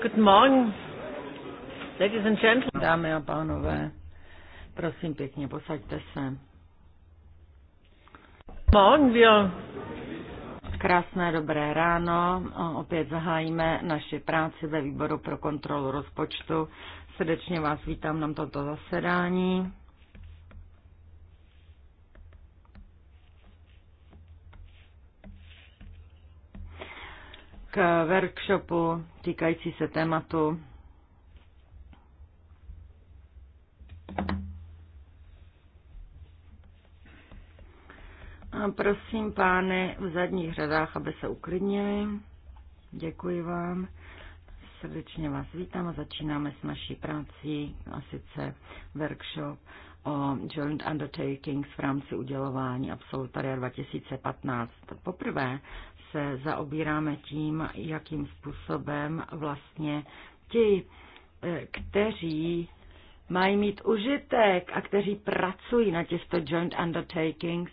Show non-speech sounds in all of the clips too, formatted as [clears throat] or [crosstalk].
Guten Morgen, ladies and gentlemen. Dámy a pánové, prosím pěkně, posaďte se. Morgen, wir Krásné dobré ráno. Opět zahájíme naši práci ve výboru pro kontrolu rozpočtu. Srdečně vás vítám na toto zasedání. k workshopu týkající se tématu. A prosím pány v zadních řadách, aby se uklidnili. Děkuji vám. Srdečně vás vítám a začínáme s naší prací, a sice workshop o Joint Undertakings v rámci udělování Absolutaria 2015. Poprvé se zaobíráme tím, jakým způsobem vlastně ti, eh, kteří mají mít užitek a kteří pracují na těchto joint undertakings,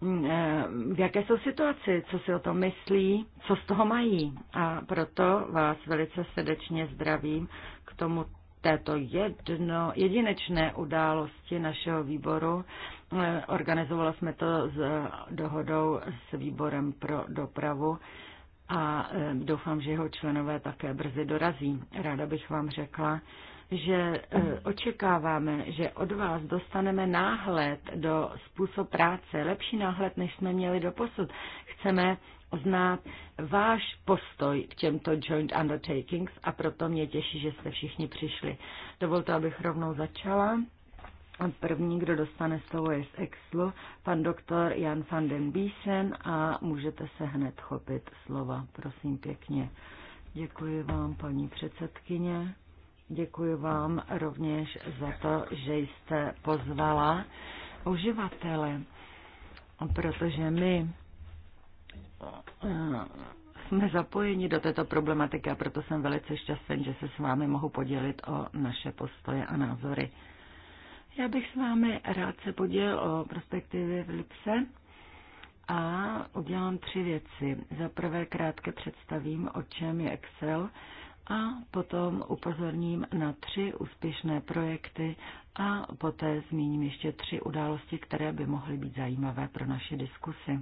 mm, eh, v jaké jsou situaci, co si o tom myslí, co z toho mají. A proto vás velice srdečně zdravím k tomu této jedno, jedinečné události našeho výboru Organizovala jsme to s dohodou s výborem pro dopravu a e, doufám, že jeho členové také brzy dorazí. Ráda bych vám řekla, že e, očekáváme, že od vás dostaneme náhled do způsob práce, lepší náhled, než jsme měli do posud. Chceme znát váš postoj k těmto joint undertakings a proto mě těší, že jste všichni přišli. Dovolte, abych rovnou začala První, kdo dostane slovo, je z Exlu, pan doktor Jan van den Biesen a můžete se hned chopit slova. Prosím pěkně. Děkuji vám, paní předsedkyně. Děkuji vám rovněž za to, že jste pozvala uživatele, protože my eh, jsme zapojeni do této problematiky a proto jsem velice šťastný, že se s vámi mohu podělit o naše postoje a názory. Já bych s vámi rád se podělil o perspektivy v Lipse a udělám tři věci. Za prvé krátké představím, o čem je Excel a potom upozorním na tři úspěšné projekty a poté zmíním ještě tři události, které by mohly být zajímavé pro naše diskusy.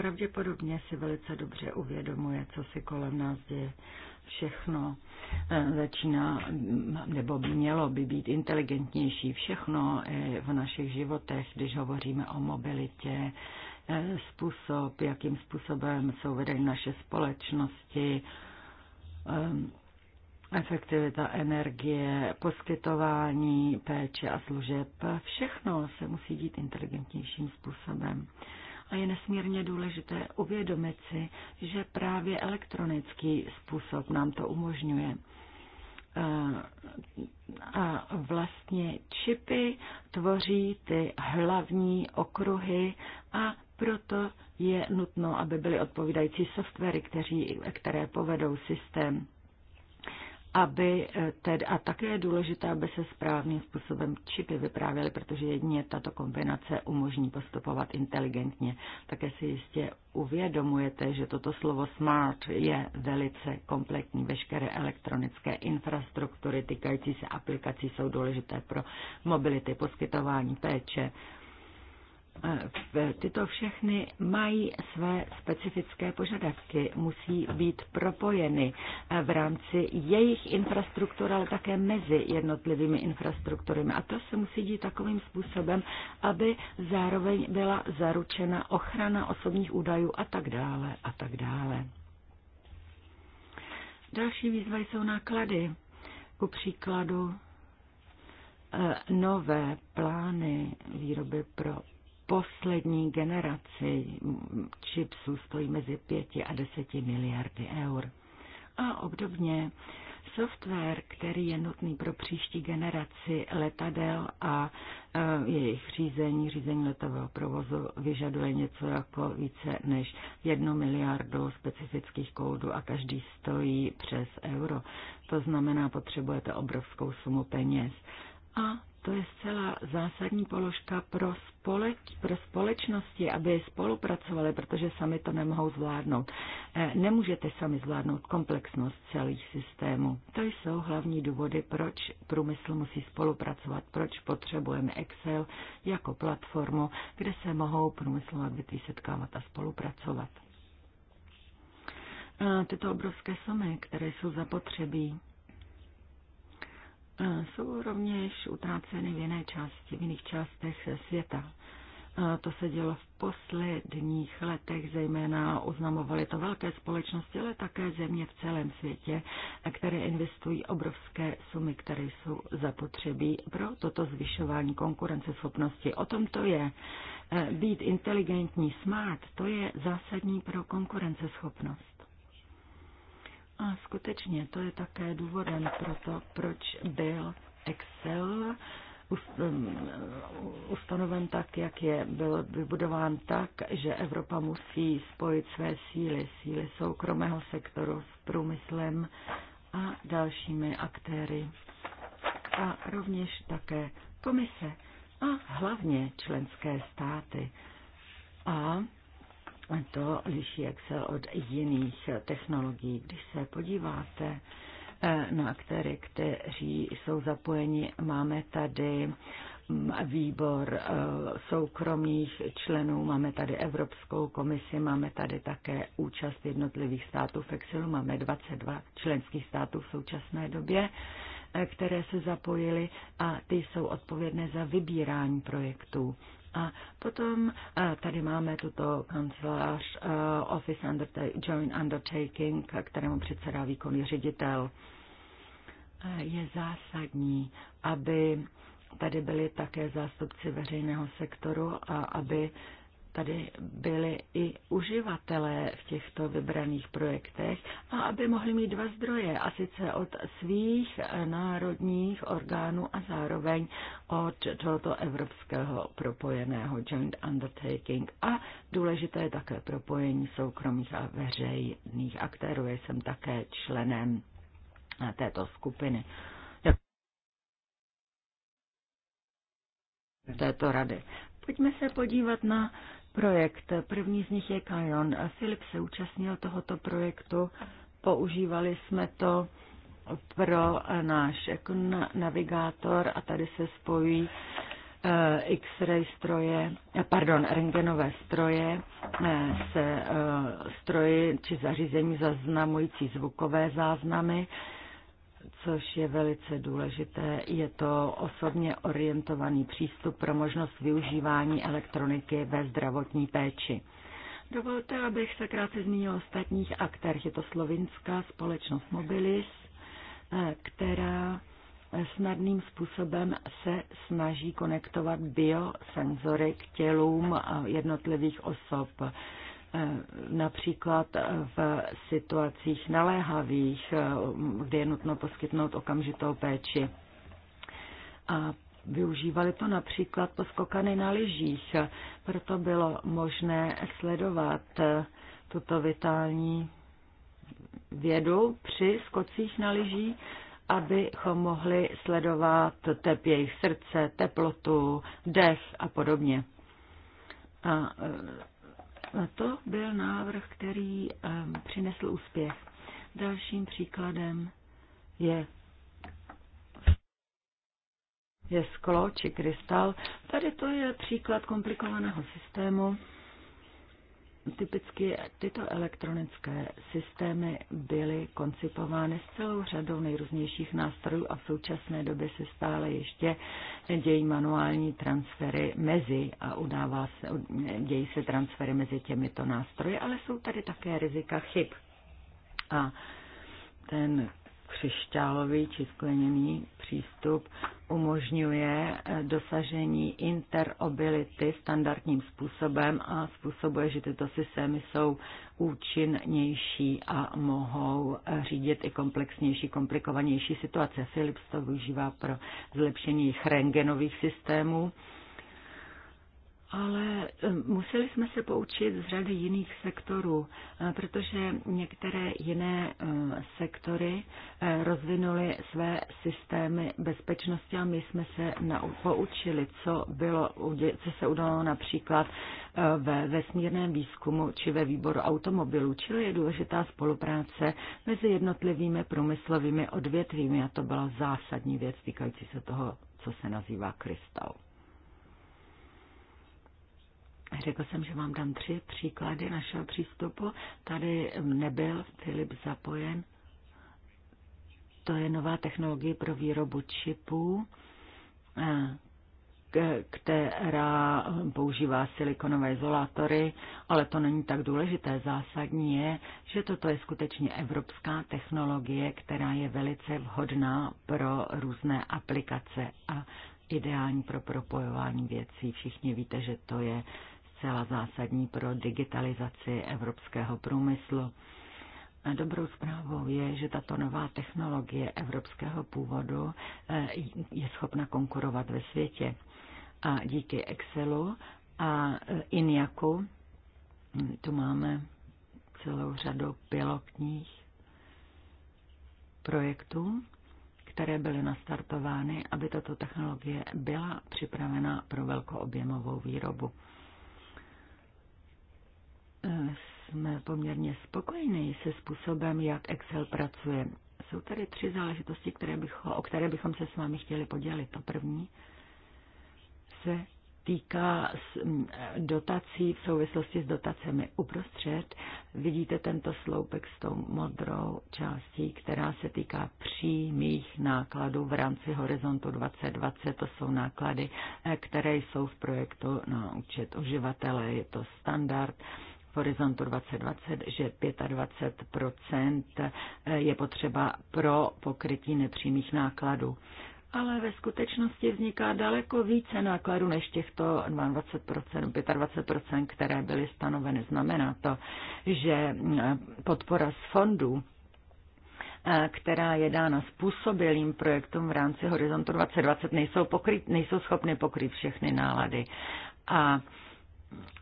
pravděpodobně si velice dobře uvědomuje, co si kolem nás děje. Všechno eh, začíná, mm, nebo by mělo by být inteligentnější. Všechno eh, v našich životech, když hovoříme o mobilitě, eh, způsob, jakým způsobem jsou vedeny naše společnosti, efektivita energie, poskytování péče a služeb, všechno se musí dít inteligentnějším způsobem. A je nesmírně důležité uvědomit si, že právě elektronický způsob nám to umožňuje eh, a vlastně čipy tvoří ty hlavní okruhy a proto je nutno, aby byly odpovídající softwary, které povedou systém aby eh, tedy, a také je důležité, aby se správným způsobem čipy vyprávěly, protože jedině tato kombinace umožní postupovat inteligentně. Také si jistě uvědomujete, že toto slovo smart je velice kompletní. Veškeré elektronické infrastruktury týkající se aplikací jsou důležité pro mobility, poskytování péče, Eh, tyto všechny mají své specifické požadavky, musí být propojeny eh, v rámci jejich infrastruktur, ale také mezi jednotlivými infrastrukturami. A to se musí dít takovým způsobem, aby zároveň byla zaručena ochrana osobních údajů a tak dále a tak dále. Další výzva jsou náklady. Ku příkladu eh, nové plány výroby pro poslední generaci čipsů stojí mezi 5 a 10 miliardy eur. A obdobně software, který je nutný pro příští generaci letadel a e, jejich řízení, řízení letového provozu, vyžaduje něco jako více než jednu miliardu specifických kódů a každý stojí přes euro. To znamená, potřebujete obrovskou sumu peněz a to je zcela zásadní položka pro, společ, pro společnosti, aby spolupracovaly, protože sami to nemohou zvládnout. E, nemůžete sami zvládnout komplexnost celých systémů. To jsou hlavní důvody, proč průmysl musí spolupracovat, proč potřebujeme Excel jako platformu, kde se mohou průmyslová odvětví setkávat a spolupracovat. E, tyto obrovské sumy, které jsou zapotřebí, jsou rovněž utráceny v jiné části, v jiných částech světa. To se dělo v posledních letech, zejména oznamovaly to velké společnosti, ale také země v celém světě, které investují obrovské sumy, které jsou zapotřebí pro toto zvyšování konkurenceschopnosti. O tom to je. E, být inteligentní, smart, to je zásadní pro konkurenceschopnost. A skutečně to je také důvodem pro to, proč byl Excel um, ustanoven tak, jak je, byl vybudován tak, že Evropa musí spojit své síly, síly soukromého sektoru s průmyslem a dalšími aktéry. A rovněž také komise a hlavně členské státy. A to liší Excel od jiných technologií. Když se podíváte eh, na aktéry, kteří jsou zapojeni, máme tady mm, výbor eh, soukromých členů, máme tady Evropskou komisi, máme tady také účast jednotlivých států v Excelu, máme 22 členských států v současné době, eh, které se zapojily a ty jsou odpovědné za vybírání projektů. A potom eh, tady máme tuto kancelář eh, Office undertake, Joint Undertaking, kterému předsedá výkonný ředitel. Eh, je zásadní, aby tady byli také zástupci veřejného sektoru a aby tady byli i uživatelé v těchto vybraných projektech a aby mohli mít dva zdroje, a sice od svých národních orgánů a zároveň od tohoto evropského propojeného joint undertaking. A důležité je také propojení soukromých a veřejných aktérů. Já jsem také členem této skupiny. této rady. Pojďme se podívat na projekt. První z nich je Kajon. Filip se účastnil tohoto projektu, používali jsme to pro náš navigátor a tady se spojí eh, X-ray stroje, eh, pardon, rengenové stroje eh, se stroji či zařízení zaznamující zvukové záznamy což je velice důležité. Je to osobně orientovaný přístup pro možnost využívání elektroniky ve zdravotní péči. Dovolte, abych se krátce zmínil o ostatních aktérech. Je to slovinská společnost Mobilis, eh, která snadným způsobem se snaží konektovat biosenzory k tělům jednotlivých osob. Eh, například eh, v situacích naléhavých, eh, kde je nutno poskytnout okamžitou péči. A Využívali to například poskokany na lyžích, proto bylo možné sledovat tuto vitální vědu při skocích na lyží, abychom mohli sledovat tep jejich srdce, teplotu, dech a podobně. A to byl návrh, který přinesl úspěch. Dalším příkladem je je sklo či krystal. Tady to je příklad komplikovaného systému, typicky tyto elektronické systémy byly koncipovány s celou řadou nejrůznějších nástrojů a v současné době se stále ještě dějí manuální transfery mezi a udává se, dějí se transfery mezi těmito nástroji, ale jsou tady také rizika chyb. A ten křišťálový či skleněný přístup umožňuje eh, dosažení interobility standardním způsobem a způsobuje, že tyto systémy jsou účinnější a mohou eh, řídit i komplexnější, komplikovanější situace. Philips to využívá pro zlepšení jejich rengenových systémů ale eh, museli jsme se poučit z řady jiných sektorů, eh, protože některé jiné eh, sektory rozvinuly své systémy bezpečnosti a my jsme se poučili, co, bylo, co se udalo například ve vesmírném výzkumu či ve výboru automobilů, čili je důležitá spolupráce mezi jednotlivými průmyslovými odvětvími a to byla zásadní věc týkající se toho, co se nazývá krystal. Řekl jsem, že vám dám tři příklady našeho přístupu. Tady nebyl Filip zapojen. To je nová technologie pro výrobu čipů, eh, která používá silikonové izolátory, ale to není tak důležité. Zásadní je, že toto je skutečně evropská technologie, která je velice vhodná pro různé aplikace a ideální pro propojování věcí. Všichni víte, že to je zcela zásadní pro digitalizaci evropského průmyslu. A dobrou zprávou je, že tato nová technologie evropského původu eh, je schopna konkurovat ve světě. A díky Excelu a eh, Iniaku hm, tu máme celou řadu pilotních projektů, které byly nastartovány, aby tato technologie byla připravena pro velkoobjemovou výrobu jsme poměrně spokojeni se způsobem, jak Excel pracuje. Jsou tady tři záležitosti, které bychom, o které bychom se s vámi chtěli podělit. To první se týká dotací v souvislosti s dotacemi. Uprostřed vidíte tento sloupek s tou modrou částí, která se týká přímých nákladů v rámci horizontu 2020. To jsou náklady, eh, které jsou v projektu na účet uživatele. Je to standard v horizontu 2020, že 25 je potřeba pro pokrytí nepřímých nákladů. Ale ve skutečnosti vzniká daleko více nákladů než těchto 22%, 25%, které byly stanoveny. Znamená to, že podpora z fondů která je dána způsobilým projektům v rámci Horizontu 2020, nejsou, pokryt, nejsou schopny pokryt všechny nálady. A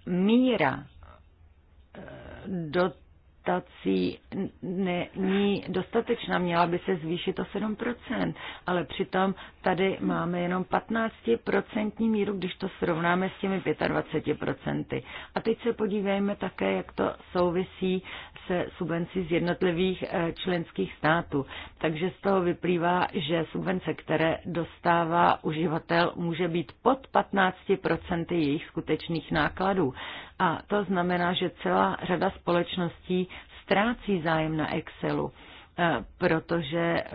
míra dotací není dostatečná, měla by se zvýšit o 7%, ale přitom tady máme jenom 15% míru, když to srovnáme s těmi 25%. A teď se podívejme také, jak to souvisí se subvencí z jednotlivých eh, členských států. Takže z toho vyplývá, že subvence, které dostává uživatel, může být pod 15% jejich skutečných nákladů. A to znamená, že celá řada společností ztrácí zájem na Excelu, eh, protože eh,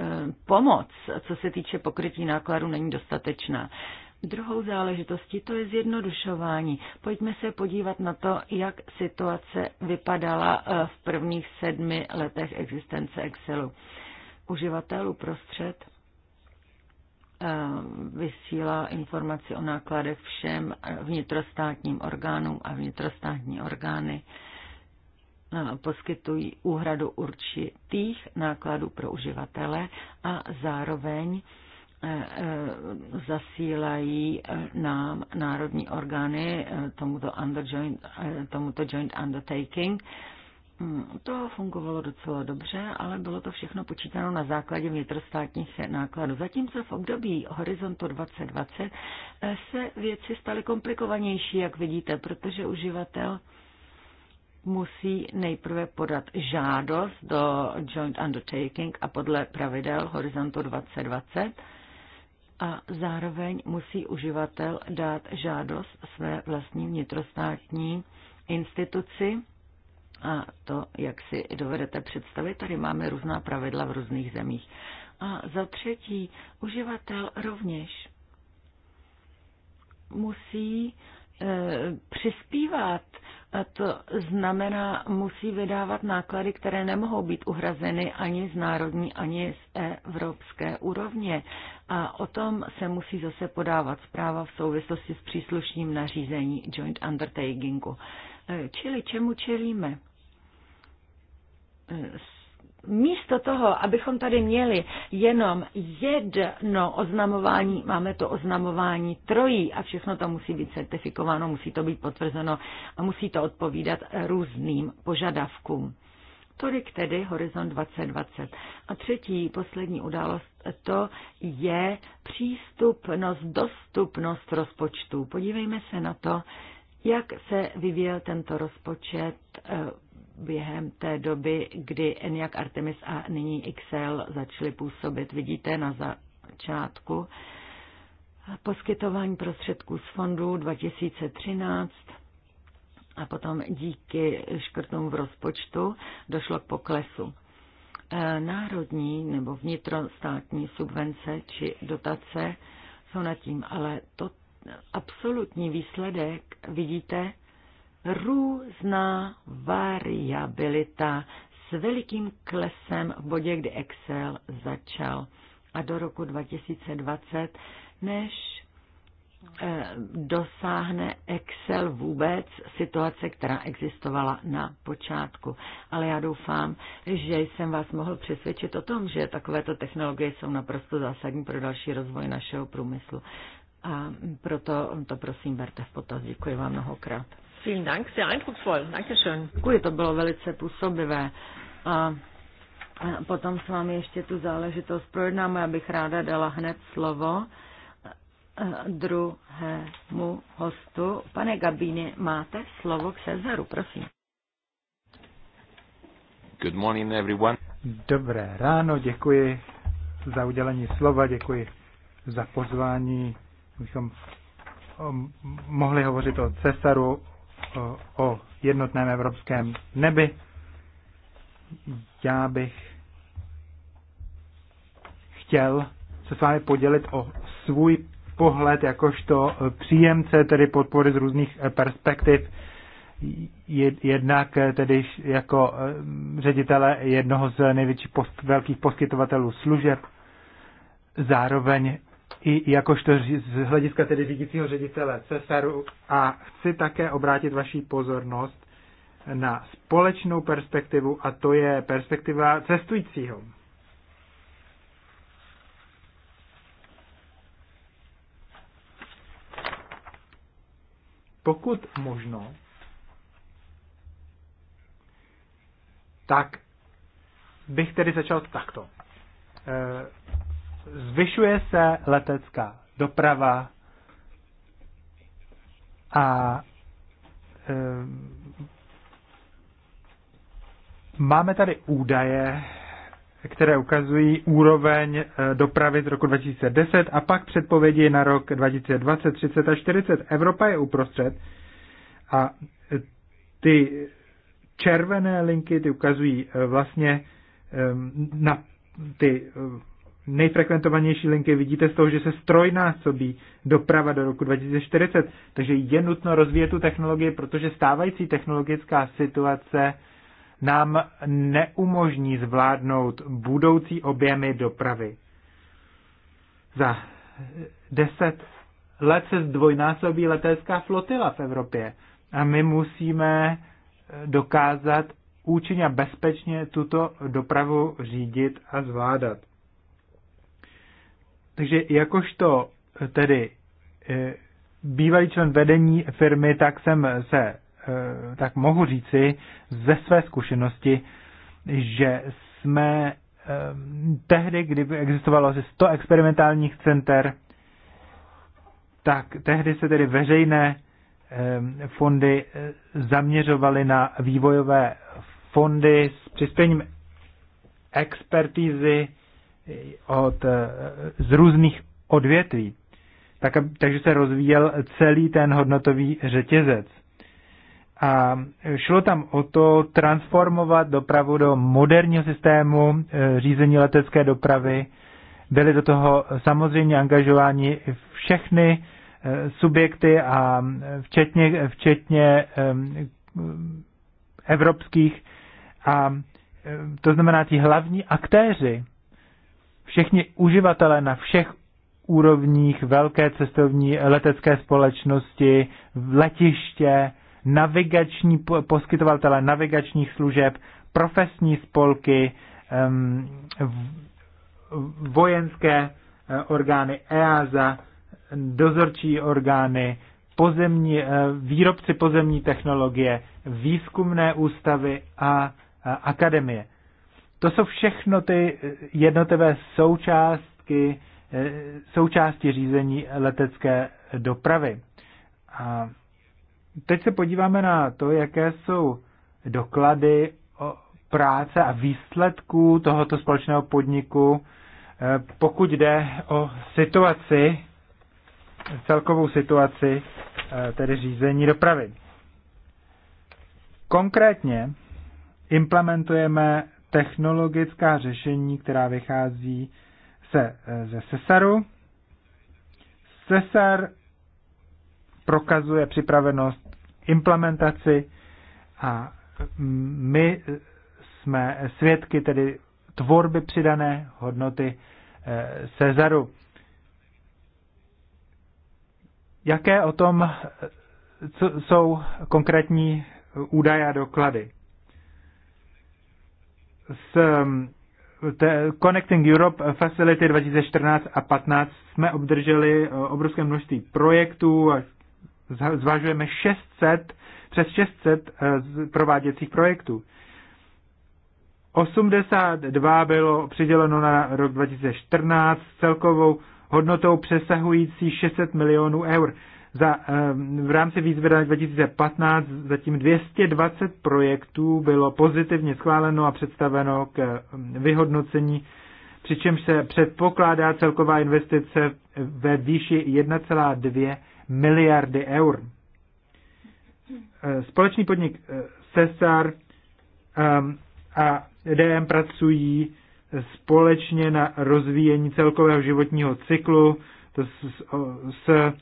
pomoc, co se týče pokrytí nákladů, není dostatečná. Druhou záležitostí to je zjednodušování. Pojďme se podívat na to, jak situace vypadala eh, v prvních sedmi letech existence Excelu. Uživatelů prostřed vysílá informaci o nákladech všem vnitrostátním orgánům a vnitrostátní orgány poskytují úhradu určitých nákladů pro uživatele a zároveň e, e, zasílají e, nám národní orgány tomuto, under joint, tomuto joint undertaking Hm, to fungovalo docela dobře, ale bylo to všechno počítáno na základě vnitrostátních nákladů. Zatímco v období horizontu 2020 eh, se věci staly komplikovanější, jak vidíte, protože uživatel musí nejprve podat žádost do Joint Undertaking a podle pravidel Horizontu 2020 a zároveň musí uživatel dát žádost své vlastní vnitrostátní instituci a to, jak si dovedete představit, tady máme různá pravidla v různých zemích. A za třetí, uživatel rovněž musí eh, přispívat. A to znamená, musí vydávat náklady, které nemohou být uhrazeny ani z národní, ani z evropské úrovně. A o tom se musí zase podávat zpráva v souvislosti s příslušným nařízení joint undertakingu. Eh, čili čemu čelíme? místo toho, abychom tady měli jenom jedno oznamování, máme to oznamování trojí a všechno to musí být certifikováno, musí to být potvrzeno a musí to odpovídat různým požadavkům. Tolik tedy Horizon 2020. A třetí, poslední událost, to je přístupnost, dostupnost rozpočtu. Podívejme se na to, jak se vyvíjel tento rozpočet eh, během té doby, kdy Eniak Artemis a nyní XL začaly působit. Vidíte na začátku poskytování prostředků z fondů 2013 a potom díky škrtům v rozpočtu došlo k poklesu. E, národní nebo vnitrostátní subvence či dotace jsou nad tím, ale to absolutní výsledek vidíte různá variabilita s velikým klesem v bodě, kdy Excel začal. A do roku 2020, než eh, dosáhne Excel vůbec situace, která existovala na počátku. Ale já doufám, že jsem vás mohl přesvědčit o tom, že takovéto technologie jsou naprosto zásadní pro další rozvoj našeho průmyslu. A proto to prosím berte v potaz. Děkuji vám mnohokrát. Vielen Dank, sehr eindrucksvoll. Dankeschön. Děkuji, to bylo velice působivé. A potom s vámi ještě tu záležitost projednáme, abych ráda dala hned slovo druhému hostu. Pane Gabíny, máte slovo k Cezaru, prosím. Good morning, everyone. Dobré ráno, děkuji za udělení slova, děkuji za pozvání, abychom mohli hovořit o Cesaru, o jednotném evropském nebi. Já bych chtěl se s vámi podělit o svůj pohled jakožto příjemce tedy podpory z různých perspektiv, jednak tedy jako eh, ředitele jednoho z největších post, velkých poskytovatelů služeb, zároveň i jakožto z hlediska tedy řídícího ředitele CESARu a chci také obrátit vaši pozornost na společnou perspektivu a to je perspektiva cestujícího. Pokud možno, tak bych tedy začal takto eh, zvyšuje se letecká doprava a e, máme tady údaje, které ukazují úroveň e, dopravy z roku 2010 a pak předpovědi na rok 2020, 30 a 40. Evropa je uprostřed a e, ty červené linky ty ukazují e, vlastně ehm, na ty nejfrekventovanější linky vidíte z toho, že se strojnásobí doprava do roku 2040. Takže je nutno rozvíjet tu technologii, protože stávající technologická situace nám neumožní zvládnout budoucí objemy dopravy. Za deset let se zdvojnásobí letecká flotila v Evropě a my musíme dokázat účinně a bezpečně tuto dopravu řídit a zvládat. Takže jakožto eh, tedy eh, bývalý člen vedení firmy, tak jsem se, eh, tak mohu říci ze své zkušenosti, že jsme tehdy, kdy existovalo asi 100 experimentálních center, tak tehdy se tedy veřejné fondy zaměřovaly na vývojové fondy s přispěním expertízy od, eh, z různých odvětví. Tak, takže se rozvíjel celý ten hodnotový řetězec. A šlo tam o to transformovat dopravu do moderního systému eh, řízení letecké dopravy. Byly do toho samozřejmě angažováni všechny eh, subjekty a včetně, včetně evropských. A to znamená, ti hlavní aktéři všichni uživatelé na všech úrovních, velké cestovní letecké společnosti, letiště, navigační poskytovatele navigačních služeb, profesní spolky, vojenské eh, orgány EASA, dozorčí orgány, pozemní, eh, výrobci pozemní technologie, výzkumné ústavy a eh, akademie. To jsou všechno ty eh, jednotlivé součástky, eh, součásti řízení letecké dopravy. A teď se podíváme na to, jaké jsou doklady o práce a výsledků tohoto společného podniku, eh, pokud jde o situaci, celkovou situaci, tedy řízení dopravy. Konkrétně implementujeme technologická řešení, která vychází se, eh, ze Cesaru. Cesar prokazuje připravenost implementaci a my eh, jsme svědky tedy tvorby přidané hodnoty eh, Cezaru. Jaké o tom jsou konkrétní údaje a doklady? s um, Connecting Europe Facility 2014 a 2015 jsme obdrželi eh, obrovské množství projektů a zvažujeme 600, přes 600 eh, prováděcích projektů. 82 bylo přiděleno na rok 2014 celkovou hodnotou přesahující 600 milionů eur. Za, eh, v rámci výzvy 2015 zatím 220 projektů bylo pozitivně schváleno a představeno k mm, vyhodnocení, přičemž se předpokládá celková investice ve výši 1,2 miliardy eur. Eh, společný podnik eh, Cesar ehm, a DM pracují společně na rozvíjení celkového životního cyklu s, s, s,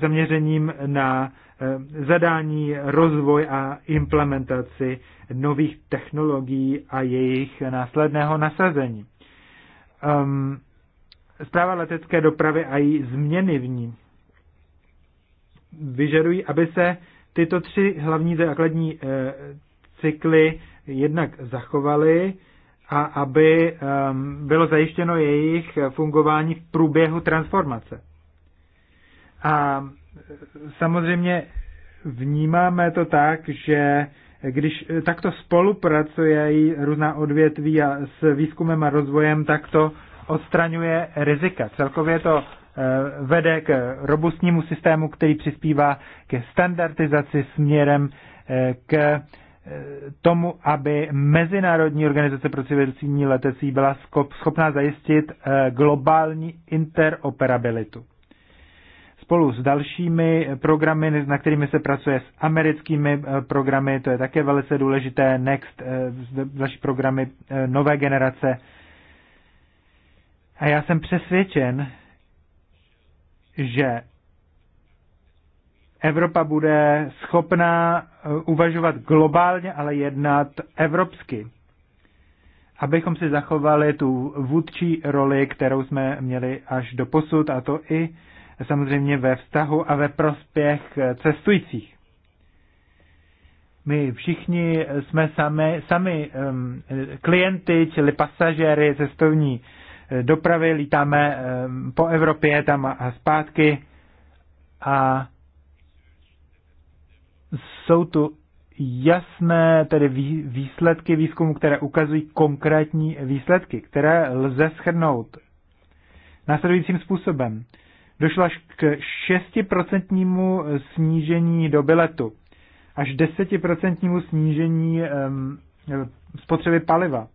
zaměřením na eh, zadání, rozvoj a implementaci nových technologií a jejich následného nasazení. Um, zpráva letecké dopravy a její změny v ní vyžadují, aby se tyto tři hlavní základní e, cykly jednak zachovaly a aby um, bylo zajištěno jejich fungování v průběhu transformace. A samozřejmě vnímáme to tak, že když takto spolupracují různá odvětví a s výzkumem a rozvojem, tak to odstraňuje rizika. Celkově to eh, vede k robustnímu systému, který přispívá ke standardizaci směrem eh, k eh, tomu, aby Mezinárodní organizace pro civilní letecí byla schopná zajistit globální interoperabilitu spolu s dalšími programy, na kterými se pracuje s americkými eh, programy, to je také velice důležité, Next, eh, další programy eh, nové generace. A já jsem přesvědčen, že Evropa bude schopná uvažovat globálně, ale jednat evropsky, abychom si zachovali tu vůdčí roli, kterou jsme měli až do posud, a to i samozřejmě ve vztahu a ve prospěch eh, cestujících. My všichni jsme sami, sami um, klienty, čili pasažéry cestovní eh, dopravy, lítáme um, po Evropě tam a, zpátky a jsou tu jasné tedy výsledky výzkumu, které ukazují konkrétní výsledky, které lze schrnout následujícím způsobem došlo až k 6% snížení doby letu, až 10% snížení um, spotřeby paliva,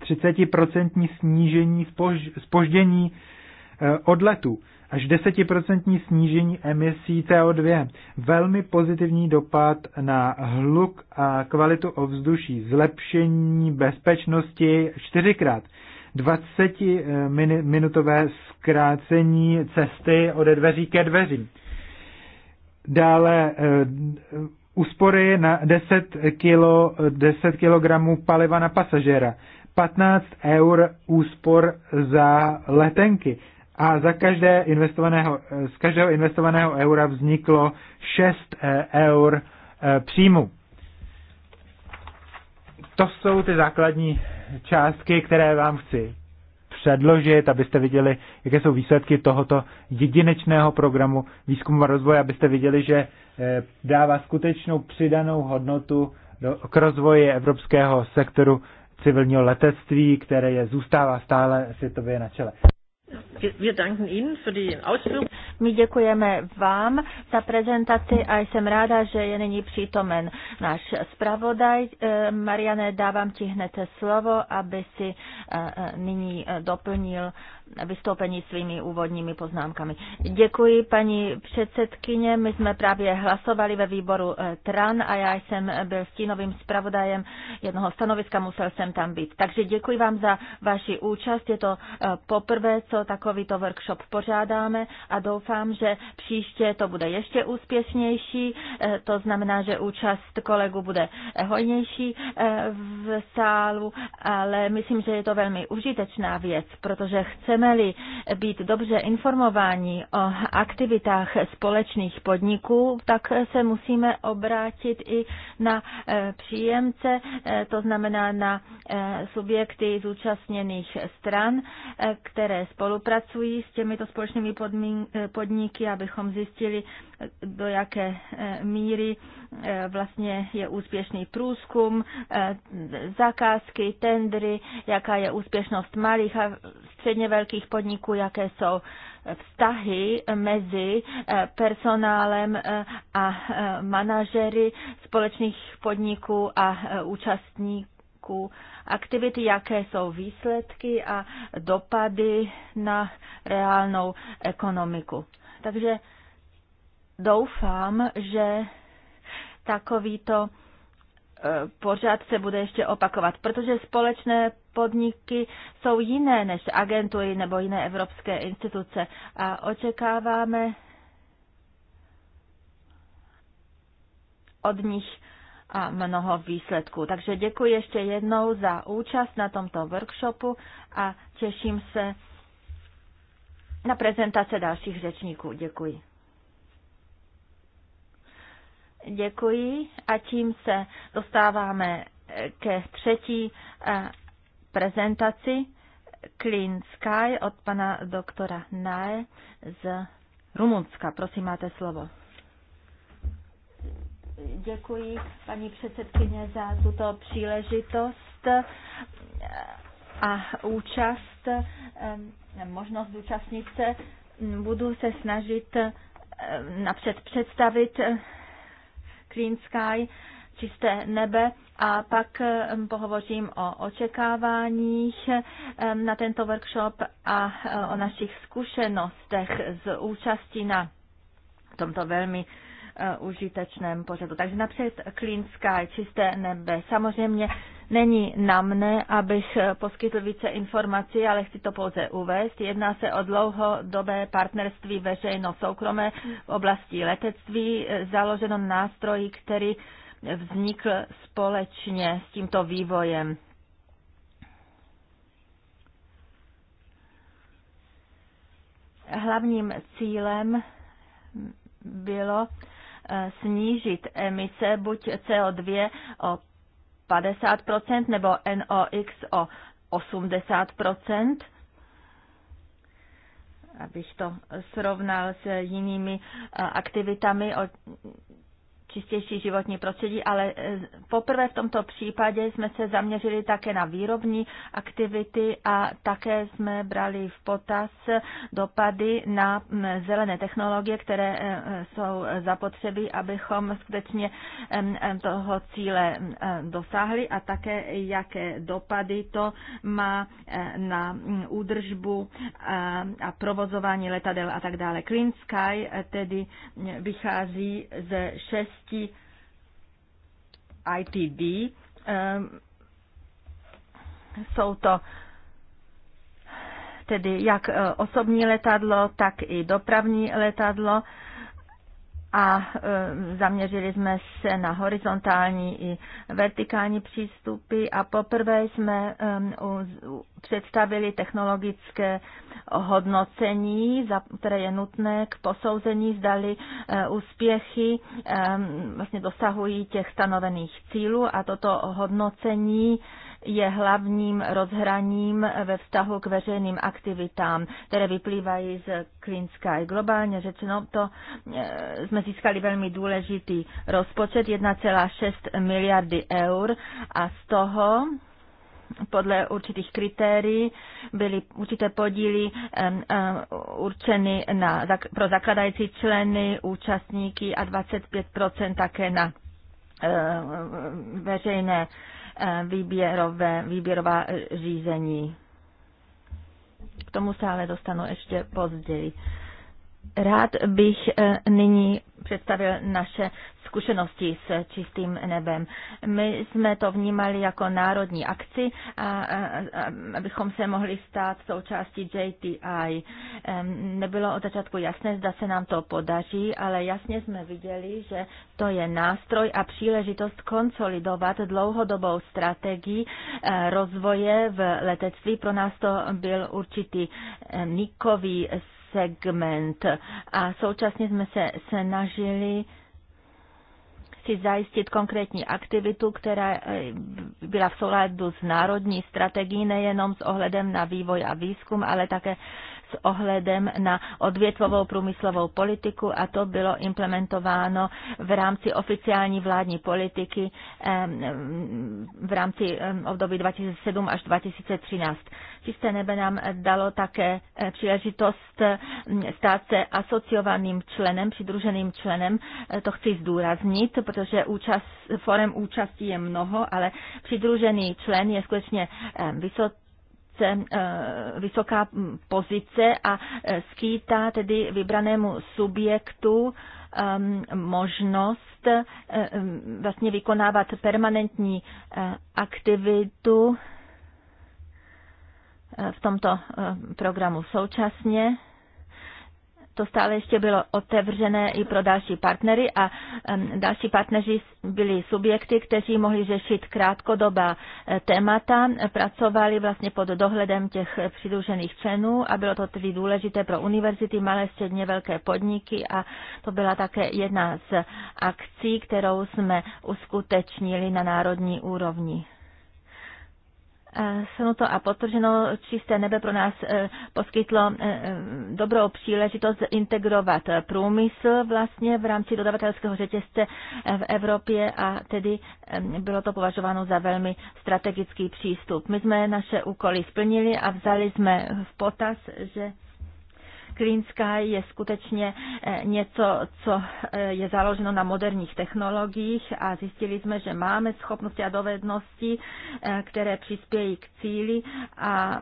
30% snížení spož, spoždění uh, eh, odletu, až 10% snížení emisí CO2. Velmi pozitivní dopad na hluk a kvalitu ovzduší, zlepšení bezpečnosti čtyřikrát. 20-minutové eh, zkrácení cesty ode dveří ke dveří. Dále eh, úspory na 10, kilo, 10 paliva na pasažéra, 15 eur úspor za letenky a za každé investovaného, eh, z každého investovaného eura vzniklo 6 eur příjmu. To jsou ty základní částky, které vám chci předložit, abyste viděli, jaké jsou výsledky tohoto jedinečného programu výzkumu a rozvoje, abyste viděli, že eh, dává skutečnou přidanou hodnotu do, k rozvoji evropského sektoru civilního letectví, které je zůstává stále světově na čele. My děkujeme vám za prezentaci a jsem ráda, že je nyní přítomen náš zpravodaj. Eh, Mariane, dávám ti hned slovo, aby si eh, eh, nyní doplnil vystoupení svými úvodními poznámkami. Děkuji, paní předsedkyně. My jsme právě hlasovali ve výboru eh, TRAN a já jsem byl stínovým zpravodajem jednoho stanoviska, musel jsem tam být. Takže děkuji vám za vaši účast. Je to eh, poprvé, co takovýto workshop pořádáme a doufám, že příště to bude ještě úspěšnější. Eh, to znamená, že účast kolegu bude hojnější v sálu, ale myslím, že je to velmi užitečná věc, protože chceme Chceme-li být dobře informováni o aktivitách společných podniků, tak se musíme obrátit i na e, příjemce, e, to znamená na e, subjekty zúčastněných stran, které spolupracují s těmito společnými podmín, podniky, abychom zjistili, do jaké eh, míry eh, vlastně je úspěšný průzkum, eh, zakázky, tendry, jaká je úspěšnost malých a středně velkých podniků, jaké jsou vztahy mezi personálem a manažery společných podniků a účastníků aktivity, jaké jsou výsledky a dopady na reálnou ekonomiku. Takže doufám, že takovýto e, pořád se bude ještě opakovat, protože společné podniky jsou jiné než agentury nebo jiné evropské instituce a očekáváme od nich a mnoho výsledků. Takže děkuji ještě jednou za účast na tomto workshopu a těším se na prezentace dalších řečníků. Děkuji. Děkuji a tím se dostáváme eh, ke třetí eh, prezentaci Clean Sky od pana doktora Nae z Rumunska. Prosím, máte slovo. Děkuji paní předsedkyně za tuto příležitost eh, a účast, možnost účastnit se. Budu se snažit napřed představit Clean Sky, čisté nebe a pak pohovořím o očekáváních na tento workshop a e, o našich zkušenostech z účasti na tomto velmi Eh, užitečném pořadu. Takže napřed Clean Sky, čisté nebe. Samozřejmě není na mne, abych poskytl více informací, ale chci to pouze uvést. Jedná se o dlouhodobé partnerství veřejno-soukromé v oblasti letectví, eh, založeno nástroji, který vznikl společně s tímto vývojem. Hlavním cílem bylo snížit emise buď CO2 o 50 nebo NOx o 80 abych to srovnal s jinými eh, aktivitami, čistější životní prostředí, ale e, poprvé v tomto případě jsme se zaměřili také na výrobní aktivity a také jsme brali v potaz dopady na zelené technologie, které e, e, jsou zapotřebí, abychom skutečně toho cíle dosáhli a také jaké dopady to má na údržbu a provozování letadel a tak dále. Clean Sky tedy vychází ze šest oblasti ITD. Ehm, jsou to tedy jak eh, osobní letadlo, tak i dopravní letadlo a e, zaměřili jsme se na horizontální i vertikální přístupy a poprvé jsme e, představili technologické hodnocení, které je nutné k posouzení, zdali e, úspěchy vlastně dosahují těch stanovených cílů a toto hodnocení je hlavním rozhraním ve vztahu k veřejným aktivitám, které vyplývají z Clean Sky. Globálně řečeno, to eh, jsme získali velmi důležitý rozpočet 1,6 miliardy eur a z toho podle určitých kritérií byly určité podíly eh, určeny na, pro zakladající členy, účastníky a 25 také na eh, veřejné Eh, výběrové, výběrová eh, řízení. K tomu se ale dostanu ještě později. Rád bych eh, nyní představil naše zkušenosti s čistým nebem. My jsme to vnímali jako národní akci, a, a, abychom se mohli stát součástí JTI. Nebylo od začátku jasné, zda se nám to podaří, ale jasně jsme viděli, že to je nástroj a příležitost konsolidovat dlouhodobou strategii eh, rozvoje v letectví. Pro nás to byl určitý eh, nikový segment a současně jsme se snažili chci zajistit konkrétní aktivitu, která eh, byla v souladu s národní strategií nejenom s ohledem na vývoj a výzkum, ale také s ohledem na odvětvovou průmyslovou politiku a to bylo implementováno v rámci oficiální vládní politiky v rámci období 2007 až 2013. Čisté nebe nám dalo také eh, příležitost mm, stát se asociovaným členem, přidruženým členem. Eh, to chci zdůraznit, protože účast, forem účasti je mnoho, ale přidružený člen je skutečně vysoký. Eh, vysoká mm, pozice a eh, skýtá tedy vybranému subjektu ehm, možnost eh, ehm, vlastně vykonávat permanentní aktivitu v tomto programu současně to stále ještě bylo otevřené i pro další partnery a další partneři byli subjekty, kteří mohli řešit krátkodobá e, témata, pracovali vlastně pod dohledem těch přidružených členů a bylo to tedy důležité pro univerzity, malé, středně velké podniky a to byla také jedna z akcí, kterou jsme uskutečnili na národní úrovni. Eh, Shrnuto a potrženo čisté nebe pro nás eh, poskytlo eh, dobrou příležitost integrovat průmysl vlastně v rámci dodavatelského řetězce v Evropě a tedy bylo to považováno za velmi strategický přístup. My jsme naše úkoly splnili a vzali jsme v potaz, že Green Sky je skutečně eh, něco, co eh, je založeno na moderních technologiích a zjistili jsme, že máme schopnosti a dovednosti, eh, které přispějí k cíli a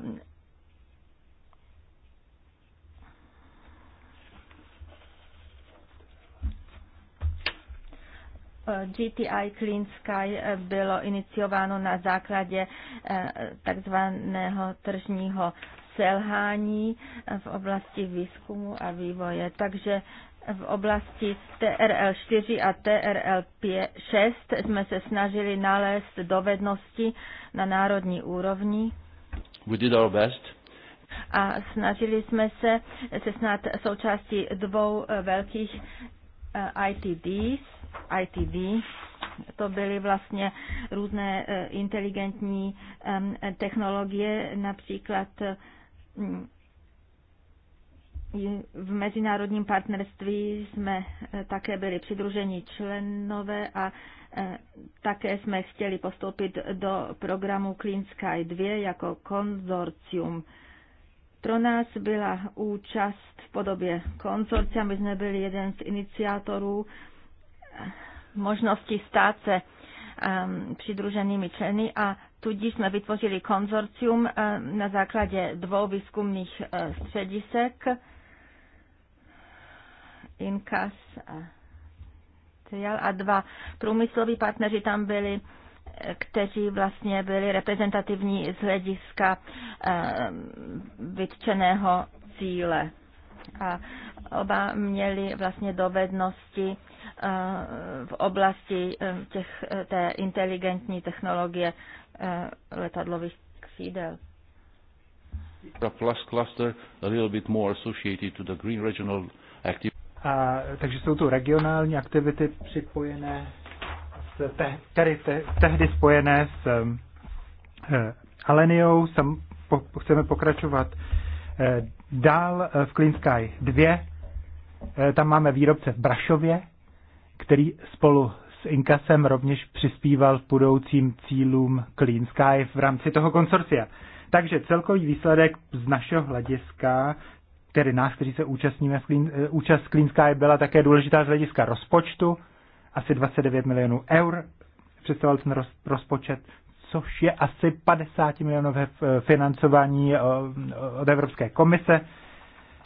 GTI Clean Sky bylo iniciováno na základě takzvaného tržního selhání v oblasti výzkumu a vývoje. Takže v oblasti TRL4 a TRL6 jsme se snažili nalézt dovednosti na národní úrovni. We did our best. A snažili jsme se, se snad součástí dvou eh, velkých eh, ITDs, ITD, to byly vlastně různé eh, inteligentní technologie, například Mm. v mezinárodním partnerství jsme eh, také byli přidruženi členové a eh, také jsme chtěli postoupit do programu Clean Sky 2 jako konzorcium. Pro nás byla účast v podobě konzorcia, my jsme byli jeden z iniciátorů eh, možnosti stát se ehm, přidruženými členy a Tudíž jsme vytvořili konzorcium eh, na základě dvou výzkumných eh, středisek, INCAS a TRIAL, a dva průmysloví partneři tam byli, eh, kteří vlastně byli reprezentativní z hlediska vytčeného cíle. A oba měli vlastně dovednosti v oblasti těch, té inteligentní technologie Eh, letadlových křídel. Cluster a little bit more associated to the green regional activity. A, takže jsou tu regionální aktivity připojené, s te, tedy te, tehdy spojené s eh, Aleniou. Sam, po, chceme pokračovat eh, dál eh, v Clean Sky 2. Eh, tam máme výrobce v Brašově, který spolu s inkasem rovněž přispíval v budoucím cílům Clean Sky v rámci toho konsorcia. Takže celkový výsledek z našeho hlediska, tedy nás, kteří se účastníme, eh, účast Clean Sky byla také důležitá z hlediska rozpočtu, asi 29 milionů eur představoval ten roz, rozpočet, což je asi 50 milionové financování eh, od Evropské komise.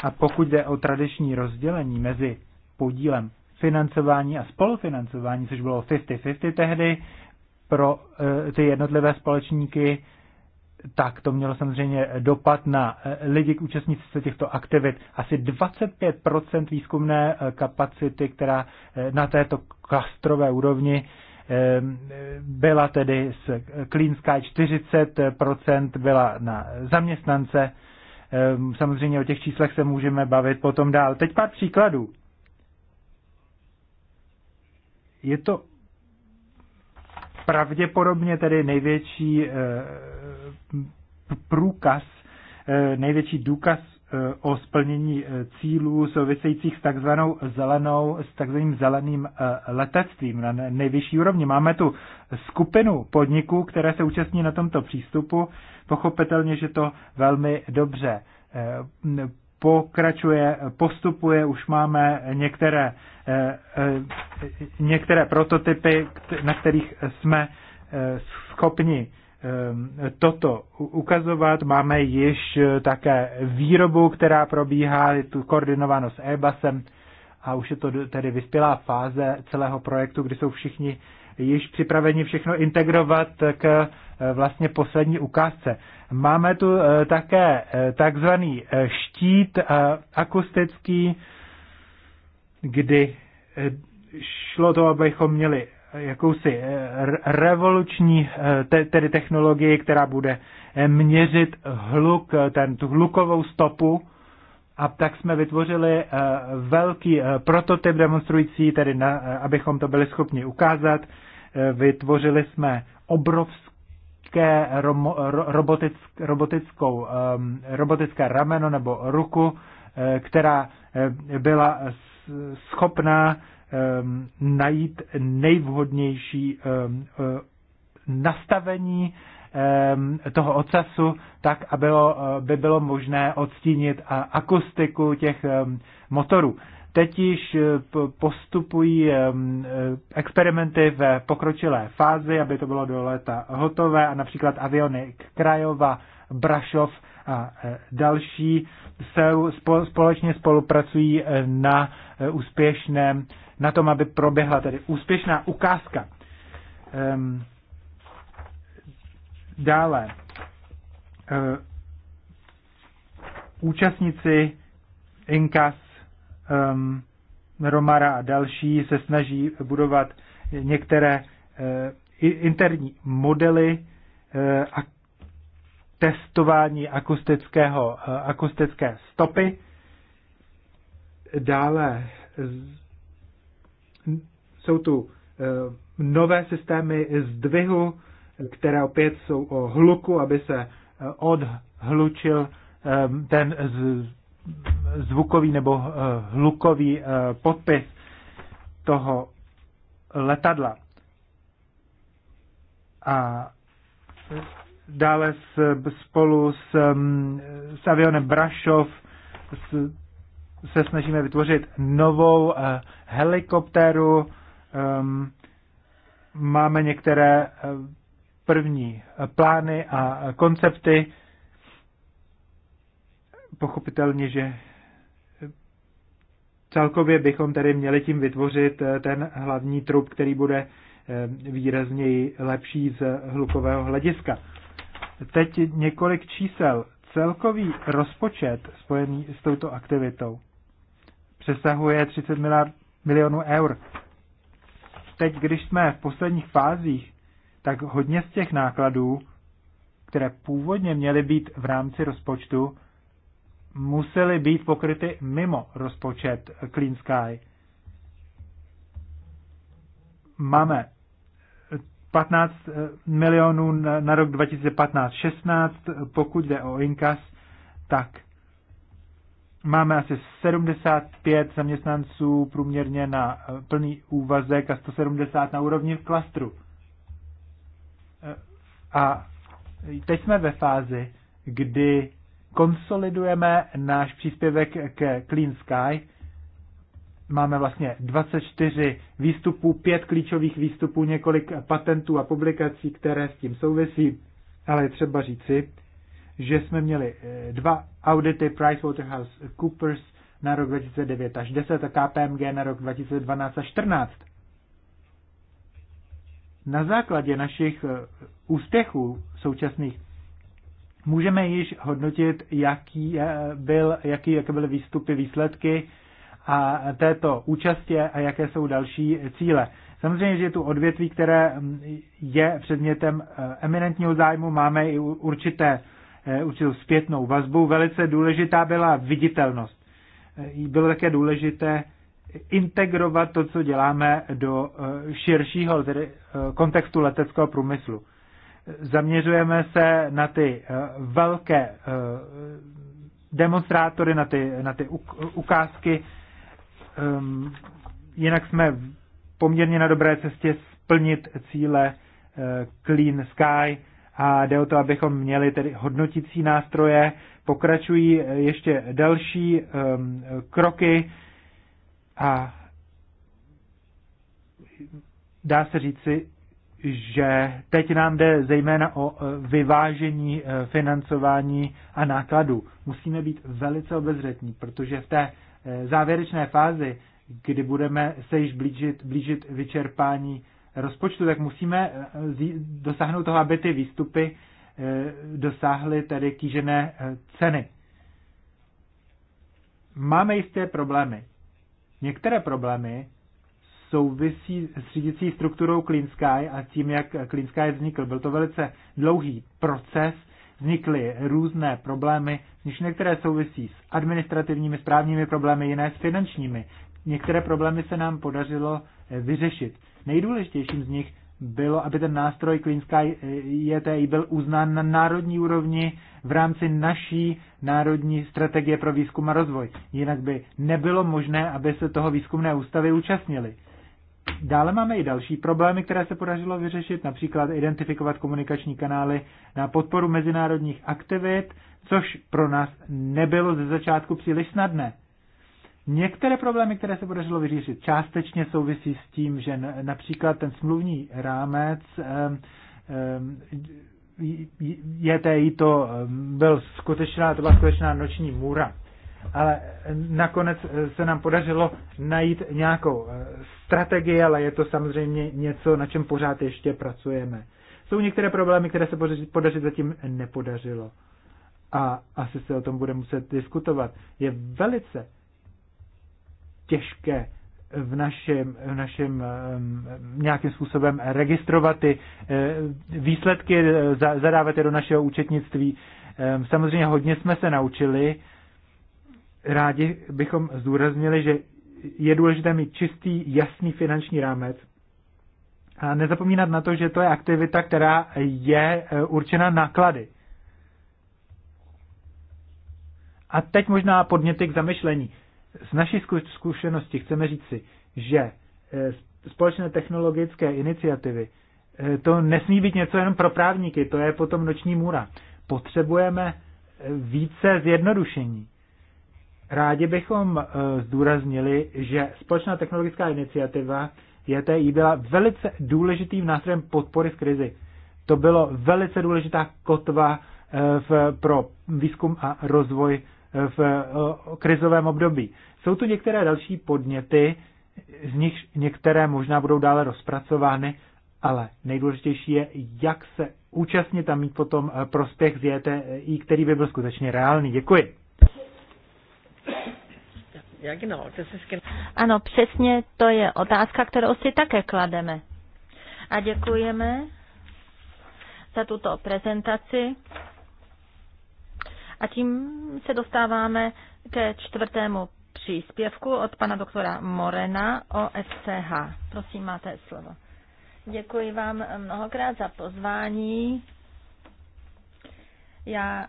A pokud jde o tradiční rozdělení mezi podílem financování a spolufinancování, což bylo 50-50 tehdy pro eh, ty jednotlivé společníky, tak to mělo samozřejmě dopad na eh, lidi k účastníci se těchto aktivit. Asi 25% výzkumné eh, kapacity, která na této klastrové úrovni byla tedy z klínská 40% byla na zaměstnance. Ehm, samozřejmě o těch číslech se můžeme bavit potom dál. Teď pár příkladů. Je to pravděpodobně tedy největší eh, průkaz, eh, největší důkaz eh, o splnění cílů souvisejících s takzvanou zelenou, s takzvaným zeleným letectvím na nejvyšší úrovni. Máme tu skupinu podniků, které se účastní na tomto přístupu. Pochopitelně, že to velmi dobře pokračuje, postupuje, už máme některé, eh, eh, některé prototypy, na kterých jsme eh, schopni toto ukazovat. Máme již také výrobu, která probíhá, je tu koordinováno s Airbusem a už je to tedy vyspělá fáze celého projektu, kdy jsou všichni již připraveni všechno integrovat k vlastně poslední ukázce. Máme tu eh, také eh, takzvaný eh, štít akustický, kdy šlo to, abychom měli jakousi revoluční tedy technologii, která bude měřit hluk, ten, tu hlukovou stopu. A tak jsme vytvořili velký prototyp demonstrující, tedy na, abychom to byli schopni ukázat. Vytvořili jsme obrovský robotické, ro, robotick, robotickou, ehm, robotické rameno nebo ruku, eh, která eh, byla schopná ehm, najít nejvhodnější ehm, eh, nastavení toho ocasu, tak aby bylo, by bylo možné odstínit akustiku těch motorů. Teď již eh, postupují eh, eh, experimenty ve pokročilé fázi, aby to bylo do léta hotové a například aviony Krajova, Brašov a další se společně spolupracují na úspěšném, na tom, aby proběhla tedy úspěšná ukázka. Ehm, dále účastníci INKAS um, Romara a další se snaží budovat některé uh, interní modely uh, a testování akustického, uh, akustické stopy. Dále z, jsou tu nové systémy zdvihu, které opět jsou o hluku, aby se odhlučil ten z, zvukový nebo eh, hlukový eh, podpis toho letadla. A dále s, spolu s, mm, s avionem Brašov s, se snažíme vytvořit novou eh, helikoptéru. Ehm, máme některé první plány a koncepty pochopitelně, že celkově bychom tedy měli tím vytvořit eh, ten hlavní trup, který bude eh, výrazněji lepší z hlukového hlediska. Teď několik čísel. Celkový rozpočet spojený s touto aktivitou přesahuje 30 miliard, milionů eur. Teď, když jsme v posledních fázích, tak hodně z těch nákladů, které původně měly být v rámci rozpočtu, musely být pokryty mimo rozpočet Clean Sky. Máme 15 eh, milionů na rok 2015-16, pokud jde o inkas, tak máme asi 75 zaměstnanců průměrně na eh, plný úvazek a 170 na úrovni v klastru. Eh, a teď jsme ve fázi, kdy konsolidujeme náš příspěvek k Clean Sky. Máme vlastně 24 výstupů, pět klíčových výstupů, několik patentů a publikací, které s tím souvisí, ale je třeba říci, že jsme měli eh, dva audity PricewaterhouseCoopers na rok 2009 až 10 a KPMG na rok 2012 až 14. Na základě našich eh, úspěchů současných Můžeme již hodnotit, jaký, byl, jaký, jaké byly výstupy, výsledky a této účastě a jaké jsou další cíle. Samozřejmě, že je tu odvětví, které mm, je předmětem eh, eminentního zájmu, máme i určité, eh, určitou zpětnou vazbu. Velice důležitá byla viditelnost. Eh, bylo také důležité integrovat to, co děláme do širšího kontextu leteckého průmyslu zaměřujeme se na ty eh, velké eh, demonstrátory, na ty, na ty ukázky. Ehm, jinak jsme poměrně na dobré cestě splnit cíle eh, Clean Sky a jde o to, abychom měli tedy hodnotící nástroje. Pokračují ještě další ehm, kroky a dá se říci, že teď nám jde zejména o e, vyvážení e, financování a nákladů. Musíme být velice obezřetní, protože v té e, závěrečné fázi, kdy budeme se již blížit, blížit vyčerpání rozpočtu, tak musíme dosáhnout toho, aby ty výstupy dosáhly tedy kýžené ceny. Máme jisté problémy. Některé problémy souvisí s řídící strukturou Clean Sky a tím, jak Clean Sky vznikl. Byl to velice dlouhý proces, vznikly různé problémy, z nich některé souvisí s administrativními správními problémy, jiné s finančními. Některé problémy se nám podařilo eh, vyřešit. Nejdůležitějším z nich bylo, aby ten nástroj Clean Sky JTI eh, e byl uznán na národní úrovni v rámci naší národní strategie pro výzkum a rozvoj. Jinak by nebylo možné, aby se toho výzkumné ústavy účastnili. Dále máme i další problémy, které se podařilo vyřešit, například identifikovat komunikační kanály na podporu mezinárodních aktivit, což pro nás nebylo ze začátku příliš snadné. Některé problémy, které se podařilo vyřešit, částečně souvisí s tím, že například ten smluvní rámec JTI to, byl skutečná, to byla skutečná noční můra ale nakonec eh, se nám podařilo najít nějakou eh, strategii, ale je to samozřejmě něco, na čem pořád ještě pracujeme. Jsou některé problémy, které se podařit zatím nepodařilo. A asi se o tom bude muset diskutovat. Je velice těžké v našem, v našem nějakým způsobem registrovat ty eh, výsledky, zadávat je do našeho účetnictví. Samozřejmě hodně jsme se naučili, rádi bychom zdůraznili, že je důležité mít čistý, jasný finanční rámec a nezapomínat na to, že to je aktivita, která je e, určena náklady. A teď možná podněty k zamyšlení. Z naší zkušenosti chceme říci, že e, společné technologické iniciativy, e, to nesmí být něco jenom pro právníky, to je potom noční můra. Potřebujeme více zjednodušení. Rádi bychom eh, zdůraznili, že společná technologická iniciativa JTI byla velice důležitým nástrojem podpory v krizi. To bylo velice důležitá kotva eh, v, pro výzkum a rozvoj eh, v krizovém období. Jsou tu některé další podněty, z nich některé možná budou dále rozpracovány, ale nejdůležitější je, jak se účastnit a mít potom prospěch z JTI, který by byl skutečně reálný. Děkuji. Ano, přesně to je otázka, kterou si také klademe. A děkujeme za tuto prezentaci. A tím se dostáváme ke čtvrtému příspěvku od pana doktora Morena o SCH. Prosím, máte slovo. Děkuji vám mnohokrát za pozvání. Já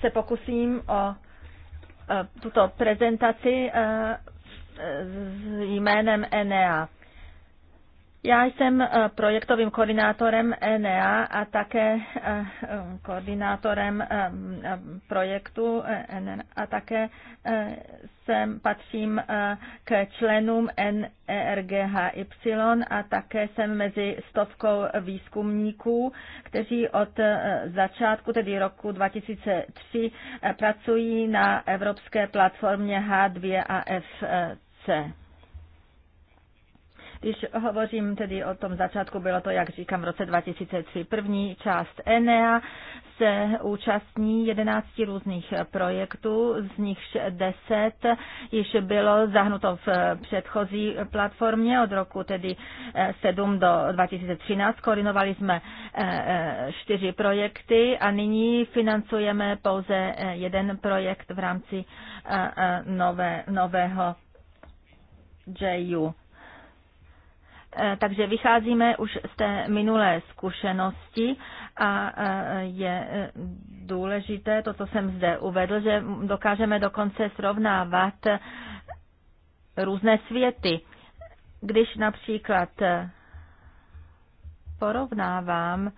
se pokusím o Eh, tuto prezentaci eh, s jménem ENEA. Já jsem eh, projektovým koordinátorem ENEA a také eh, eh, koordinátorem projektu e a také jsem, patřím k členům NERGHY a také jsem mezi stovkou výzkumníků, kteří od začátku, tedy roku 2003, pracují na evropské platformě H2 a FC. Když hovořím tedy o tom začátku, bylo to, jak říkám, v roce 2003. První část Enea se účastní 11 různých projektů, z nichž 10 již bylo zahnuto v předchozí platformě od roku tedy 7 eh, do 2013. Koordinovali jsme eh, eh, čtyři projekty a nyní financujeme pouze jeden projekt v rámci nové, nového JU. Eh, takže vycházíme už z té minulé zkušenosti a eh, je eh, důležité to, co jsem zde uvedl, že dokážeme dokonce srovnávat různé světy. Když například porovnávám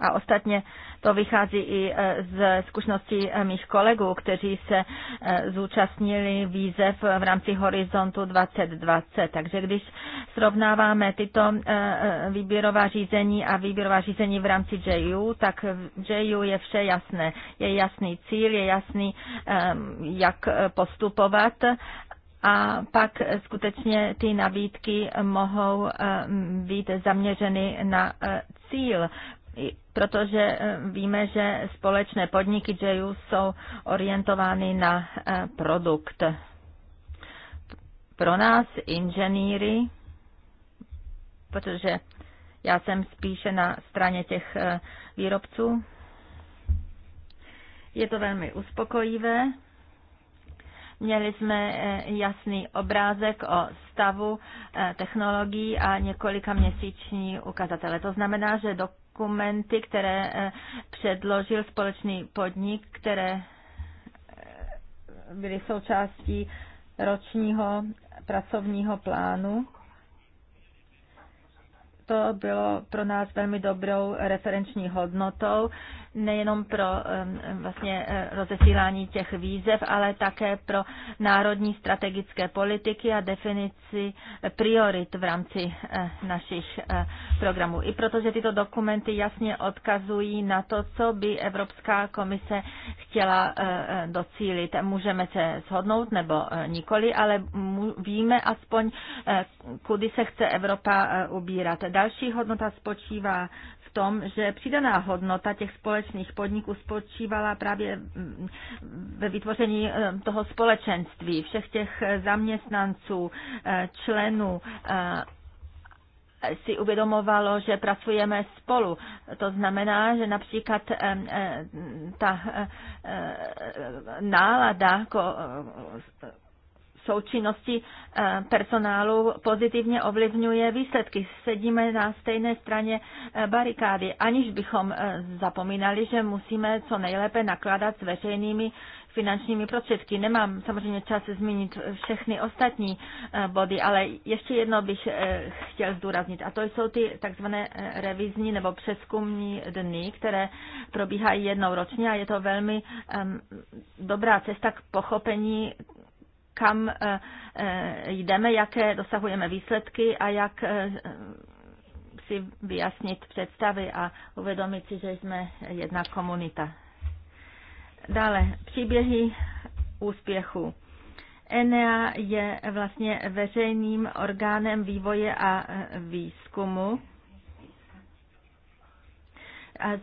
a ostatně to vychází i e, z zkušeností e, mých kolegů, kteří se e, zúčastnili výzev v rámci Horizontu 2020. Takže když srovnáváme tyto výběrová řízení a výběrová řízení v rámci JU, tak v JU je vše jasné. Je jasný cíl, je jasný, jak postupovat a pak skutečně ty nabídky mohou být zaměřeny na cíl, protože eh, víme, že společné podniky JU jsou orientovány na eh, produkt. Pro nás inženýry, protože já jsem spíše na straně těch eh, výrobců, je to velmi uspokojivé. Měli jsme jasný obrázek o stavu technologií a několika měsíční ukazatele. To znamená, že do dokumenty, které eh, předložil společný podnik, které eh, byly součástí ročního pracovního plánu. To bylo pro nás velmi dobrou referenční hodnotou nejenom pro vlastně eh, rozesílání těch výzev, ale také pro národní strategické politiky a definici priorit v rámci eh, našich eh, programů. I protože tyto dokumenty jasně odkazují na to, co by Evropská komise chtěla docílit. Můžeme se shodnout nebo nikoli, ale víme aspoň, kudy se chce Evropa ubírat. Další hodnota spočívá tom, že přidaná hodnota těch společných podniků spočívala právě ve vytvoření eh, toho společenství, všech těch zaměstnanců, eh, členů eh, si uvědomovalo, že pracujeme spolu. To znamená, že například ta nálada součinnosti eh, personálu pozitivně ovlivňuje výsledky. Sedíme na stejné straně eh, barikády, aniž bychom eh, zapomínali, že musíme co nejlépe nakládat s veřejnými finančními prostředky. Nemám samozřejmě čas zmínit všechny ostatní body, ale ještě jedno bych chtěl zdůraznit. A to jsou ty takzvané revizní nebo přeskumní dny, které probíhají jednou ročně a je to velmi dobrá cesta k pochopení kam eh, eh, jdeme, jaké dosahujeme výsledky a jak eh, si vyjasnit představy a uvědomit si, že jsme jedna komunita. Dále, příběhy úspěchu. ENEA je vlastně veřejným orgánem vývoje a výzkumu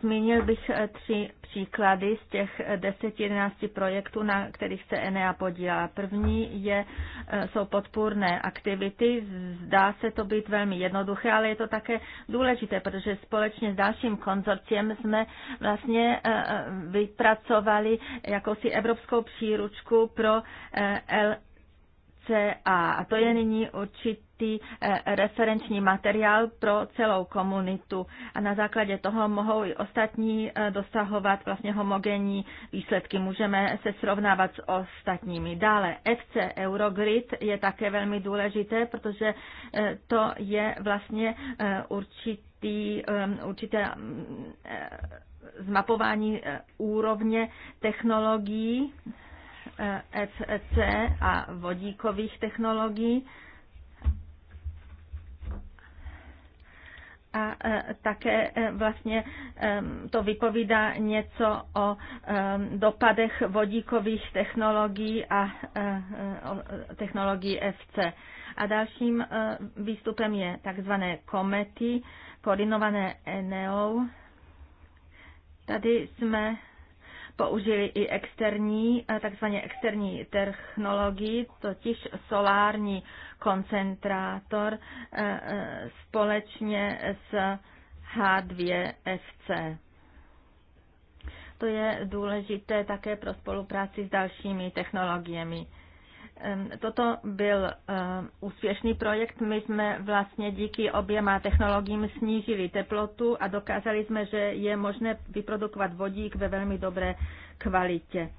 Zmínil bych eh, tři příklady z těch 10-11 eh, projektů, na kterých se Enea podílá. První je, eh, jsou podpůrné aktivity. Zdá se to být velmi jednoduché, ale je to také důležité, protože společně s dalším konzorciem jsme vlastně vypracovali jakousi evropskou příručku pro CA. A to je nyní určitý eh, referenční materiál pro celou komunitu. A na základě toho mohou i ostatní eh, dosahovat vlastně homogenní výsledky. Můžeme se srovnávat s ostatními. Dále FC Eurogrid je také velmi důležité, protože eh, to je vlastně určitý, určité mm, zmapování úrovně technologií FEC e a vodíkových technologií. a e, také e, vlastně to vypovídá něco o dopadech vodíkových technologií a technologií FC. A dalším výstupem je takzvané komety, koordinované ENEO. Tady jsme použili i externí, eh, takzvaně externí technologii, totiž solární koncentrátor eh, eh, společně s H2FC. To je důležité také pro spolupráci s dalšími technologiemi. Toto byl úspěšný projekt. My jsme vlastně díky oběma technologiím snížili teplotu a dokázali jsme, že je možné vyprodukovat vodík ve velmi dobré kvalitě.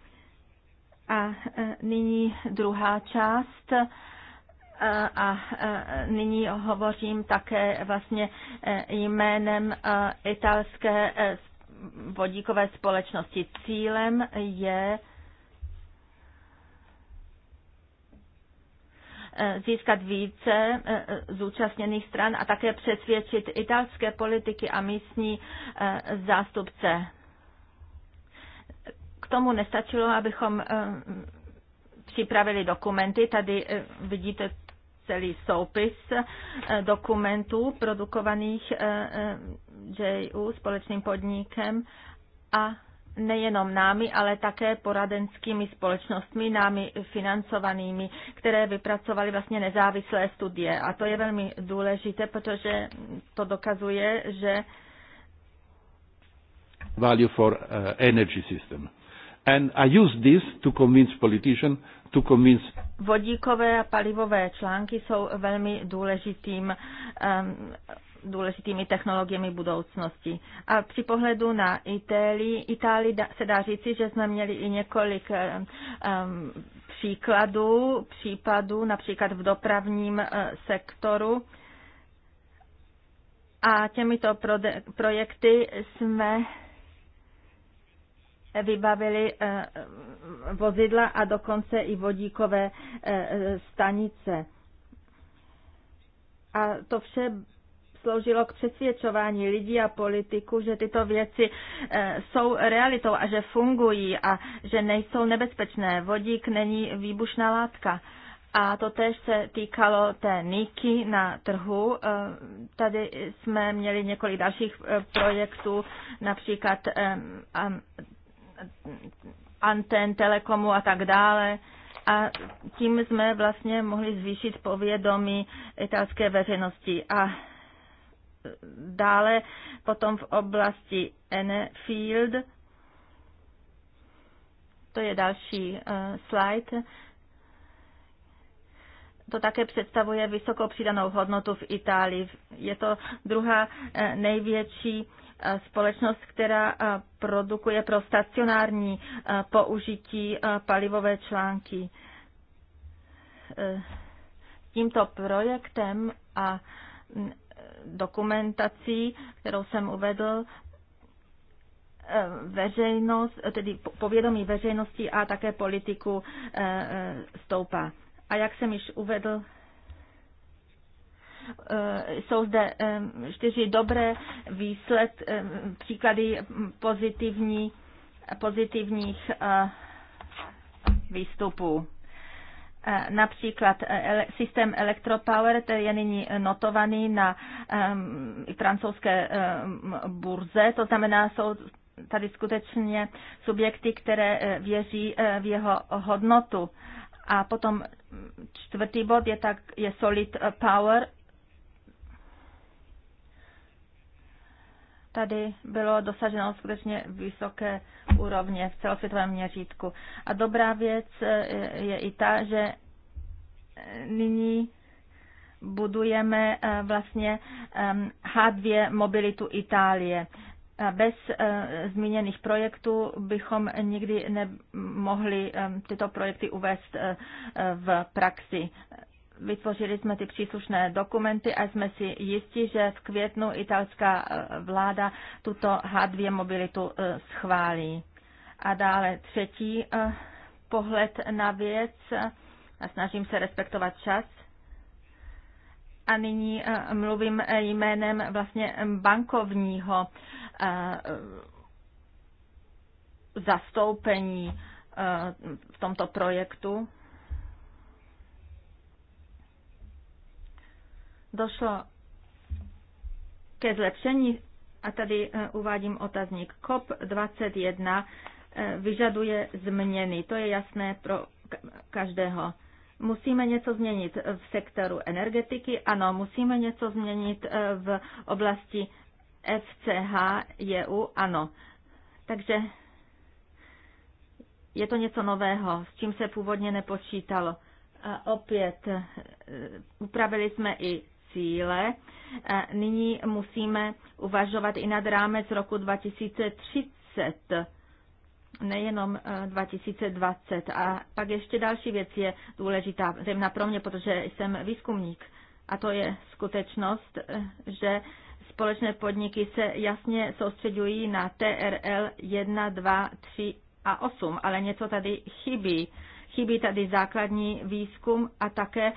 A e, nyní druhá část e, a e, nyní hovořím také vlastně jménem italské vodíkové společnosti. Cílem je získat více eh, eh, zúčastněných stran a také přesvědčit italské politiky a místní eh, zástupce. K tomu nestačilo, abychom připravili dokumenty. Tady vidíte celý soupis dokumentů produkovaných JU společným podnikem a nejenom námi, ale také poradenskými společnostmi, námi financovanými, které vypracovaly vlastně nezávislé studie. A to je velmi důležité, protože to dokazuje, že value for uh, energy system. And I use this to convince politicians to convince Vodíkové a palivové články jsou velmi důležitým um, důležitými technologiemi budoucnosti. A při pohledu na Itálii, Itálii se dá říci, že jsme měli i několik um, příkladů, případů, například v dopravním eh, sektoru. A těmito projekty jsme vybavili eh, vozidla a dokonce i vodíkové stanice. A to vše sloužilo k přesvědčování lidí a politiků, že tyto věci eh, jsou realitou a že fungují a že nejsou nebezpečné. Vodík není výbušná látka. A to tež se týkalo té NIKY na trhu. Eh, tady jsme měli několik dalších eh, projektů, například anten telekomu a tak dále. A tím jsme vlastně mohli zvýšit povědomí italské veřejnosti. A dále potom v oblasti Enfield, to je další uh, slide, to také představuje vysokou přidanou hodnotu v Itálii. Je to druhá eh, největší eh, společnost, která produkuje pro stacionární použití palivové články. Tímto projektem a mm, dokumentací, kterou jsem uvedl, eh, veřejnost, tedy povědomí veřejnosti a také politiku eh, eh, stoupá. A jak jsem již uvedl, jsou zde čtyři dobré výsled, příklady pozitivní, pozitivních výstupů. E, například e, systém Electropower, který je nyní notovaný na francouzské burze, to znamená, jsou tady skutečně subjekty, které e, věří v jeho hodnotu. A potom čtvrtý bod je, tak, je Solid Power, tady bylo dosaženo skutečně vysoké úrovně v celosvětovém měřítku. A dobrá věc e, je i ta, že nyní budujeme e, vlastně H2 mobilitu Itálie. Bez e, zmíněných projektů bychom nikdy nemohli tyto projekty uvést v praxi. Vytvořili jsme ty příslušné dokumenty a jsme si jistí, že v květnu italská eh, vláda tuto H2 mobilitu eh, schválí. A dále třetí eh, pohled na věc a snažím se respektovat čas. A nyní mluvím jménem vlastně bankovního zastoupení v tomto projektu. došlo ke zlepšení, a tady eh, uvádím otazník, COP21 eh, vyžaduje změny. To je jasné pro každého. Musíme něco změnit v sektoru energetiky, ano, musíme něco změnit eh, v oblasti FCH, EU, ano. Takže je to něco nového, s čím se původně nepočítalo. A opět upravili jsme i cíle, e, nyní musíme uvažovat i nad rámec roku 2030 nejenom 2020. E, a pak ještě další věc je důležitá, zejména pro mě, protože jsem výzkumník. A to je skutečnost, e, že společné podniky se jasně soustředují na TRL 1, 2, 3 a 8, ale něco tady chybí. Chybí tady základní výzkum a také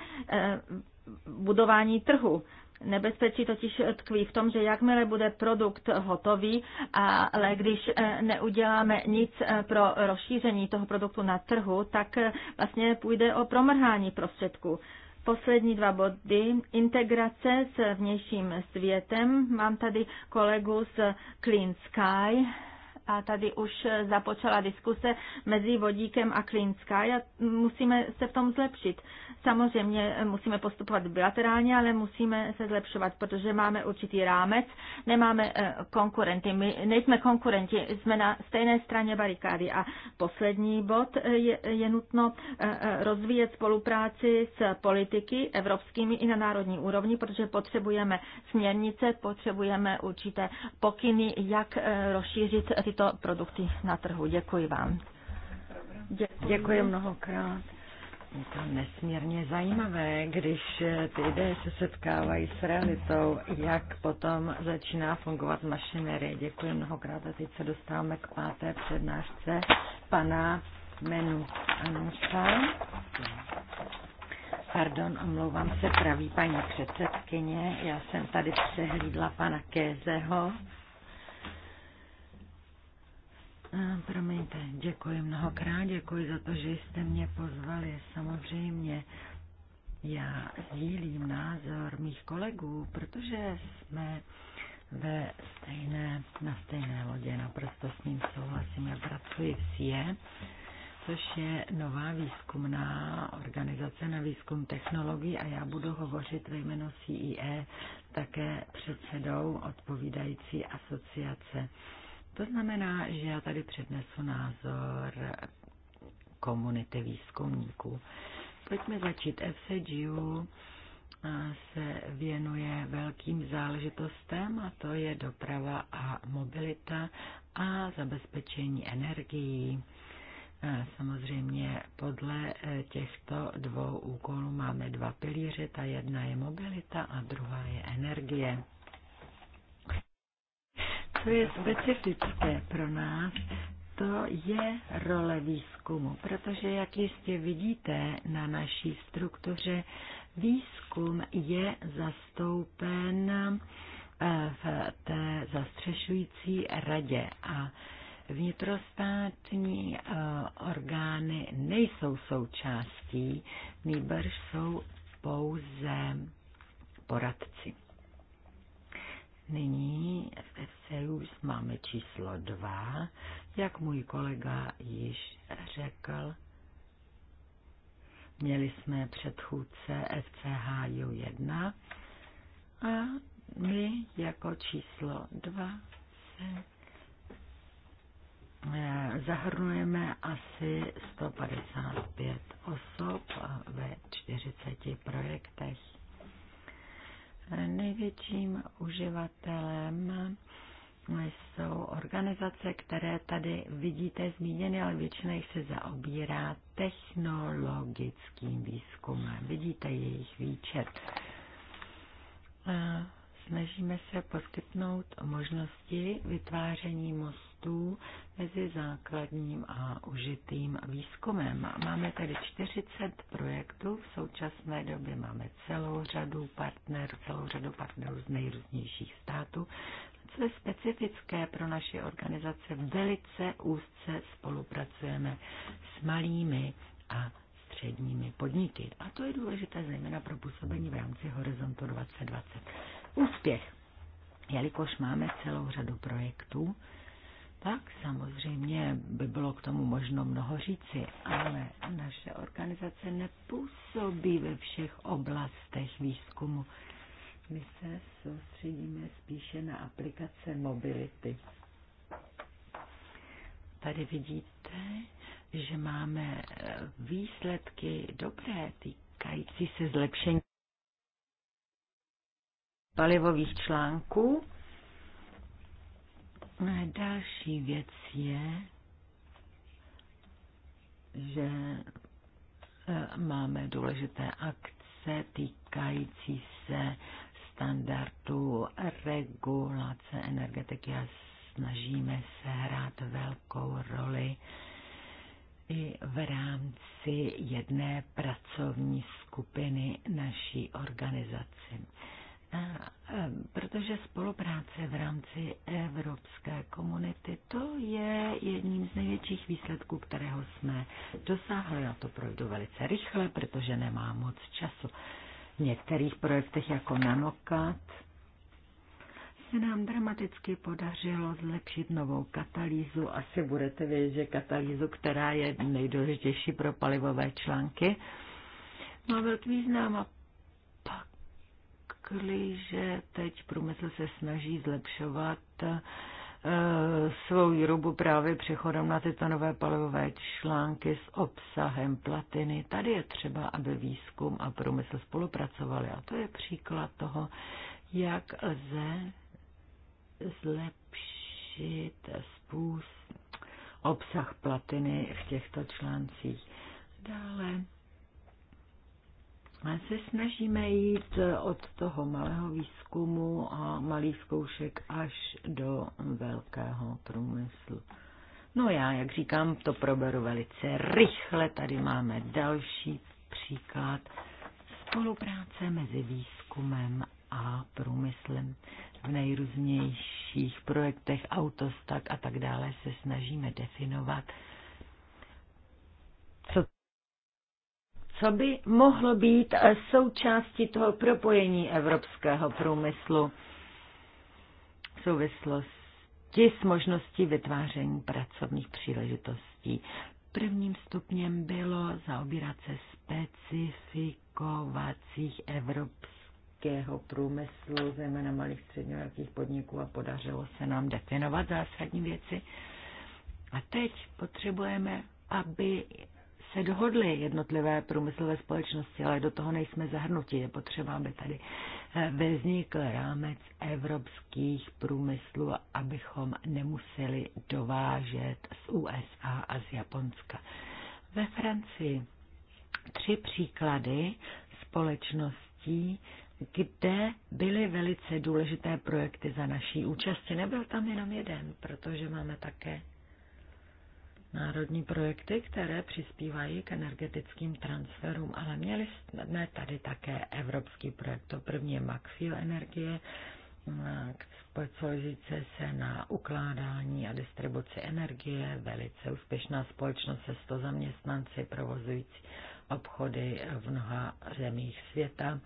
budování trhu. Nebezpečí totiž tkví v tom, že jakmile bude produkt hotový, ale když eh, neuděláme nic eh, pro rozšíření toho produktu na trhu, tak eh, vlastně půjde o promrhání prostředků. Poslední dva body. Integrace s vnějším světem. Mám tady kolegu z Clean Sky a tady už započala diskuse mezi Vodíkem a Klinská. Mm, musíme se v tom zlepšit. Samozřejmě eh, musíme postupovat bilaterálně, ale musíme se zlepšovat, protože máme určitý rámec, nemáme eh, konkurenty. My nejsme konkurenti, jsme na stejné straně barikády. A poslední bod eh, je, je nutno rozvíjet spolupráci s politiky evropskými i na národní úrovni, protože potřebujeme směrnice, potřebujeme určité pokyny, jak rozšířit tyto tyto produkty na trhu. Děkuji vám. Děkuji, Děkuji mnohokrát. Je to nesmírně zajímavé, když ty lidé se setkávají s realitou, jak potom začíná fungovat mašinerie. Děkuji mnohokrát a teď se dostáváme k páté přednášce pana Menu Anusa. Pardon, omlouvám se, praví paní předsedkyně. Já jsem tady přehlídla pana Kézeho. Promiňte, děkuji mnohokrát, děkuji za to, že jste mě pozvali. Samozřejmě já sdílím názor mých kolegů, protože jsme ve stejné, na stejné lodě, naprosto s ním souhlasím. Já pracuji v SIE, což je nová výzkumná organizace na výzkum technologií a já budu hovořit ve jménu CIE, také předsedou odpovídající asociace to znamená, že já tady přednesu názor komunity výzkumníků. Pojďme začít. FCGU eh, se věnuje velkým záležitostem a to je doprava a mobilita a zabezpečení energií. Eh, samozřejmě podle eh, těchto dvou úkolů máme dva pilíře, ta jedna je mobilita a druhá je energie co je specifické pro nás, to je role výzkumu, protože, jak jistě vidíte na naší struktuře, výzkum je zastoupen eh, v té zastřešující radě a vnitrostátní eh, orgány nejsou součástí, nýbrž jsou pouze poradci. Nyní v Eseus máme číslo 2, jak můj kolega již řekl. Měli jsme předchůdce FCHU 1 a my jako číslo 2 se eh, zahrnujeme asi 155 osob ve 40 projektech. Největším uživatelem jsou organizace, které tady vidíte zmíněny, ale většina jich se zaobírá technologickým výzkumem. Vidíte jejich výčet. Snažíme se poskytnout možnosti vytváření mostů mezi základním a užitým výzkumem. Máme tedy 40 projektů, v současné době máme celou řadu partnerů, celou řadu partnerů z nejrůznějších států, co je specifické pro naši organizace, velice úzce spolupracujeme s malými a středními podniky. A to je důležité zejména pro působení v rámci Horizontu 2020 úspěch. Jelikož máme celou řadu projektů, tak samozřejmě by bylo k tomu možno mnoho říci, ale naše organizace nepůsobí ve všech oblastech výzkumu. My se soustředíme spíše na aplikace mobility. Tady vidíte, že máme eh, výsledky dobré týkající se zlepšení palivových článků. No další věc je, že e, máme důležité akce týkající se standardů regulace energetiky a snažíme se hrát velkou roli i v rámci jedné pracovní skupiny naší organizace protože spolupráce v rámci evropské komunity, to je jedním z největších výsledků, kterého jsme dosáhli. Já to projdu velice rychle, protože nemá moc času. V některých projektech jako Nanokat se nám dramaticky podařilo zlepšit novou katalýzu. Asi budete vědět, že katalýzu, která je nejdůležitější pro palivové články, má velký význam a že teď průmysl se snaží zlepšovat eh, svou výrobu právě přechodem na tyto nové palivové články s obsahem platiny. Tady je třeba, aby výzkum a průmysl spolupracovali. A to je příklad toho, jak lze zlepšit způsob obsah platiny v těchto článcích. Dále se snažíme jít od toho malého výzkumu a malých zkoušek až do velkého průmyslu. No já, jak říkám, to proberu velice rychle. Tady máme další příklad spolupráce mezi výzkumem a průmyslem. V nejrůznějších projektech Autostak a tak dále se snažíme definovat co by mohlo být eh, součástí toho propojení evropského průmyslu v souvislosti s možností vytváření pracovních příležitostí. Prvním stupněm bylo zaobírat se specifikovacích evropského průmyslu, zejména malých středně velkých podniků a podařilo se nám definovat zásadní věci. A teď potřebujeme, aby se dohodly jednotlivé průmyslové společnosti, ale do toho nejsme zahrnuti. Je potřeba, aby tady eh, vznikl rámec evropských průmyslů, abychom nemuseli dovážet z USA a z Japonska. Ve Francii tři příklady společností, kde byly velice důležité projekty za naší účasti. Nebyl tam jenom jeden, protože máme také národní projekty, které přispívají k energetickým transferům, ale měli jsme tady také evropský projekt. To první je Maxfield Energie, eh, specializace se na ukládání a distribuci energie, velice úspěšná společnost se 100 zaměstnanci provozující obchody v mnoha zemích světa.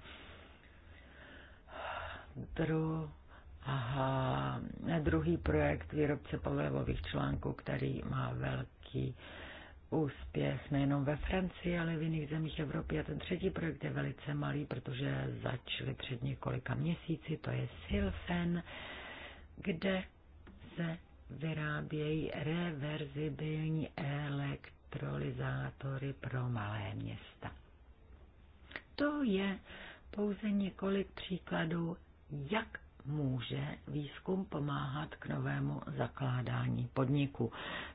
Dru, aha, druhý projekt výrobce palivových článků, který má velký velký úspěch nejenom ve Francii, ale v jiných zemích Evropy. A ten třetí projekt je velice malý, protože začali před několika měsíci, to je Silfen, kde se vyrábějí reverzibilní elektrolizátory pro malé města. To je pouze několik příkladů, jak může výzkum pomáhat k novému zakládání podniku.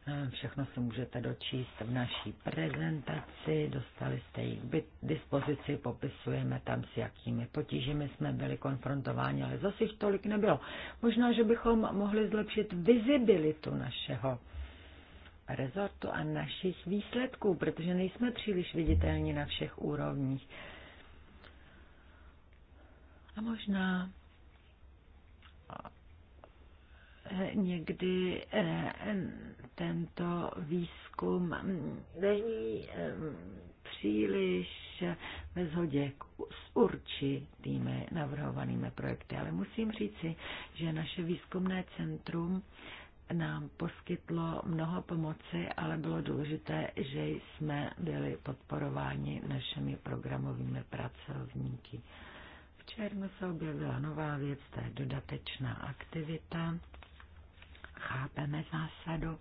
Eh, všechno se můžete dočíst v naší prezentaci, dostali jste ji k dispozici, popisujeme tam s jakými potížemi jsme byli konfrontováni, ale zase jich tolik nebylo. Možná, že bychom mohli zlepšit vizibilitu našeho rezortu a našich výsledků, protože nejsme příliš viditelní na všech úrovních. A možná někdy eh, tento výzkum není eh, příliš ve shodě s určitými navrhovanými projekty. Ale musím říci, že naše výzkumné centrum nám poskytlo mnoho pomoci, ale bylo důležité, že jsme byli podporováni našimi programovými pracovníky. V červnu se objevila nová věc, to je dodatečná aktivita chápeme zásadu,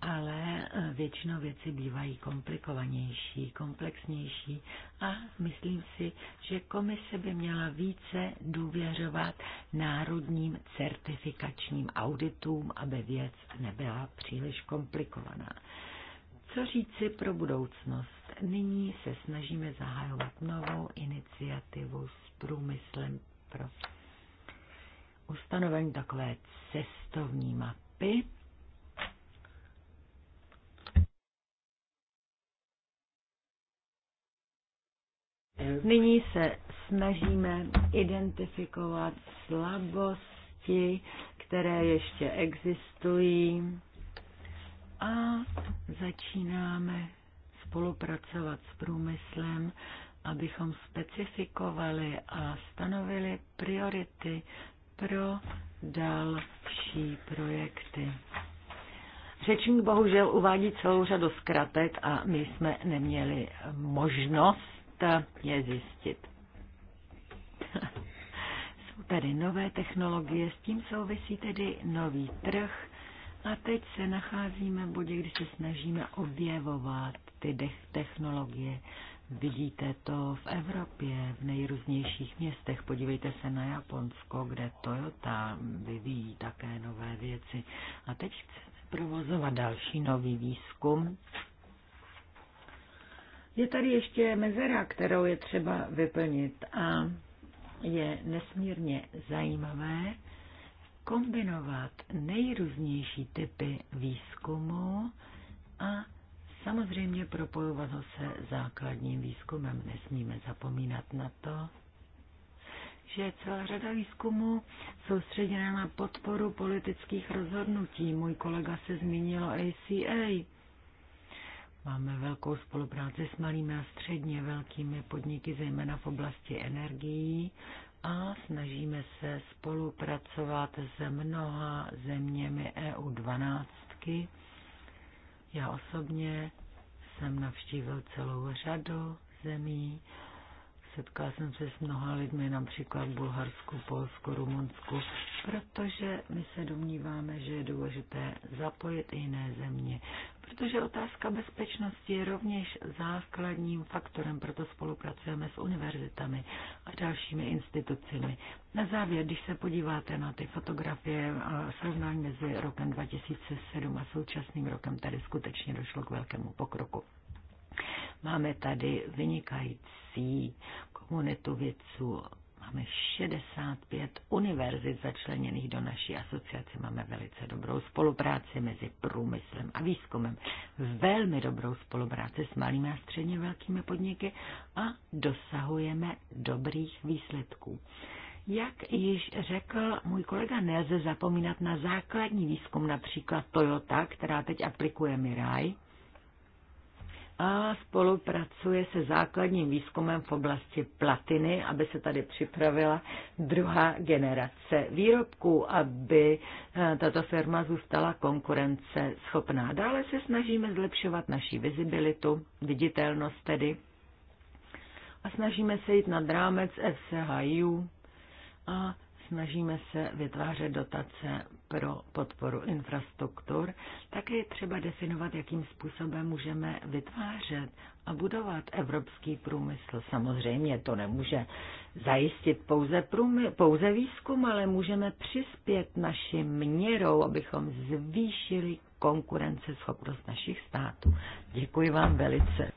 ale eh, většinou věci bývají komplikovanější, komplexnější a myslím si, že komise by měla více důvěřovat národním certifikačním auditům, aby věc nebyla příliš komplikovaná. Co říci pro budoucnost? Nyní se snažíme zahajovat novou iniciativu s průmyslem pro ustanovení takové cestovní mapy mapy. Nyní se snažíme identifikovat slabosti, které ještě existují a začínáme spolupracovat s průmyslem, abychom specifikovali a stanovili priority pro další projekty. Řečník bohužel uvádí celou řadu zkratek a my jsme neměli možnost je zjistit. [laughs] Jsou tady nové technologie, s tím souvisí tedy nový trh a teď se nacházíme v bodě, kdy se snažíme objevovat ty technologie Vidíte to v Evropě, v nejrůznějších městech. Podívejte se na Japonsko, kde Toyota vyvíjí také nové věci. A teď chceme provozovat další nový výzkum. Je tady ještě mezera, kterou je třeba vyplnit a je nesmírně zajímavé kombinovat nejrůznější typy výzkumu a Samozřejmě propojovat ho se základním výzkumem. Nesmíme zapomínat na to, že celá řada výzkumů soustředěná na podporu politických rozhodnutí. Můj kolega se zmínil o ACA. Máme velkou spolupráci s malými a středně velkými podniky, zejména v oblasti energií a snažíme se spolupracovat se mnoha zeměmi EU 12 já osobně jsem navštívil celou řadu zemí, setkal jsem se s mnoha lidmi, například v Bulharsku, Polsku, Rumunsku, protože my se domníváme, že je důležité zapojit i jiné země protože otázka bezpečnosti je rovněž základním faktorem, proto spolupracujeme s univerzitami a dalšími institucemi. Na závěr, když se podíváte na ty fotografie a srovnání mezi rokem 2007 a současným rokem, tady skutečně došlo k velkému pokroku. Máme tady vynikající komunitu vědců máme 65 univerzit začleněných do naší asociace. Máme velice dobrou spolupráci mezi průmyslem a výzkumem. Velmi dobrou spolupráci s malými a středně velkými podniky a dosahujeme dobrých výsledků. Jak již řekl můj kolega, nelze zapomínat na základní výzkum, například Toyota, která teď aplikuje Mirai, a spolupracuje se základním výzkumem v oblasti platiny, aby se tady připravila druhá generace výrobků, aby eh, tato firma zůstala konkurence schopná. Dále se snažíme zlepšovat naší vizibilitu, viditelnost tedy a snažíme se jít nad rámec FCHU a snažíme se vytvářet dotace pro podporu infrastruktur, také je třeba definovat, jakým způsobem můžeme vytvářet a budovat evropský průmysl. Samozřejmě to nemůže zajistit pouze, průmy, pouze výzkum, ale můžeme přispět našim měrou, abychom zvýšili konkurenceschopnost našich států. Děkuji vám velice.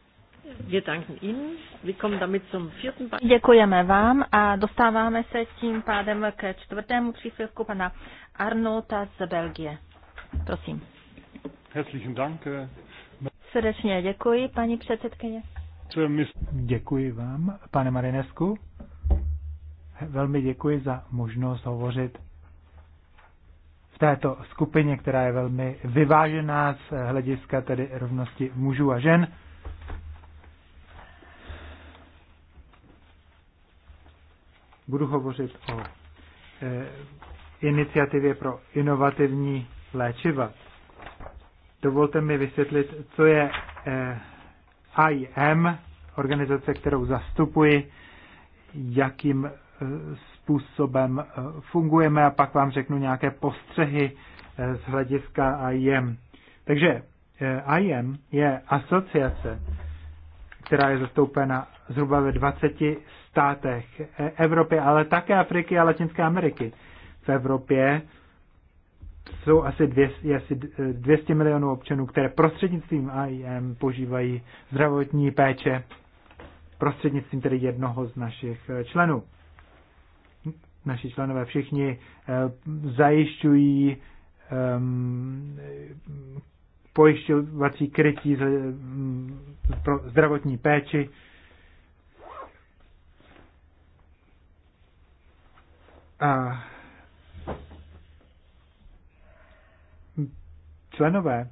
Děkujeme vám a dostáváme se tím pádem ke čtvrtému příspěvku pana Arnota z Belgie. Prosím. Herzlichen Dank. Eh, Srdečně děkuji, paní předsedkyně. Děkuji vám, pane Marinesku. Velmi děkuji za možnost hovořit v této skupině, která je velmi vyvážená z hlediska tedy rovnosti mužů a žen. budu hovořit o e, iniciativě pro inovativní léčiva. Dovolte mi vysvětlit, co je e, IM, organizace, kterou zastupuji, jakým e, způsobem e, fungujeme a pak vám řeknu nějaké postřehy e, z hlediska IM. Takže e, IM je asociace, která je zastoupena zhruba ve 20 státech e- Evropy, ale také Afriky a Latinské Ameriky. V Evropě jsou asi, asi 200 milionů občanů, které prostřednictvím AIM požívají zdravotní péče, prostřednictvím tedy jednoho z našich eh, členů. Naši členové všichni eh, zajišťují ehm, pojišťovací krytí zdravotní péči A členové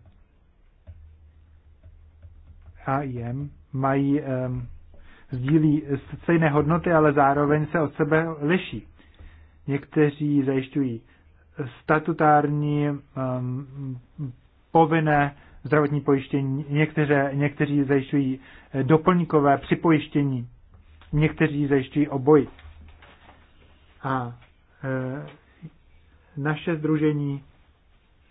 AIM mají, um, sdílí stejné hodnoty, ale zároveň se od sebe liší. Někteří zajišťují statutární um, povinné zdravotní pojištění, někteře, někteří zajišťují doplňkové připojištění, někteří zajišťují obojí. A Eh, naše združení,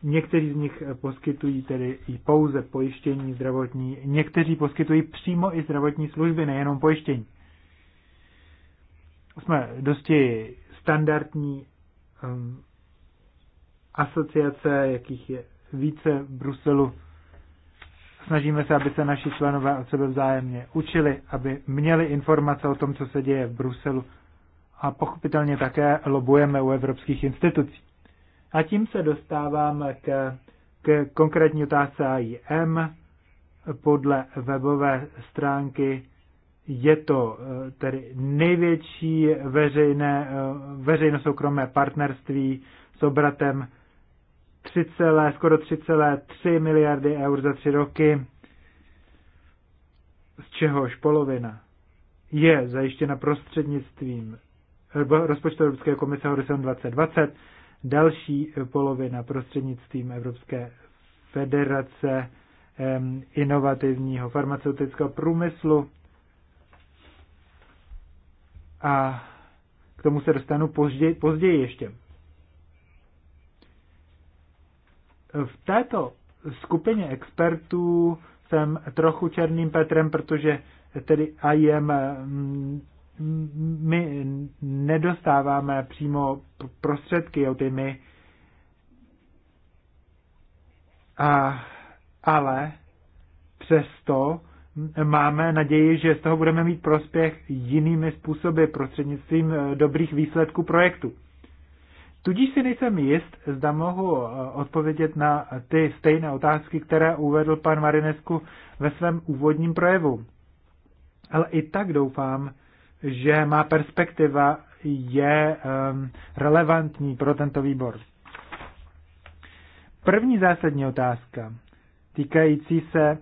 někteří z nich poskytují tedy i pouze pojištění zdravotní, někteří poskytují přímo i zdravotní služby, nejenom pojištění. Jsme dosti standardní um, asociace, jakých je více v Bruselu. Snažíme se, aby se naši členové od sebe vzájemně učili, aby měli informace o tom, co se děje v Bruselu a pochopitelně také lobujeme u evropských institucí. A tím se dostávám k, k konkrétní otázce AIM. Podle webové stránky je to eh, tedy největší veřejné, eh, veřejno-soukromé partnerství s obratem 3, skoro 3,3 miliardy eur za tři roky, z čehož polovina je zajištěna prostřednictvím rozpočtu Evropské komise Horizon 2020, další polovina prostřednictvím Evropské federace inovativního farmaceutického průmyslu. A k tomu se dostanu později, později ještě. V této skupině expertů jsem trochu černým Petrem, protože tedy IEM mm, my nedostáváme přímo prostředky od my, a, ale přesto máme naději, že z toho budeme mít prospěch jinými způsoby, prostřednictvím eh, dobrých výsledků projektu. Tudíž si nejsem jist, zda mohu eh, odpovědět na ty stejné otázky, které uvedl pan Marinesku ve svém úvodním projevu. Ale i tak doufám, že má perspektiva je um, relevantní pro tento výbor. První zásadní otázka týkající se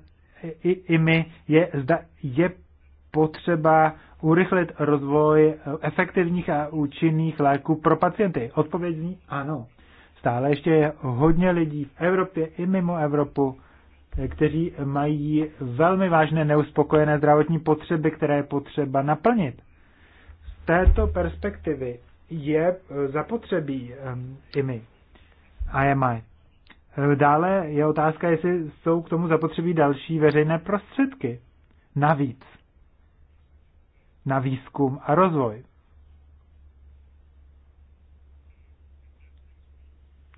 i, i my je, zda je potřeba urychlit rozvoj eh, efektivních a účinných léků pro pacienty. Odpověď zní ano. Stále ještě je hodně lidí v Evropě i mimo Evropu, eh, kteří mají velmi vážné neuspokojené zdravotní potřeby, které je potřeba naplnit této perspektivy je eh, zapotřebí IMI. Ehm, IMI. Eh, dále je otázka, jestli jsou k tomu zapotřebí další veřejné prostředky. Navíc. Na výzkum a rozvoj.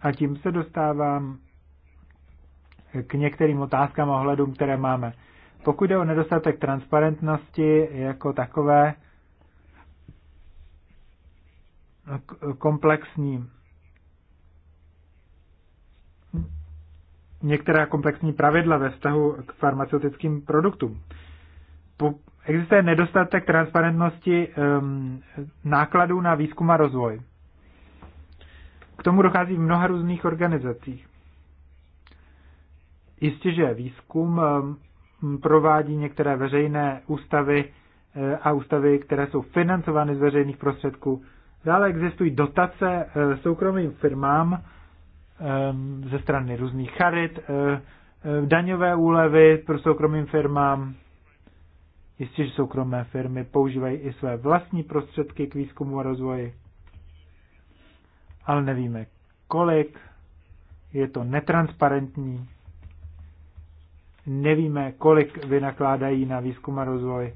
A tím se dostávám k některým otázkám a ohledům, které máme. Pokud jde o nedostatek transparentnosti jako takové, komplexní některá komplexní pravidla ve vztahu k farmaceutickým produktům. Existuje nedostatek transparentnosti um, nákladů na výzkum a rozvoj. K tomu dochází v mnoha různých organizacích. Jistě, že výzkum um, provádí některé veřejné ústavy um, a ústavy, které jsou financovány z veřejných prostředků, Dále existují dotace eh, soukromým firmám eh, ze strany různých charit, eh, daňové úlevy pro soukromým firmám. Jistě, že soukromé firmy používají i své vlastní prostředky k výzkumu a rozvoji, ale nevíme kolik, je to netransparentní, nevíme, kolik vynakládají na výzkum a rozvoj.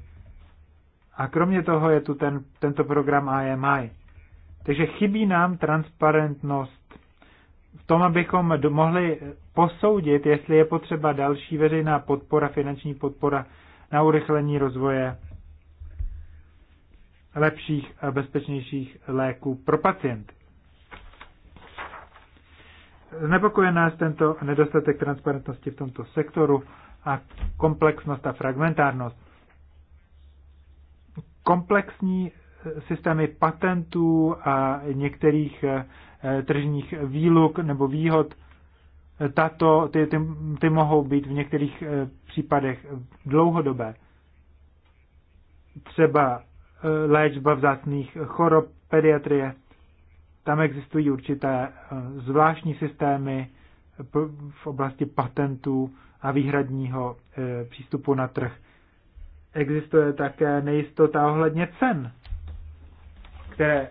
A kromě toho je tu ten, tento program IMI. Takže chybí nám transparentnost v tom, abychom mohli posoudit, jestli je potřeba další veřejná podpora, finanční podpora na urychlení rozvoje lepších a bezpečnějších léků pro pacienty. Znepokuje nás tento nedostatek transparentnosti v tomto sektoru a komplexnost a fragmentárnost. Komplexní systémy patentů a některých eh, tržních výluk nebo výhod, tato, ty, ty, ty mohou být v některých eh, případech dlouhodobé. Třeba eh, léčba vzácných chorob, pediatrie, tam existují určité zvláštní systémy v oblasti patentů a výhradního přístupu na trh. Existuje také nejistota ohledně cen které,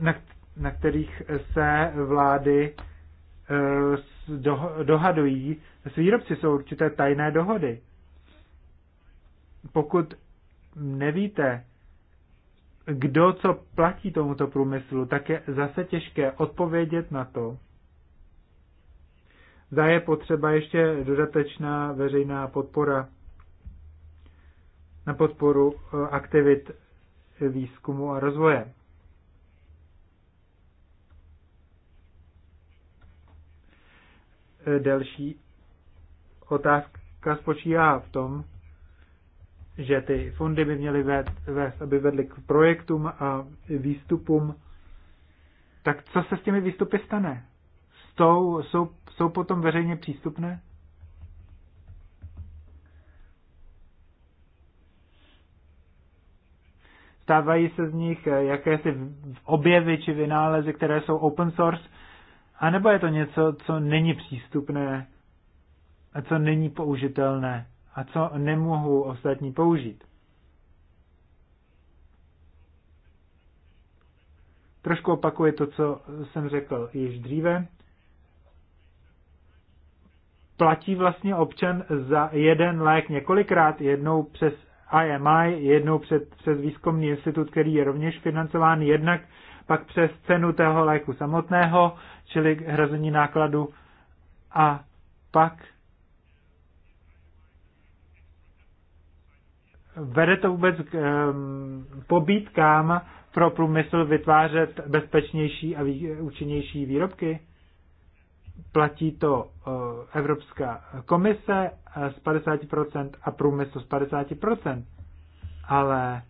na, na kterých se vlády eh, do, dohadují s výrobci, jsou určité tajné dohody. Pokud nevíte, kdo co platí tomuto průmyslu, tak je zase těžké odpovědět na to, zda je potřeba ještě dodatečná veřejná podpora na podporu eh, aktivit výzkumu a rozvoje. Další otázka spočívá v tom, že ty fondy by měly vést, aby vedly k projektům a výstupům. Tak co se s těmi výstupy stane? Jsou, jsou, jsou potom veřejně přístupné? stávají se z nich eh, jakési objevy či vynálezy, které jsou open source, anebo je to něco, co není přístupné a co není použitelné a co nemohou ostatní použít. Trošku opakuje to, co jsem řekl již dříve. Platí vlastně občan za jeden lék několikrát, jednou přes IMI, jednou před, přes výzkumný institut, který je rovněž financován, jednak pak přes cenu tého léku samotného, čili hrazení nákladu a pak vede to vůbec k um, pobítkám pro průmysl vytvářet bezpečnější a vý, účinnější výrobky? platí to eh, Evropská komise eh, z 50% a průmysl z 50%, ale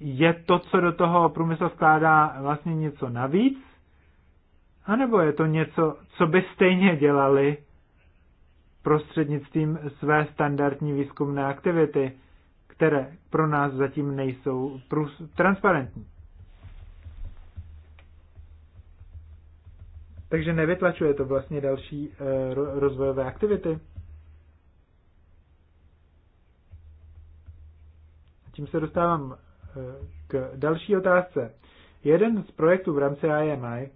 je to, co do toho průmysl vkládá, vlastně něco navíc? A nebo je to něco, co by stejně dělali prostřednictvím své standardní výzkumné aktivity, které pro nás zatím nejsou transparentní? Takže nevytlačuje to vlastně další eh, rozvojové aktivity. Tím se dostávám eh, k další otázce. Jeden z projektů v rámci IMI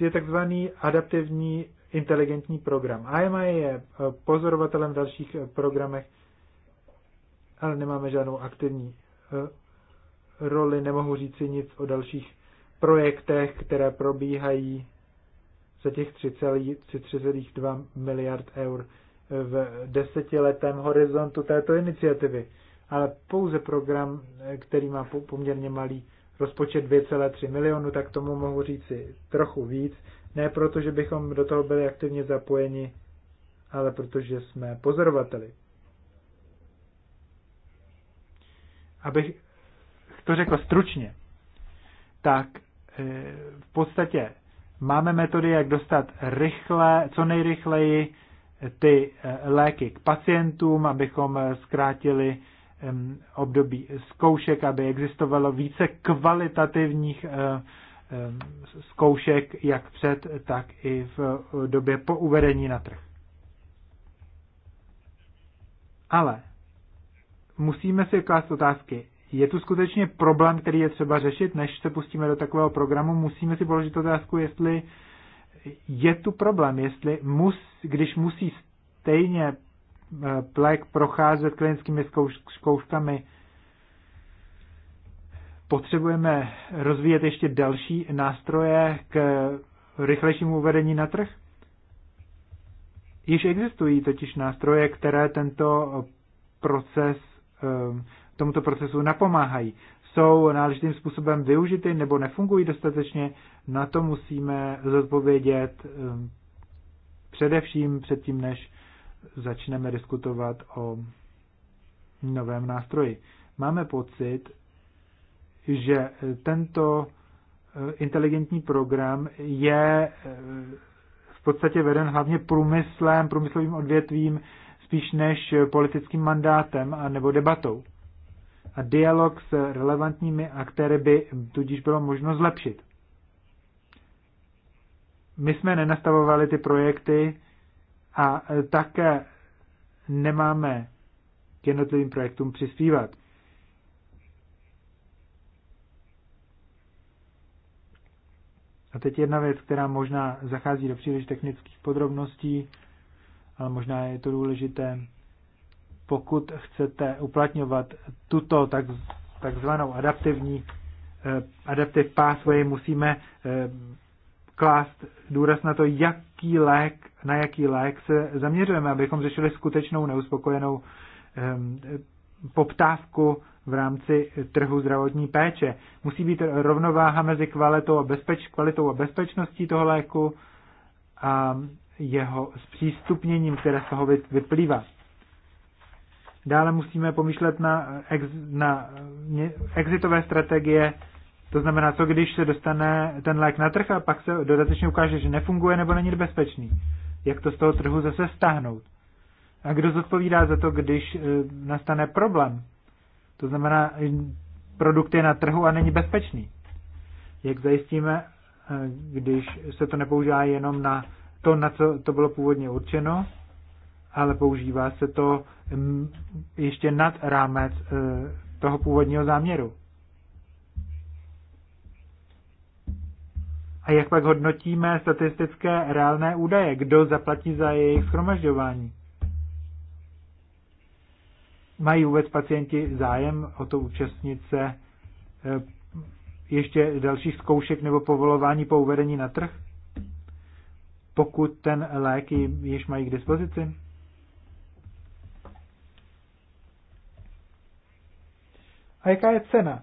je takzvaný adaptivní inteligentní program. IMI je eh, pozorovatelem v dalších programech, ale nemáme žádnou aktivní roli, nemohu říci nic o dalších projektech, které probíhají za těch 3,2 miliard eur v desetiletém horizontu této iniciativy, ale pouze program, který má poměrně malý rozpočet 2,3 milionu, tak tomu mohu říci trochu víc. Ne proto, že bychom do toho byli aktivně zapojeni, ale protože jsme pozorovateli. Abych to řekl stručně, tak Eh, v podstatě máme metody, jak dostat rychle, co nejrychleji eh, ty eh, léky k pacientům, abychom zkrátili období zkoušek, aby existovalo více kvalitativních zkoušek, jak před, tak i v době po uvedení na trh. Ale musíme si klást otázky, je tu skutečně problém, který je třeba řešit, než se pustíme do takového programu, musíme si položit otázku, jestli je tu problém, jestli mus, když musí stejně eh, plek procházet klinickými zkouškami, potřebujeme rozvíjet ještě další nástroje k rychlejšímu uvedení na trh? Již existují totiž nástroje, které tento proces eh, tomuto procesu napomáhají. Jsou náležitým způsobem využity nebo nefungují dostatečně, na to musíme zodpovědět um, především předtím, než začneme diskutovat o novém nástroji. Máme pocit, že tento eh, inteligentní program je eh, v podstatě veden hlavně průmyslem, průmyslovým odvětvím, spíš než politickým mandátem a nebo debatou a dialog s relevantními aktéry by tudíž bylo možno zlepšit. My jsme nenastavovali ty projekty a také nemáme k jednotlivým projektům přispívat. A teď jedna věc, která možná zachází do příliš technických podrobností, ale možná je to důležité pokud chcete uplatňovat tuto tak, takzvanou adaptivní eh, adaptive pathway, musíme eh, klást důraz na to, jaký lék, na jaký lék se zaměřujeme, abychom řešili skutečnou neuspokojenou eh, poptávku v rámci trhu zdravotní péče. Musí být rovnováha mezi kvalitou a, bezpeč, kvalitou a bezpečností toho léku a jeho zpřístupněním, které z toho vyplývá. Dále musíme pomýšlet na, ex, na exitové strategie, to znamená, co když se dostane ten lék na trh a pak se dodatečně ukáže, že nefunguje nebo není bezpečný. Jak to z toho trhu zase stáhnout? A kdo zodpovídá za to, když e, nastane problém? To znamená, produkt je na trhu a není bezpečný. Jak zajistíme, e, když se to nepoužívá jenom na to, na co to bylo původně určeno, ale používá se to mm, ještě nad rámec eh, toho původního záměru. A jak pak hodnotíme statistické reálné údaje? Kdo zaplatí za jejich schromažďování? Mají vůbec pacienti zájem o to účastnit se eh, ještě dalších zkoušek nebo povolování po uvedení na trh? Pokud ten lék již mají k dispozici? A jaká je cena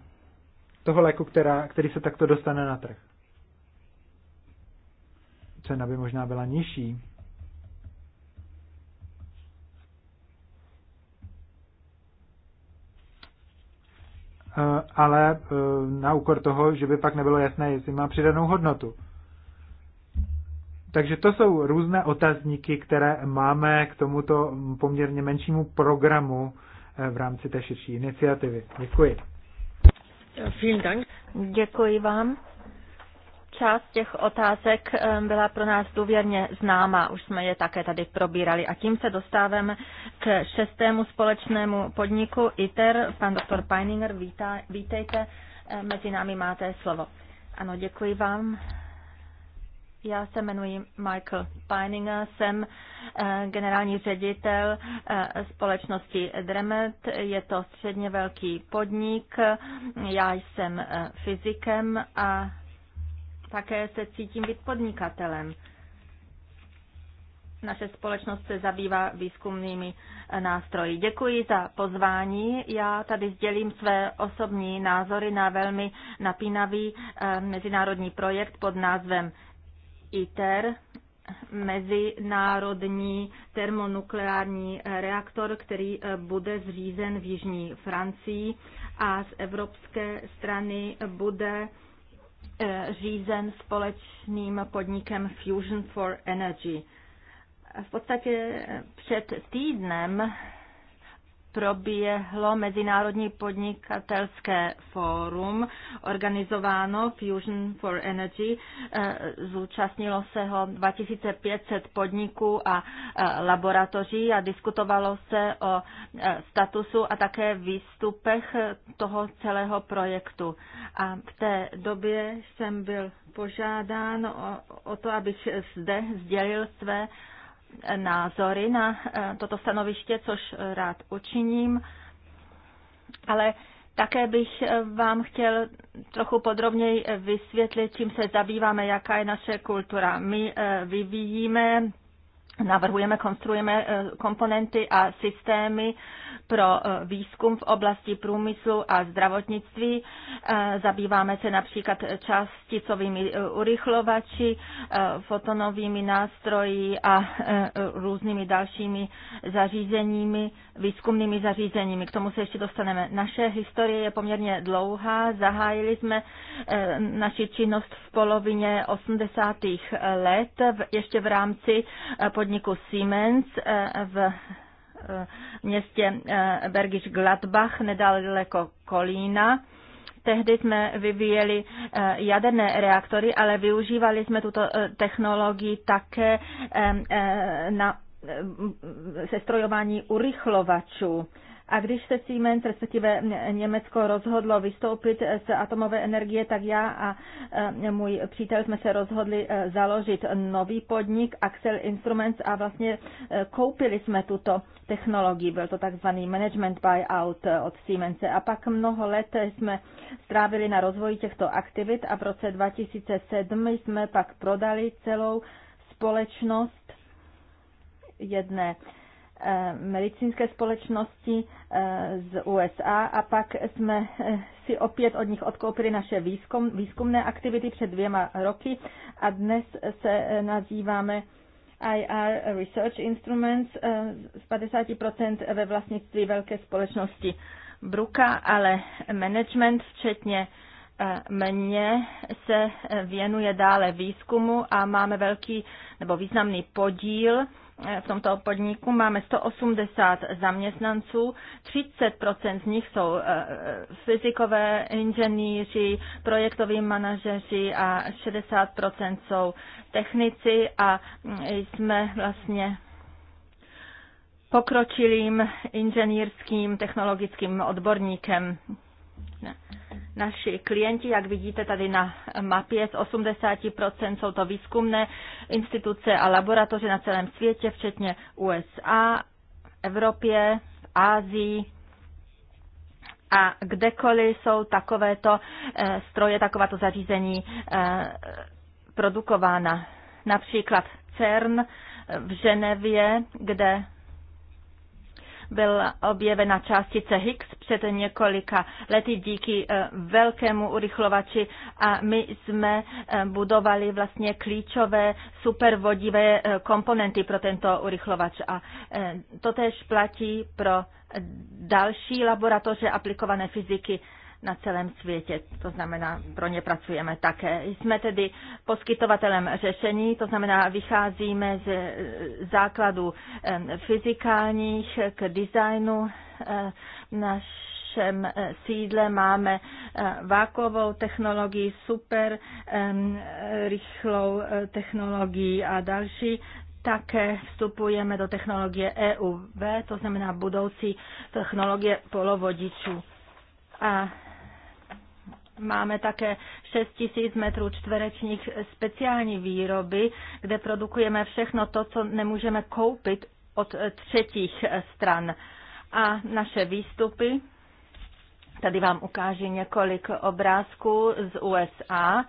toho léku, která, který se takto dostane na trh? Cena by možná byla nižší. Eh, ale eh, na úkor toho, že by pak nebylo jasné, jestli má přidanou hodnotu. Takže to jsou různé otazníky, které máme k tomuto poměrně menšímu programu v rámci té širší iniciativy. Děkuji. Děkuji vám. Část těch otázek eh, byla pro nás důvěrně známa, už jsme je také tady probírali. A tím se dostáváme k šestému společnému podniku ITER. Pan doktor Peininger, vítá, vítejte, eh, mezi námi máte slovo. Ano, děkuji vám, já se jmenuji Michael Peininger, jsem eh, generální ředitel eh, společnosti Dremet. Je to středně velký podnik. Já jsem eh, fyzikem a také se cítím být podnikatelem. Naše společnost se zabývá výzkumnými nástroji. Děkuji za pozvání. Já tady sdělím své osobní názory na velmi napínavý mezinárodní projekt pod názvem ITER, mezinárodní termonukleární reaktor, který eh, bude zřízen v Jižní Francii a z evropské strany bude eh, řízen společným podnikem Fusion for Energy. V podstatě eh, před týdnem proběhlo Mezinárodní podnikatelské fórum organizováno Fusion for Energy. Eh, zúčastnilo se ho 2500 podniků a eh, laboratoří a diskutovalo se o eh, statusu a také výstupech toho celého projektu. A v té době jsem byl požádán o, o to, abych zde sdělil své názory na eh, toto stanoviště, což rád učiním, ale také bych eh, vám chtěl trochu podrobněji eh, vysvětlit, čím se zabýváme, jaká je naše kultura. My vyvíjíme Navrhujeme, konstruujeme eh, komponenty a systémy pro eh, výzkum v oblasti průmyslu a zdravotnictví. Eh, zabýváme se například částicovými urychlovači, fotonovými nástroji a různými dalšími zařízeními, výzkumnými zařízeními. K tomu se ještě dostaneme. Naše historie je poměrně dlouhá. Zahájili jsme naši činnost v polovině 80. let ještě v rámci podnikání podniku Siemens eh, eh, v městě eh, Bergisch Gladbach, nedaleko Kolína. Tehdy jsme vyvíjeli jaderné reaktory, ale využívali jsme tuto technologii také na sestrojování urychlovačů. A když se Siemens, respektive Německo, rozhodlo vystoupit z atomové energie, tak já a e, můj přítel jsme se rozhodli e, založit nový podnik Axel Instruments a vlastně e, koupili jsme tuto technologii. Byl to takzvaný management buyout od Siemens. A pak mnoho let jsme strávili na rozvoji těchto aktivit a v roce 2007 jsme pak prodali celou společnost jedné Eh, medicínské společnosti eh, z USA a pak jsme eh, si opět od nich odkoupili naše výzkum, výzkumné aktivity před dvěma roky a dnes se nazýváme IR Research Instruments z 50% ve vlastnictví velké společnosti Bruka, ale management včetně mně se věnuje dále výzkumu a máme velký nebo významný podíl v tomto podniku máme 180 zaměstnanců, 30% z nich jsou eh, eh, fyzikové inženýři, projektoví manažeři a 60% jsou technici a mm, jsme vlastně pokročilým inženýrským technologickým odborníkem Naši klienti, jak vidíte tady na mapě, z 80% jsou to výzkumné instituce a laboratoře na celém světě, včetně USA, Evropě, Ázii, a kdekoliv jsou takovéto eh, stroje, takováto zařízení eh, produkována. Například CERN v Ženevě, kde byl objevena částice Higgs před několika lety díky eh, velkému urychlovači a my jsme eh, budovali vlastně klíčové supervodivé eh, komponenty pro tento urychlovač a to tež platí pro další laboratoře aplikované fyziky na celém světě. To znamená, pro ně pracujeme také. Jsme tedy poskytovatelem řešení, to znamená, vycházíme z eh, základů eh, fyzikálních k designu naš eh, našem sídle máme vákovou technologii, super rychlou technologii a další. Také vstupujeme do technologie EUV, to znamená budoucí technologie polovodičů. A Máme také 6 tisíc metrů čtverečních speciální výroby, kde produkujeme všechno to, co nemůžeme koupit od třetích stran. A naše výstupy, tady vám ukážu několik obrázků z USA.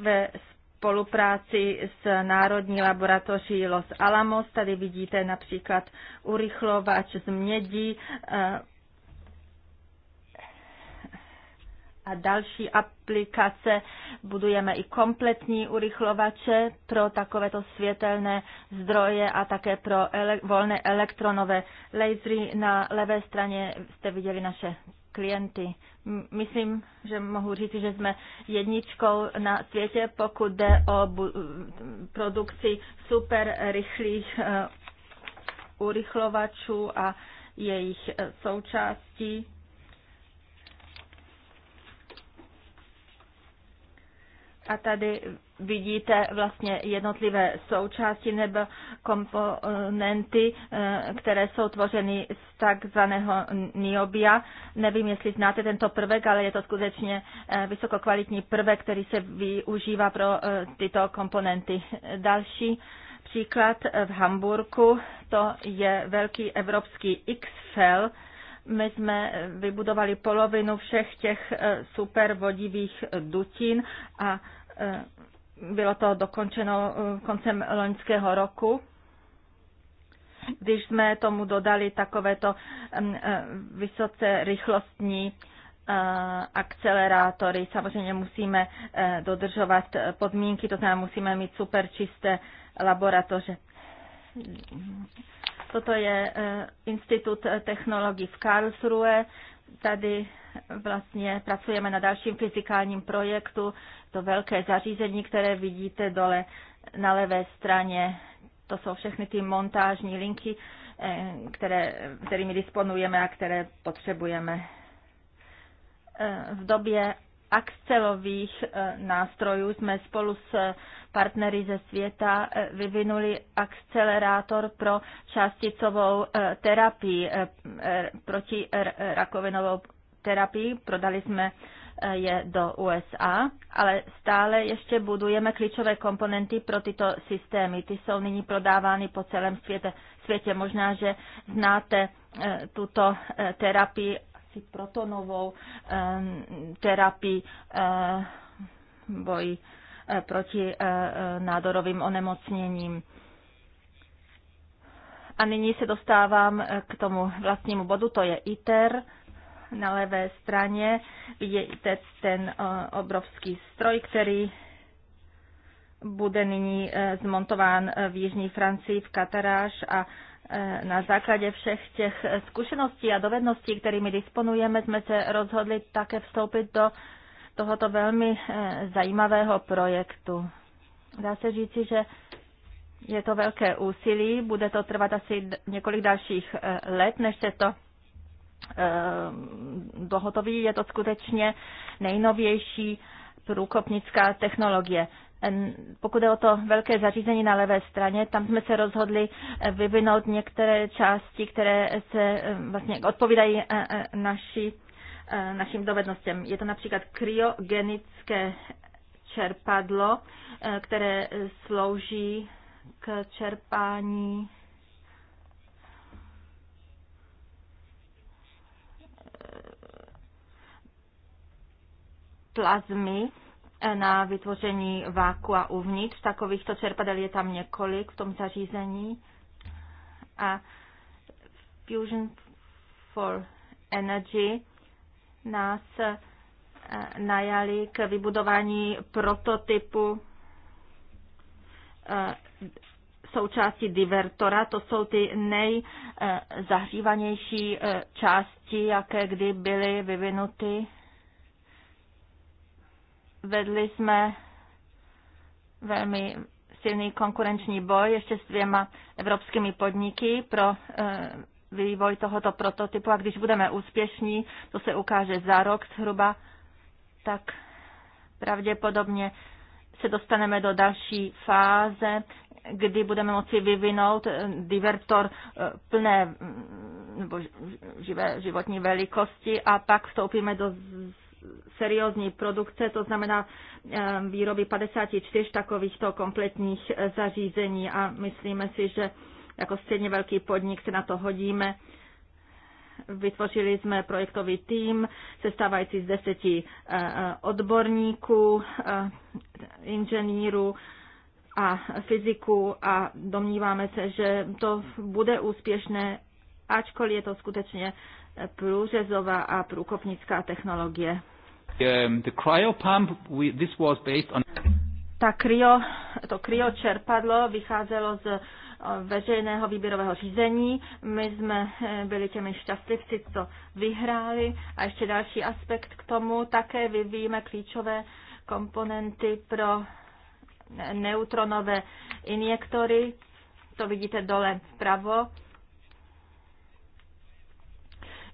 Ve spolupráci s Národní laboratoří Los Alamos. Tady vidíte například urychlovač z mědi, eh, a další aplikace. Budujeme i kompletní urychlovače pro takovéto světelné zdroje a také pro ele- volné elektronové lasery. Na levé straně jste viděli naše klienty. Myslím, že mohu říct, že jsme jedničkou na světě, pokud jde o produkci super rychlých eh, urychlovačů a jejich eh, součástí A tady vidíte vlastně jednotlivé součásti nebo komponenty, eh, které jsou tvořeny z takzvaného niobia. Nevím, jestli znáte tento prvek, ale je to skutečně eh, vysokokvalitní prvek, který se využívá pro eh, tyto komponenty. Další příklad v Hamburku, to je velký evropský XFEL, my jsme vybudovali polovinu všech těch eh, super vodivých dutin a eh, bylo to dokončeno eh, koncem loňského roku když jsme tomu dodali takovéto mm, vysoce rychlostní akcelerátory. Samozřejmě musíme dodržovat podmínky, to znamená musíme mít super čisté laboratoře. Toto je eh, Institut eh, technologií v Karlsruhe. Tady eh, vlastně pracujeme na dalším fyzikálním projektu. To velké zařízení, které vidíte dole na levé straně, to jsou všechny ty montážní linky, které, kterými disponujeme a které potřebujeme. V době akcelových eh, nástrojů jsme spolu s eh, partnery ze světa eh, vyvinuli akcelerátor pro částicovou terapii proti rakovinovou terapii. Prodali jsme je do USA, ale stále ještě budujeme klíčové komponenty pro tyto systémy. Ty jsou nyní prodávány po celém světě. světě. Možná, že znáte tuto terapii jaksi protonovou terapii boji eh, proti eh, eh, nádorovým onemocněním. A nyní se dostávám k tomu vlastnímu bodu, to je ITER. Na levé straně vidíte ten obrovský stroj, který bude nyní zmontován v Jižní Francii v Kataráž a Eh, na základě všech těch eh, zkušeností a dovedností, kterými disponujeme, jsme se rozhodli také vstoupit do tohoto velmi eh, zajímavého projektu. Dá se říci, že je to velké úsilí, bude to trvat asi několik dalších let, než se to dohotoví. Je to skutečně nejnovější průkopnická technologie pokud je o to velké zařízení na levé straně, tam jsme se rozhodli eh, vyvinout některé části, které se vlastně odpovídají eh, eh, naši, našim dovednostem. Je to například kryogenické čerpadlo, které slouží k čerpání plazmy na vytvoření váku a uvnitř. Takovýchto čerpadel je tam několik v tom zařízení. A Fusion for Energy nás eh, najali k vybudování prototypu eh, součástí divertora. To jsou ty nejzahřívanější eh, části, jaké kdy byly vyvinuty Vedli jsme velmi silný konkurenční boj ještě s dvěma evropskými podniky pro eh, vývoj tohoto prototypu a když budeme úspěšní, to se ukáže za rok zhruba, tak pravděpodobně se dostaneme do další fáze, kdy budeme moci vyvinout eh, divertor eh, plné mm, nebo živé životní velikosti a pak vstoupíme do seriózní produkce, to znamená eh, výroby 54 takovýchto kompletních eh, zařízení a myslíme si, že jako středně velký podnik se na to hodíme. Vytvořili jsme projektový tým, sestávající z deseti eh, odborníků, inženýrů, a fyziku a domníváme se, že to bude úspěšné, ačkoliv je to skutečně průřezová a průkopnická technologie. Um, the cryo pump, we, this was based on... Ta kryo, to kryo čerpadlo vycházelo z eh, veřejného výběrového řízení. My jsme eh, byli těmi šťastlivci, co vyhráli. A ještě další aspekt k tomu, také vyvíjíme klíčové komponenty pro neutronové injektory. To vidíte dole vpravo.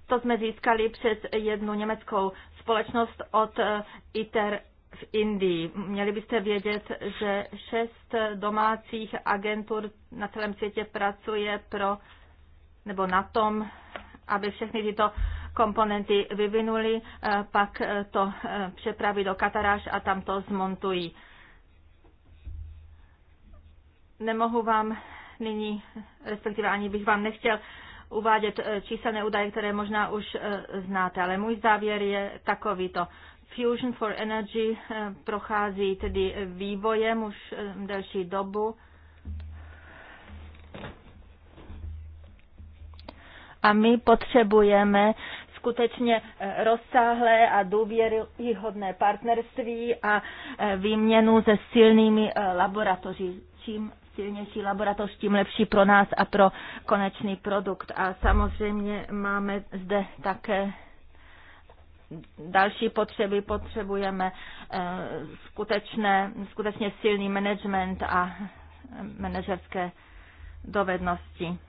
To jsme získali přes jednu německou společnost od eh, ITER v Indii. Měli byste vědět, že šest domácích agentur na celém světě pracuje pro nebo na tom, aby všechny tyto komponenty vyvinuli, eh, pak eh, to přepraví do Kataráž a tam to zmontují. Nemohu vám nyní, respektive ani bych vám nechtěl uvádět eh, číselné údaje, které možná už eh, znáte, ale můj závěr je takovýto. Fusion for Energy eh, prochází tedy vývojem už delší dobu. A my potřebujeme skutečně rozsáhlé a důvěryhodné partnerství a výměnu se silnými laboratoři, čím silnější laboratoř, tím lepší pro nás a pro konečný produkt. A samozřejmě máme zde také další potřeby potřebujeme eh, skutečné, skutečně silný management a manažerské dovednosti.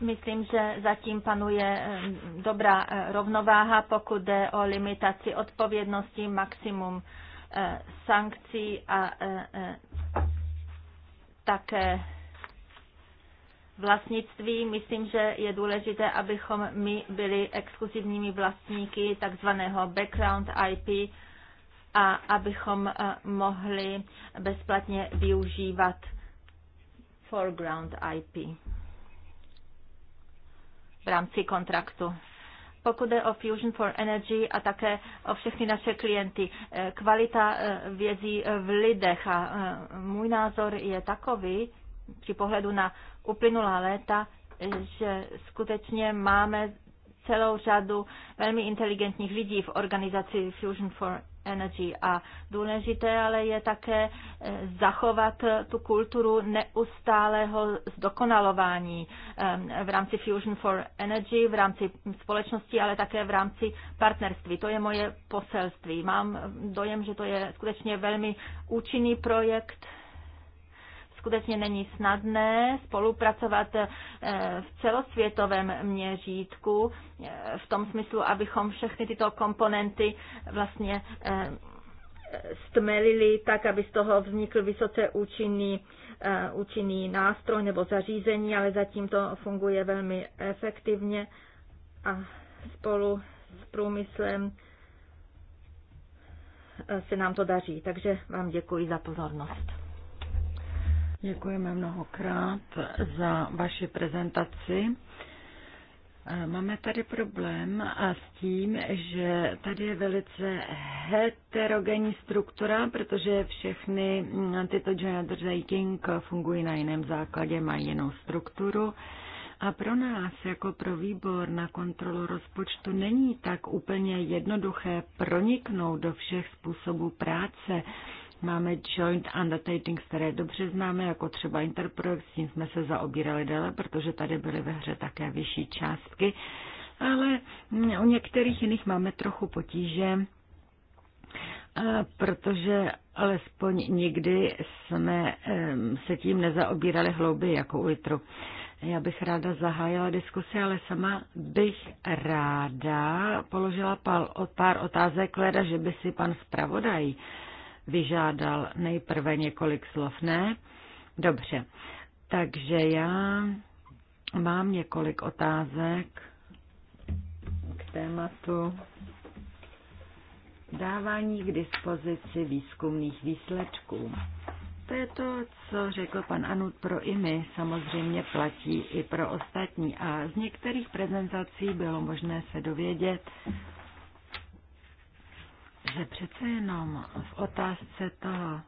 Myslím, že zatím panuje eh, dobrá eh, rovnováha, pokud jde o limitaci odpovědnosti, maximum eh, sankcí a také vlastnictví. Myslím, že je důležité, abychom my byli exkluzivními vlastníky takzvaného background IP a abychom mohli bezplatně využívat foreground IP v rámci kontraktu pokud jde o Fusion for Energy a také o všechny naše klienty. Eh, kvalita eh, vězí eh, v lidech a můj názor je takový, při pohledu na uplynulá léta, že skutečně máme celou řadu velmi inteligentních lidí v organizaci Fusion for Energy. A důležité ale je také eh, zachovat tu kulturu neustálého zdokonalování eh, v rámci Fusion for Energy, v rámci společnosti, ale také v rámci partnerství. To je moje poselství. Mám dojem, že to je skutečně velmi účinný projekt, skutečně není snadné spolupracovat eh, v celosvětovém měřítku eh, v tom smyslu, abychom všechny tyto komponenty vlastně eh, stmelili tak, aby z toho vznikl vysoce účinný, účinný nástroj nebo zařízení, ale zatím to funguje velmi efektivně a spolu s průmyslem se nám to daří. Takže vám děkuji za pozornost. Děkujeme mnohokrát za vaši prezentaci. Eh, máme tady problém a eh, s tím, že tady je velice heterogenní struktura, protože všechny mm, tyto joint rating fungují na jiném základě, mají jinou strukturu. A pro nás, jako pro výbor na kontrolu rozpočtu, není tak úplně jednoduché proniknout do všech způsobů práce Máme joint undertakings, které dobře známe, jako třeba Interprojekt, s tím jsme se zaobírali dále, protože tady byly ve hře také vyšší částky, ale u některých jiných máme trochu potíže, protože alespoň nikdy jsme se tím nezaobírali hlouby jako u litru. Já bych ráda zahájila diskusi, ale sama bych ráda položila pár otázek, leda, že by si pan zpravodaj vyžádal nejprve několik slov, ne? Dobře, takže já mám několik otázek k tématu dávání k dispozici výzkumných výsledků. To je to, co řekl pan Anut pro my, samozřejmě platí i pro ostatní. A z některých prezentací bylo možné se dovědět, ale přece jenom v otázce toho,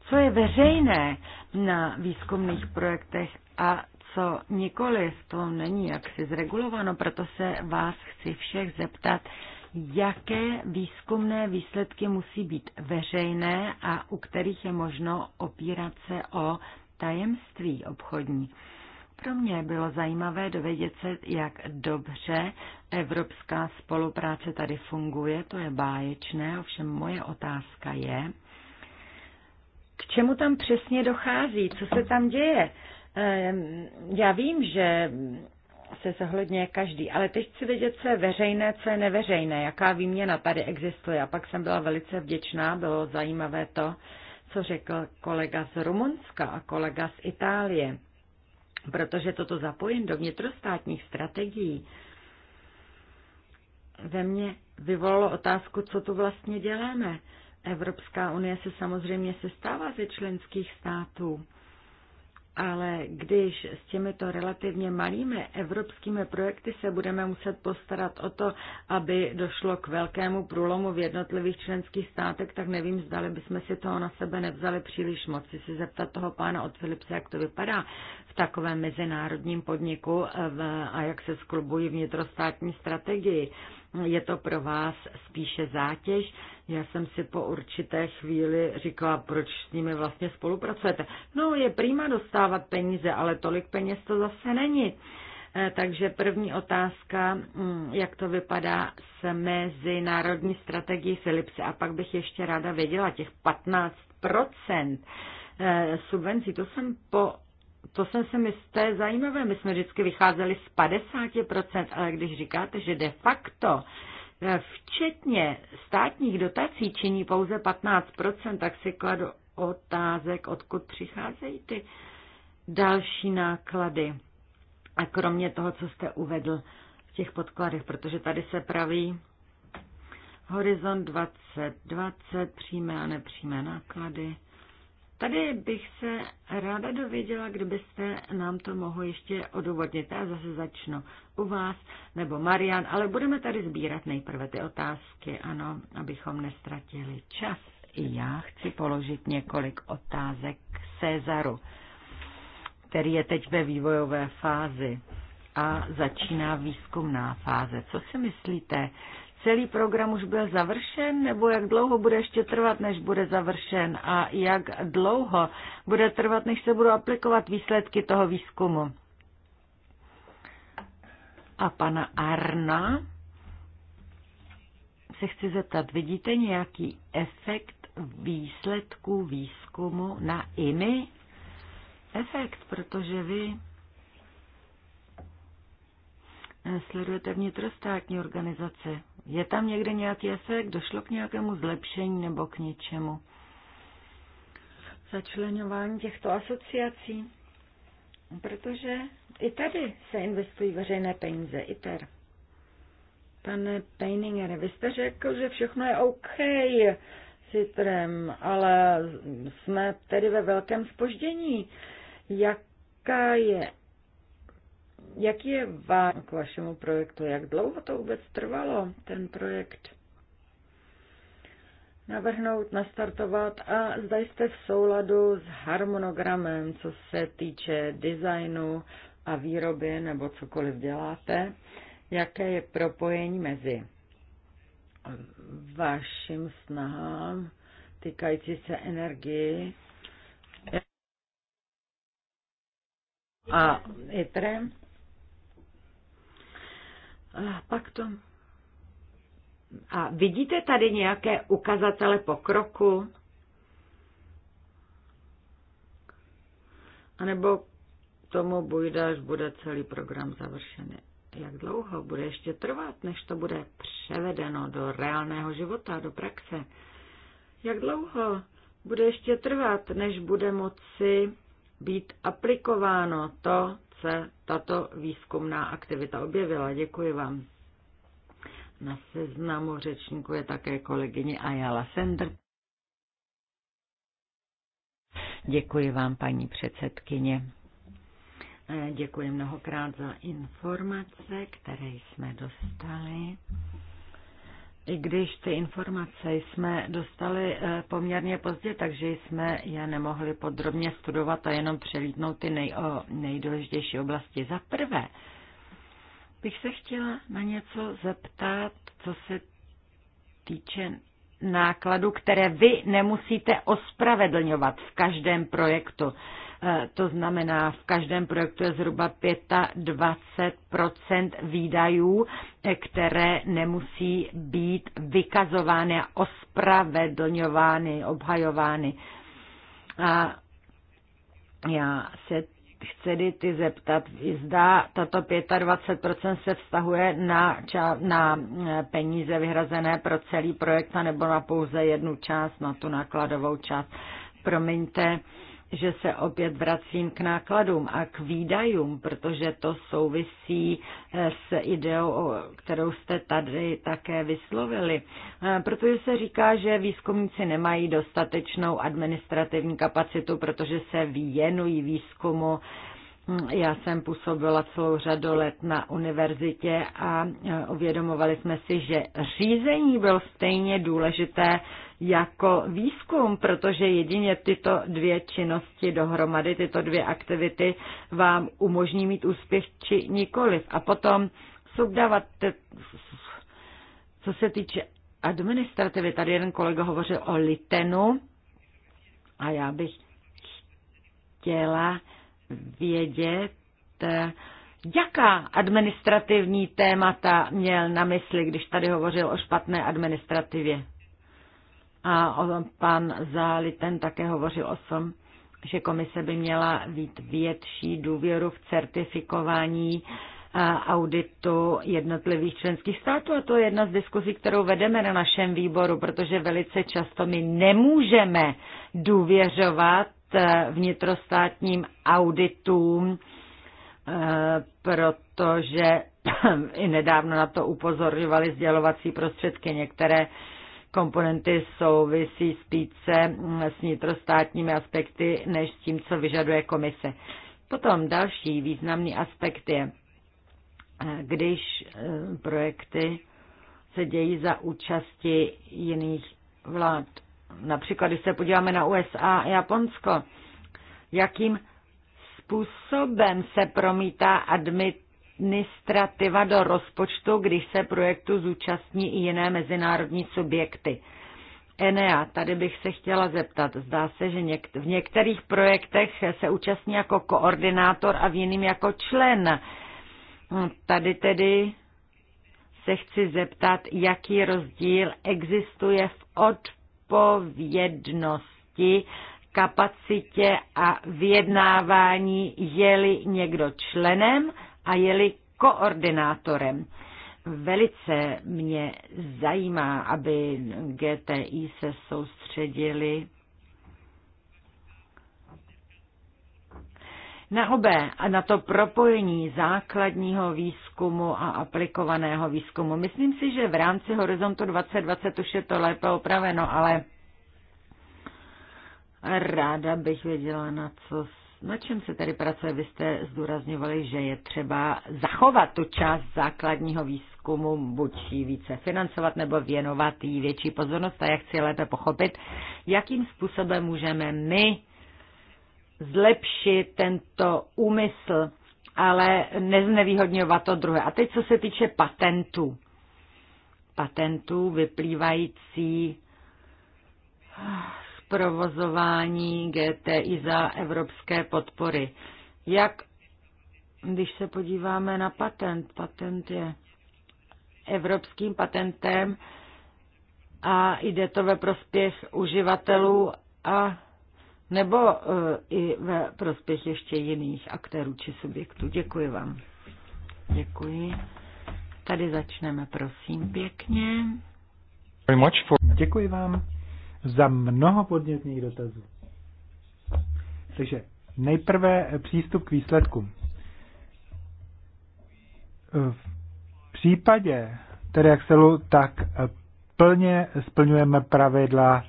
co je veřejné na výzkumných projektech a co nikoliv, to není jaksi zregulováno, proto se vás chci všech zeptat, jaké výzkumné výsledky musí být veřejné a u kterých je možno opírat se o tajemství obchodní. Pro mě bylo zajímavé dovědět se, jak dobře evropská spolupráce tady funguje, to je báječné, ovšem moje otázka je, k čemu tam přesně dochází, co se tam děje. Ehm, já vím, že se zohledňuje každý, ale teď chci vědět, co je veřejné, co je neveřejné, jaká výměna tady existuje. A pak jsem byla velice vděčná, bylo zajímavé to, co řekl kolega z Rumunska a kolega z Itálie protože toto zapojení do vnitrostátních strategií ve mně vyvolalo otázku, co tu vlastně děláme. Evropská unie se samozřejmě sestává ze členských států ale když s těmito relativně malými evropskými projekty se budeme muset postarat o to, aby došlo k velkému průlomu v jednotlivých členských státech, tak nevím, zdali bychom si toho na sebe nevzali příliš moc. Chci se zeptat toho pána od Filipse, jak to vypadá v takovém mezinárodním podniku a jak se sklubují vnitrostátní strategii. Je to pro vás spíše zátěž já jsem si po určité chvíli říkala, proč s nimi vlastně spolupracujete. No, je prýma dostávat peníze, ale tolik peněz to zase není. Eh, takže první otázka, mm, jak to vypadá s mezinárodní strategií Philipsy. A pak bych ještě ráda věděla těch 15% eh, subvencí. To jsem po to jsem si myslel, to je zajímavé, my jsme vždycky vycházeli z 50%, ale když říkáte, že de facto včetně státních dotací činí pouze 15%, tak si kladu otázek, odkud přicházejí ty další náklady. A kromě toho, co jste uvedl v těch podkladech, protože tady se praví horizont 2020, 20, přímé a nepřímé náklady. Tady bych se ráda dověděla, kdybyste nám to mohli ještě odůvodnit. Já zase začnu u vás, nebo Marian, ale budeme tady sbírat nejprve ty otázky, ano, abychom nestratili čas. I já chci položit několik otázek Cezaru, který je teď ve vývojové fázi a začíná výzkumná fáze. Co si myslíte, celý program už byl završen, nebo jak dlouho bude ještě trvat, než bude završen a jak dlouho bude trvat, než se budou aplikovat výsledky toho výzkumu. A pana Arna se chci zeptat, vidíte nějaký efekt výsledků výzkumu na IMI? Efekt, protože vy Eh, sledujete vnitrostátní organizace. Je tam někde nějaký efekt? Došlo k nějakému zlepšení nebo k něčemu? Začlenování těchto asociací. Protože i tady se investují veřejné peníze, i tady. Pane Peiningere, vy jste řekl, že všechno je OK s ITRem, ale jsme tedy ve velkém spoždění. jaká je Jaký je vám k vašemu projektu? Jak dlouho to vůbec trvalo, ten projekt? Navrhnout, nastartovat a zda jste v souladu s harmonogramem, co se týče designu a výroby nebo cokoliv děláte. Jaké je propojení mezi vaším snahám týkající se energii a ITREM? Pak to... A vidíte tady nějaké ukazatele pokroku? A nebo tomu bude, až bude celý program završený. Jak dlouho bude ještě trvat, než to bude převedeno do reálného života, do praxe? Jak dlouho bude ještě trvat, než bude moci být aplikováno to, se tato výzkumná aktivita objevila. Děkuji vám. Na seznamu řečníku je také kolegyně Ayala Sender. Děkuji vám, paní předsedkyně. E, děkuji mnohokrát za informace, které jsme dostali i když ty informace jsme dostali eh, poměrně pozdě, takže jsme je nemohli podrobně studovat a jenom přelítnout ty nej, o nejdůležitější oblasti. Za prvé bych se chtěla na něco zeptat, co se týče nákladu, které vy nemusíte ospravedlňovat v každém projektu. Eh, to znamená, v každém projektu je zhruba 25 výdajů, eh, které nemusí být vykazovány a ospravedlňovány, obhajovány. A já se chci ty zeptat, zda tato 25% se vztahuje na, ča, na eh, peníze vyhrazené pro celý projekt, nebo na pouze jednu část, na tu nákladovou část. Promiňte, že se opět vracím k nákladům a k výdajům, protože to souvisí eh, s ideou, kterou jste tady také vyslovili. Eh, protože se říká, že výzkumníci nemají dostatečnou administrativní kapacitu, protože se věnují výzkumu. Hm, já jsem působila celou řadu let na univerzitě a eh, uvědomovali jsme si, že řízení bylo stejně důležité jako výzkum, protože jedině tyto dvě činnosti dohromady, tyto dvě aktivity vám umožní mít úspěch či nikoliv. A potom subdávat, co se týče administrativy, tady jeden kolega hovořil o litenu a já bych chtěla vědět, jaká administrativní témata měl na mysli, když tady hovořil o špatné administrativě. A pan Záli ten také hovořil o tom, že komise by měla být větší důvěru v certifikování e, auditu jednotlivých členských států. A to je jedna z diskuzí, kterou vedeme na našem výboru, protože velice často my nemůžeme důvěřovat e, vnitrostátním auditům, e, protože [clears throat] i nedávno na to upozorňovali sdělovací prostředky některé komponenty souvisí spíše mm, s vnitrostátními aspekty než s tím, co vyžaduje komise. Potom další významný aspekt je, když eh, projekty se dějí za účasti jiných vlád. Například, když se podíváme na USA a Japonsko, jakým způsobem se promítá admit administrativa do rozpočtu, když se projektu zúčastní i jiné mezinárodní subjekty. Enea, tady bych se chtěla zeptat. Zdá se, že v některých projektech se účastní jako koordinátor a v jiným jako člen. Tady tedy se chci zeptat, jaký rozdíl existuje v odpovědnosti, kapacitě a vyjednávání, je-li někdo členem a jeli koordinátorem. Velice mě zajímá, aby GTI se soustředili na obé a na to propojení základního výzkumu a aplikovaného výzkumu. Myslím si, že v rámci Horizontu 2020 už je to lépe opraveno, ale ráda bych věděla, na co na čem se tady pracuje? Vy jste zdůrazňovali, že je třeba zachovat tu část základního výzkumu, buď ji více financovat nebo věnovat jí větší pozornost. A já chci lépe pochopit, jakým způsobem můžeme my zlepšit tento úmysl, ale neznevýhodňovat to druhé. A teď, co se týče patentů. Patentů vyplývající provozování GTI za evropské podpory. Jak, když se podíváme na patent, patent je evropským patentem a jde to ve prospěch uživatelů a nebo uh, i ve prospěch ještě jiných aktérů či subjektů. Děkuji vám. Děkuji. Tady začneme, prosím, pěkně. Děkuji vám za mnoho podnětných dotazů. Takže nejprve přístup k výsledkům. V případě tedy Excelu tak eh, plně splňujeme pravidla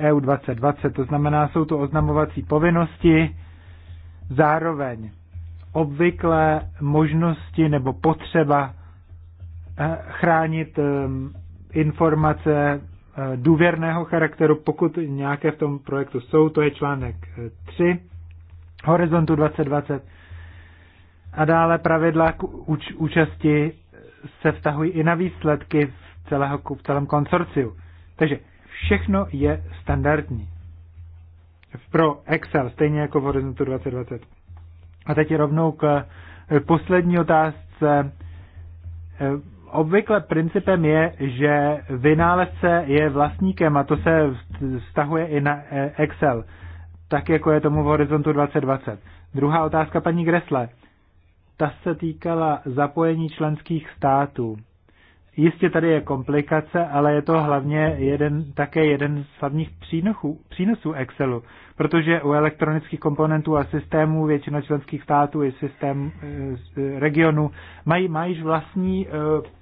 EU eh, e 2020, to znamená, jsou tu oznamovací povinnosti, zároveň obvyklé možnosti nebo potřeba eh, chránit informace Eh, důvěrného charakteru, pokud nějaké v tom projektu jsou, to je článek 3 eh, Horizontu 2020. A dále pravidla k úč- účasti se vztahují i na výsledky v, celého, v celém konsorciu. Takže všechno je standardní. Pro Excel, stejně jako v Horizontu 2020. A teď rovnou k eh, poslední otázce obvykle principem je, že vynálezce je vlastníkem a to se vztahuje i na eh, Excel, tak jako je tomu v Horizontu 2020. Druhá otázka paní Gresle. Ta se týkala zapojení členských států. Jistě tady je komplikace, ale je to hlavně jeden, také jeden z hlavních přínosů, přínosů Excelu protože u elektronických komponentů a systémů většina členských států i systém e, e, regionu mají, mají již vlastní e,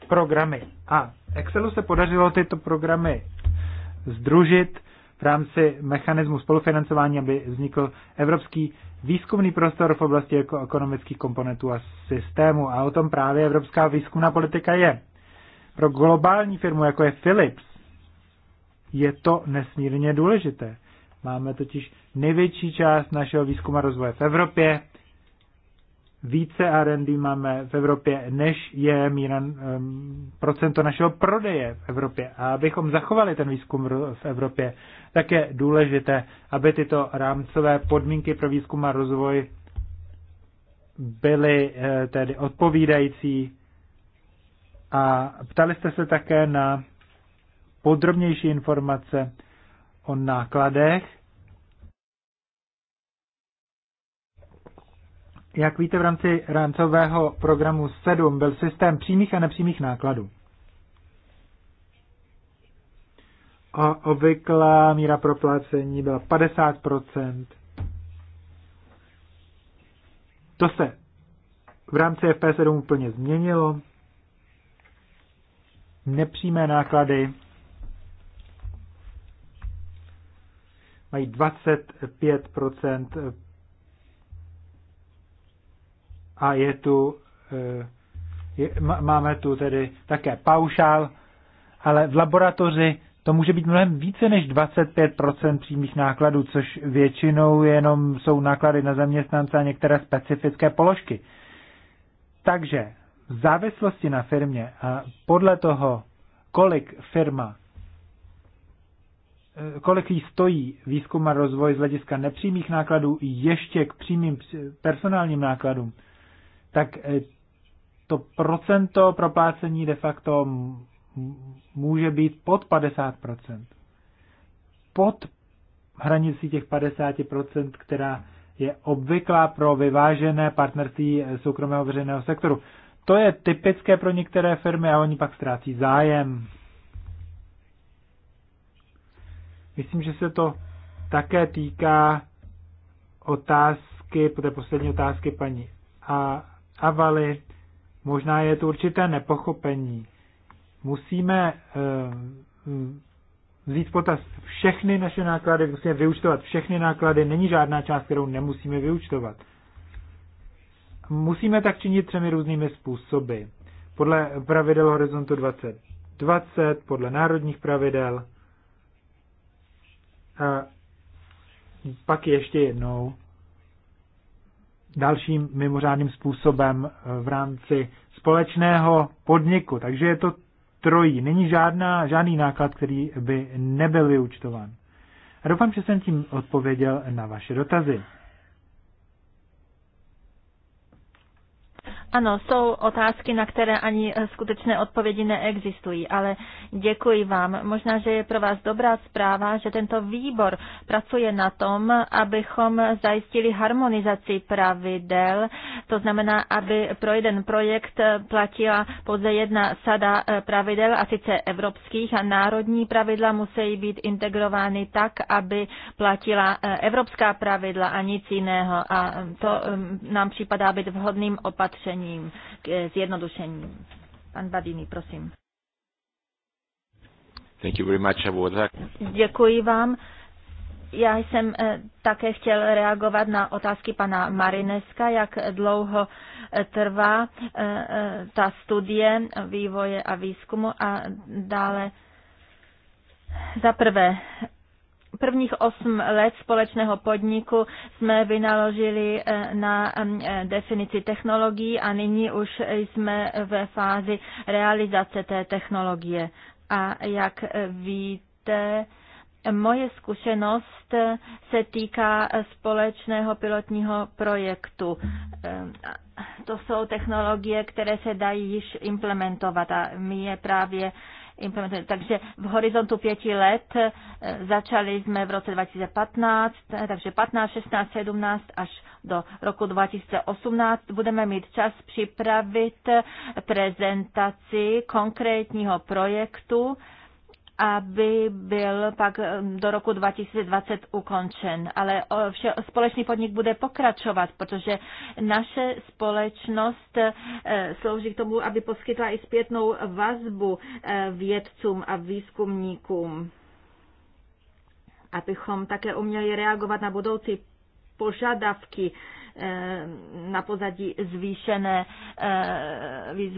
programy. A Excelu se podařilo tyto programy združit v rámci mechanismu spolufinancování, aby vznikl evropský výzkumný prostor v oblasti jako ekonomických komponentů a systému. A o tom právě evropská výzkumná politika je. Pro globální firmu, jako je Philips, je to nesmírně důležité Máme totiž největší část našeho výzkumu a rozvoje v Evropě. Více R&D máme v Evropě, než je míra um, procento našeho prodeje v Evropě. A abychom zachovali ten výzkum v Evropě, tak je důležité, aby tyto rámcové podmínky pro výzkum a rozvoj byly eh, tedy odpovídající. A ptali jste se také na podrobnější informace o nákladech. Jak víte, v rámci rámcového programu 7 byl systém přímých a nepřímých nákladů. A obvyklá míra proplácení byla 50%. To se v rámci FP7 úplně změnilo. Nepřímé náklady mají 25 a je tu, eh, je, máme tu tedy také paušál, ale v laboratoři to může být mnohem více než 25% přímých nákladů, což většinou jenom jsou náklady na zaměstnance a některé specifické položky. Takže v závislosti na firmě a podle toho, kolik firma Eh, kolik jí stojí výzkum a rozvoj z hlediska nepřímých nákladů ještě k přímým personálním nákladům, tak eh, to procento proplácení de facto může být pod 50%. Pod hranicí těch 50%, která je obvyklá pro vyvážené partnerství eh, soukromého veřejného sektoru. To je typické pro některé firmy a oni pak ztrácí zájem. Myslím, že se to také týká otázky, té poslední otázky paní a Avaly. Možná je to určité nepochopení. Musíme eh, vzít potaz všechny naše náklady, musíme vyučtovat všechny náklady, není žádná část, kterou nemusíme vyučtovat. Musíme tak činit třemi různými způsoby. Podle pravidel Horizontu 2020, podle národních pravidel a pak ještě jednou dalším mimořádným způsobem eh, v rámci společného podniku. Takže je to trojí. Není žádná, žádný náklad, který by nebyl vyučtován. A doufám, že jsem tím odpověděl na vaše dotazy. Ano, jsou otázky, na které ani eh, skutečné odpovědi neexistují, ale děkuji vám. Možná, že je pro vás dobrá zpráva, že tento výbor pracuje na tom, abychom zajistili harmonizaci pravidel, to znamená, aby pro jeden projekt eh, platila pouze jedna sada eh, pravidel, a sice evropských a národní pravidla musí být integrovány tak, aby platila evropská pravidla a nic jiného. A to nám připadá být vhodným opatřením zjednodušením, k zjednodušením. Pan Badini, prosím. Thank you very much, Děkuji vám. Já jsem eh, také chtěl reagovat na otázky pana Marineska, jak dlouho eh, trvá eh, ta studie vývoje a výzkumu a dále. Za prvé, Prvních osm let společného podniku jsme vynaložili eh, na eh, definici technologií a nyní už jsme ve fázi realizace té technologie. A jak víte, moje zkušenost se týká společného pilotního projektu. To jsou technologie, které se dají již implementovat a my je právě implementujeme. Takže v horizontu pěti let eh, začali jsme v roce 2015, eh, takže 15, 16, 17 až do roku 2018 budeme mít čas připravit eh, prezentaci konkrétního projektu, aby byl pak do roku 2020 ukončen. Ale vše, společný podnik bude pokračovat, protože naše společnost e, slouží k tomu, aby poskytla i zpětnou vazbu e, vědcům a výzkumníkům. Abychom také uměli reagovat na budoucí požadavky e, na pozadí zvýšené,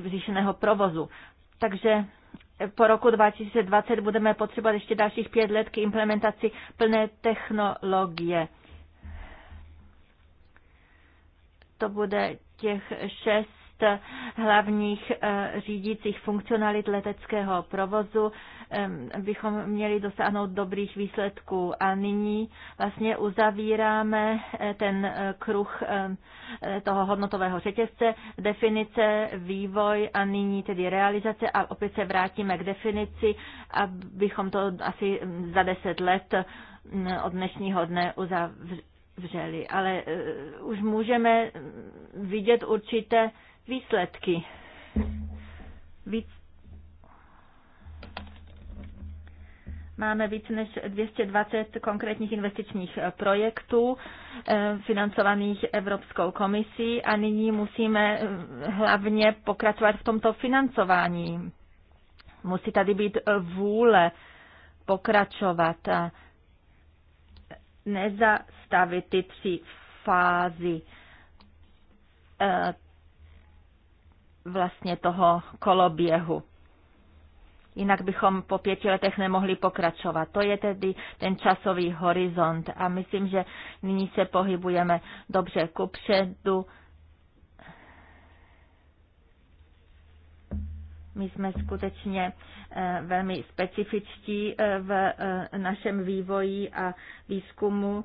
zvýšeného provozu. Takže po roku 2020 budeme potřebovat ještě dalších pět let k implementaci plné technologie. To bude těch šest hlavních eh, řídících funkcionalit leteckého provozu bychom měli dosáhnout dobrých výsledků. A nyní vlastně uzavíráme eh, ten eh, kruh toho hodnotového řetězce, definice, vývoj a nyní tedy realizace a opět se vrátíme k definici, abychom to asi za deset let mm, od dnešního dne uzavřeli. Ale už můžeme mm, vidět určité výsledky. Víc Máme víc než 220 konkrétních investičních eh, projektů eh, financovaných Evropskou komisí a nyní musíme eh, hlavně pokračovat v tomto financování. Musí tady být vůle pokračovat a nezastavit ty tři fázy vlastně toho koloběhu. Jinak bychom po pěti letech nemohli pokračovat. To je tedy ten časový horizont a myslím, že nyní se pohybujeme dobře ku předu My jsme skutečně eh, velmi specifičtí eh, v eh, našem vývoji a výzkumu.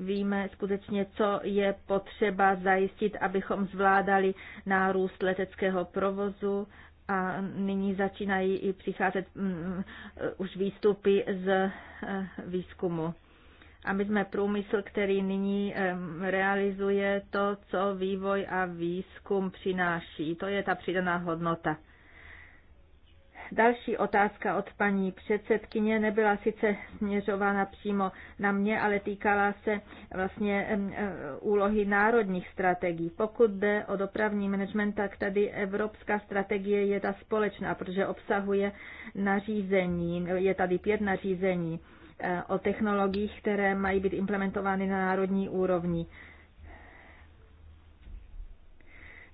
Víme skutečně, co je potřeba zajistit, abychom zvládali nárůst leteckého provozu, a nyní začínají i přicházet mm, mm, už výstupy z výzkumu a my jsme průmysl, který nyní realizuje to, co vývoj a výzkum přináší. To je ta přidaná hodnota. Další otázka od paní předsedkyně nebyla sice směřována přímo na mě, ale týkala se vlastně e, úlohy národních strategií. Pokud jde o dopravní management, tak tady evropská strategie je ta společná, protože obsahuje nařízení. Je tady pět nařízení o technologiích, které mají být implementovány na národní úrovni.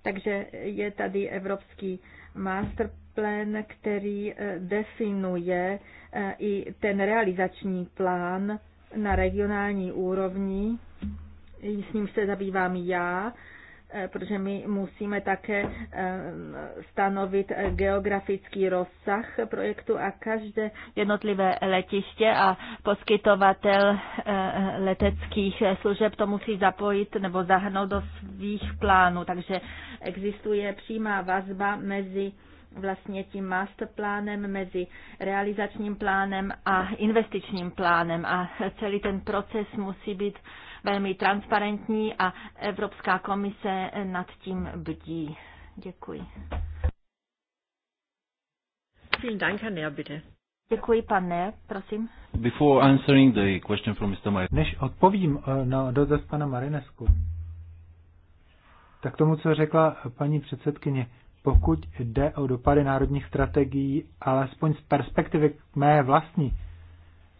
Takže je tady evropský masterplan, který eh, definuje eh, i ten realizační plán na regionální úrovni. S ním se zabývám já Eh, protože my musíme také eh, stanovit eh, geografický rozsah projektu a každé jednotlivé letiště a poskytovatel leteckých služeb to musí zapojit nebo zahrnout do svých plánů. Takže existuje přímá vazba mezi vlastně tím masterplánem mezi realizačním plánem a investičním plánem a celý ten proces musí být velmi transparentní a Evropská komise nad tím bdí. Děkuji. Vielen Dank, Herr Nehr, bitte. Děkuji, pane, prosím. Before answering the question from Mr. Mayer. Než odpovím eh, na dotaz pana Marinesku, tak tomu, co řekla paní předsedkyně, pokud jde o dopady národních strategií, alespoň z perspektivy mé vlastní,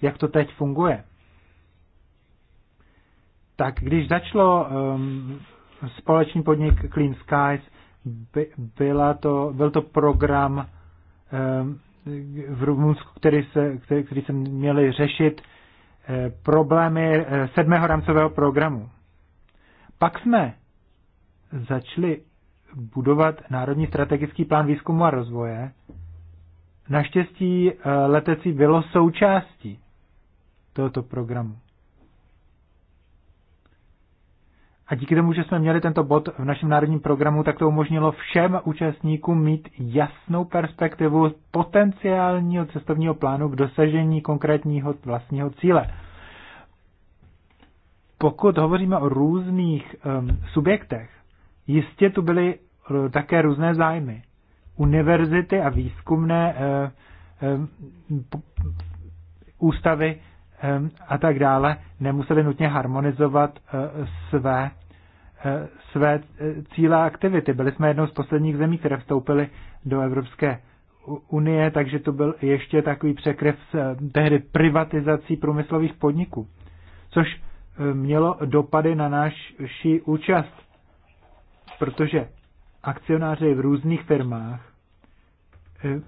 jak to teď funguje, tak když začalo um, společný podnik Clean Skies, by, byla to, byl to program um, v Rumunsku, který, se, který, který se měli řešit eh, problémy eh, sedmého rámcového programu. Pak jsme začali budovat Národní strategický plán výzkumu a rozvoje. Naštěstí eh, letecí bylo součástí tohoto programu. A díky tomu, že jsme měli tento bod v našem národním programu, tak to umožnilo všem účastníkům mít jasnou perspektivu potenciálního cestovního plánu k dosažení konkrétního vlastního cíle. Pokud hovoříme o různých um, subjektech, jistě tu byly uh, také různé zájmy. Univerzity a výzkumné uh, uh, ústavy Ehm, a tak dále, nemuseli nutně harmonizovat eh, své, eh, své eh, cíle a aktivity. Byli jsme jednou z posledních zemí, které vstoupily do Evropské unie, takže to byl ještě takový překryv s tehdy privatizací průmyslových podniků, což mělo dopady na naši účast, protože akcionáři v různých firmách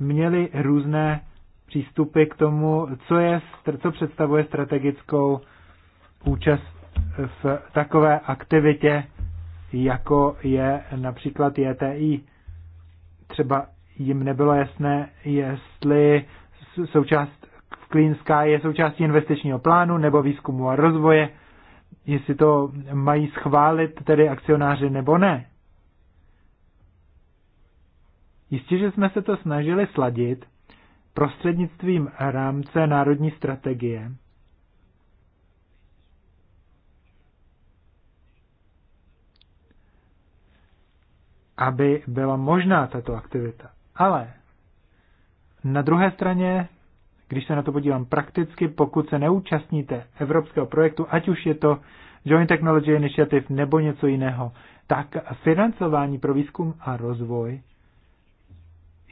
měli různé přístupy k tomu, co, je, co představuje strategickou účast v takové aktivitě, jako je například JTI. Třeba jim nebylo jasné, jestli součást v Clean Sky je součástí investičního plánu nebo výzkumu a rozvoje, jestli to mají schválit tedy akcionáři nebo ne. Jistě, že jsme se to snažili sladit, prostřednictvím rámce národní strategie aby byla možná tato aktivita. Ale na druhé straně, když se na to podívám prakticky, pokud se neúčastníte evropského projektu, ať už je to Joint Technology Initiative nebo něco jiného, tak financování pro výzkum a rozvoj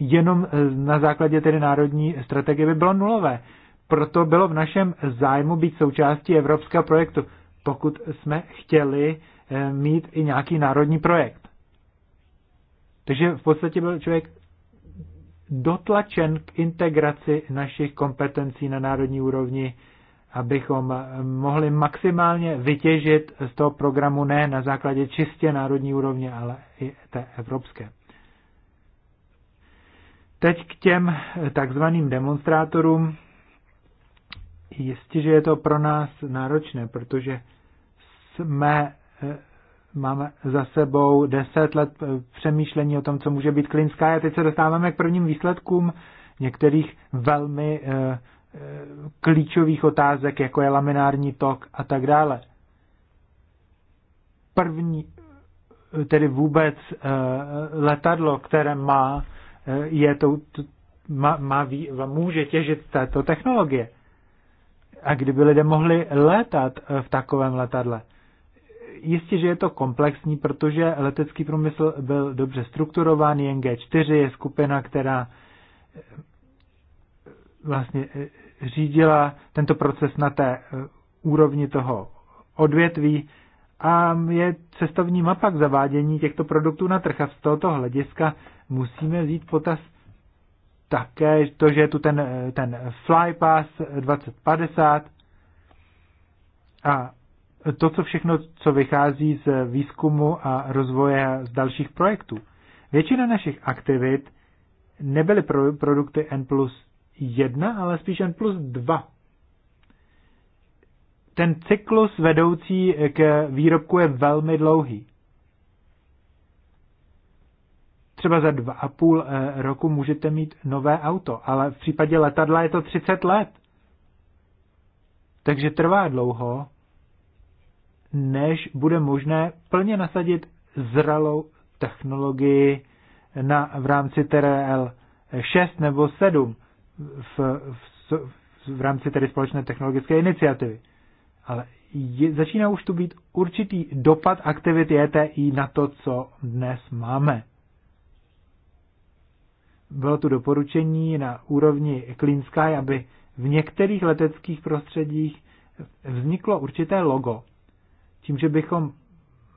jenom eh, na základě tedy národní strategie by bylo nulové. Proto bylo v našem zájmu být součástí evropského projektu, pokud jsme chtěli eh, mít i nějaký národní projekt. Takže v podstatě byl člověk dotlačen k integraci našich kompetencí na národní úrovni, abychom eh, mohli maximálně vytěžit z toho programu ne na základě čistě národní úrovně, ale i té evropské. Teď k těm eh, takzvaným demonstrátorům. Jistě, že je to pro nás náročné, protože jsme, eh, máme za sebou deset let eh, přemýšlení o tom, co může být klinská. a teď se dostáváme k prvním výsledkům některých velmi klíčových otázek, jako je laminární tok a tak dále. První, tedy vůbec letadlo, které má Eh, je to má, má, může těžit této technologie. A kdyby lidé mohli létat eh, v takovém letadle. Jistě, že je to komplexní, protože letecký průmysl byl dobře strukturován, ng 4 je skupina, která eh, vlastně řídila tento proces na té úrovni toho odvětví a je cestovní mapa k zavádění těchto produktů na trh a z tohoto hlediska musíme vzít potaz také to, že je tu ten, ten Flypass 2050 a to, co všechno, co vychází z výzkumu a rozvoje z dalších projektů. Většina našich aktivit nebyly pro, produkty N plus 1, ale spíš N plus 2. Ten cyklus vedoucí k výrobku je velmi dlouhý. třeba za dva a půl eh, roku můžete mít nové auto, ale v případě letadla je to 30 let. Takže trvá dlouho, než bude možné plně nasadit zralou technologii na, v rámci TRL 6 nebo 7 v, v, v, v rámci tedy společné technologické iniciativy. Ale je, začíná už tu být určitý dopad aktivit JTI e na to, co dnes máme bylo tu doporučení na úrovni Clean aby v některých leteckých prostředích vzniklo určité logo. Tím, že bychom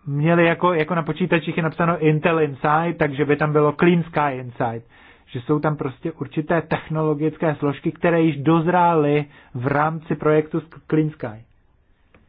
měli jako, jako na počítačích je napsáno Intel Inside, takže by tam bylo Clean Sky Inside. Že jsou tam prostě určité technologické složky, které již dozrály v rámci projektu Clean Sky.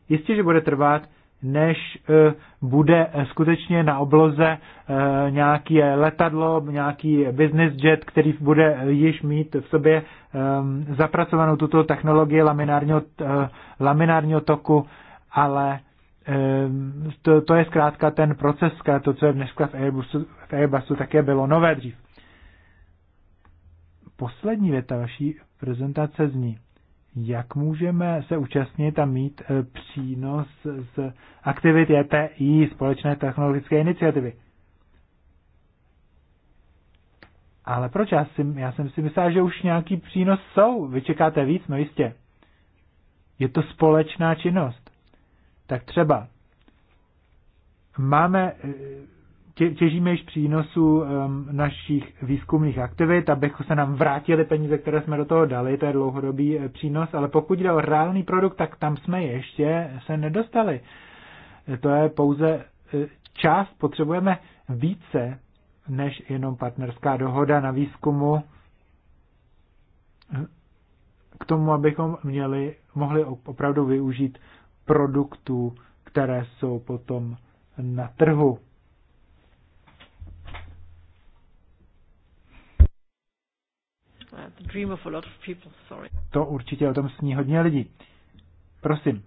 Jistě, že bude trvat, než eh, bude skutečně na obloze eh, nějaký letadlo, nějaký business jet, který bude již mít v sobě ehm, zapracovanou tuto technologii laminárního, eh, laminárního toku, ale ehm, to, to je zkrátka ten proces, to, co je dneska v Airbusu, v Airbusu také bylo nové dřív. Poslední věta vaší prezentace zní jak můžeme se účastnit a mít e, přínos z aktivit JTI, e Společné technologické iniciativy. Ale proč? Já, si, já jsem si myslel, že už nějaký přínos jsou. Vy čekáte víc? No jistě. Je to společná činnost. Tak třeba máme e, těžíme již přínosu našich výzkumných aktivit, abychom se nám vrátily peníze, které jsme do toho dali, to je dlouhodobý eh, přínos, ale pokud jde o reálný produkt, tak tam jsme ještě se nedostali. To je pouze eh, část, potřebujeme více než jenom partnerská dohoda na výzkumu k tomu, abychom měli, mohli opravdu využít produktů, které jsou potom na trhu. To určitě o tom sní hodně lidí. Prosím.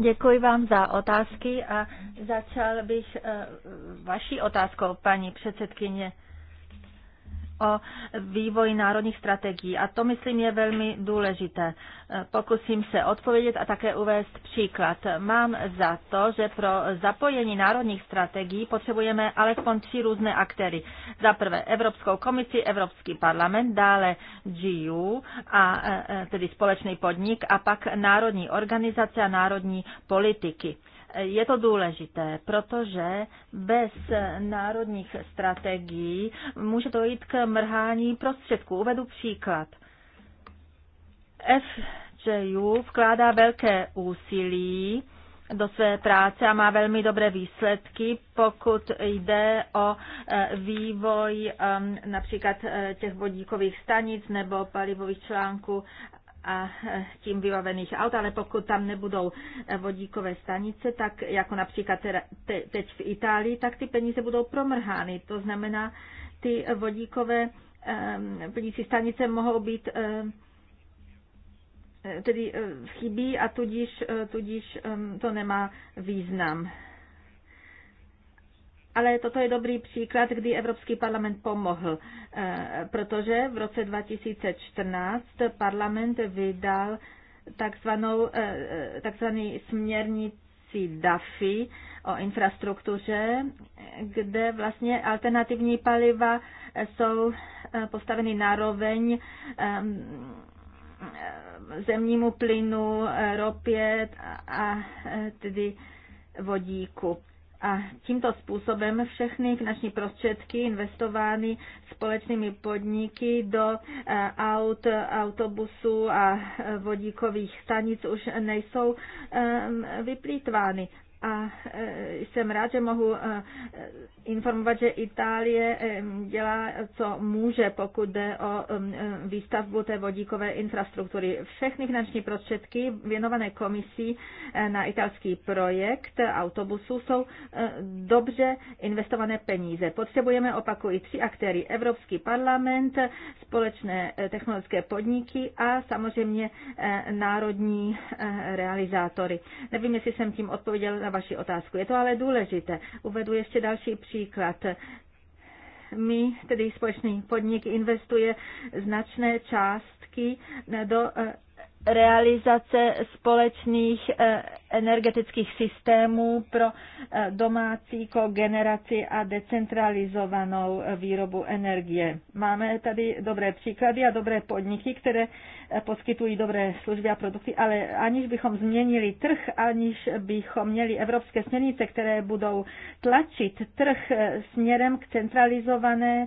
Děkuji vám za otázky a začal bych eh, vaší otázkou, paní předsedkyně o vývoj národních strategií. A to, myslím, je velmi důležité. Pokusím se odpovědět a také uvést příklad. Mám za to, že pro zapojení národních strategií potřebujeme alespoň tři různé aktéry. Za prvé Evropskou komisi, Evropský parlament, dále GU, a, e, e, tedy společný podnik, a pak národní organizace a národní politiky. Je to důležité, protože bez národních strategií může dojít k mrhání prostředků. Uvedu příklad. FJU vkládá velké úsilí do své práce a má velmi dobré výsledky, pokud jde o e, vývoj e, například e, těch vodíkových stanic nebo palivových článků a e, tím vybavených aut, ale pokud tam nebudou e, vodíkové stanice, tak jako například teď v Itálii, tak ty peníze budou promrhány. To znamená, ty vodíkové e, plnící stanice mohou být tedy chybí a tudíž, tudíž to nemá význam. Ale toto je dobrý příklad, kdy Evropský parlament pomohl, eh, protože v roce 2014 parlament vydal takzvanou, eh, eh, takzvaný směrnici DAFI o infrastruktuře, kde vlastně alternativní paliva jsou postaveny nároveň ehm, zemnímu plynu, ropě a tedy vodíku. A tímto způsobem všechny finanční prostředky investovány společnými podniky do eh, aut, autobusů a eh, vodíkových stanic už nejsou eh, vyplýtvány. A jsem rád, že mohu informovat, že Itálie eh, dělá, co může, pokud jde o eh, výstavbu té vodíkové infrastruktury. Všechny finanční prostředky věnované komisí eh, na italský projekt autobusů jsou dobře investované peníze. Potřebujeme, opakují, tři aktéry. Evropský parlament, společné technologické podniky a samozřejmě národní realizátory. Nevím, jestli jsem tím odpověděl na vaši otázku. Je to ale důležité. Uvedu ještě další příklad příklad. My, tedy společný podnik, investuje značné částky do eh, realizace společných eh, energetických systémů pro eh, domácí kogeneraci a decentralizovanou eh, výrobu energie. Máme tady dobré příklady a dobré podniky, které poskytují dobré služby a produkty, ale aniž bychom změnili trh, aniž bychom měli evropské směrnice, které budou tlačit trh směrem k centralizované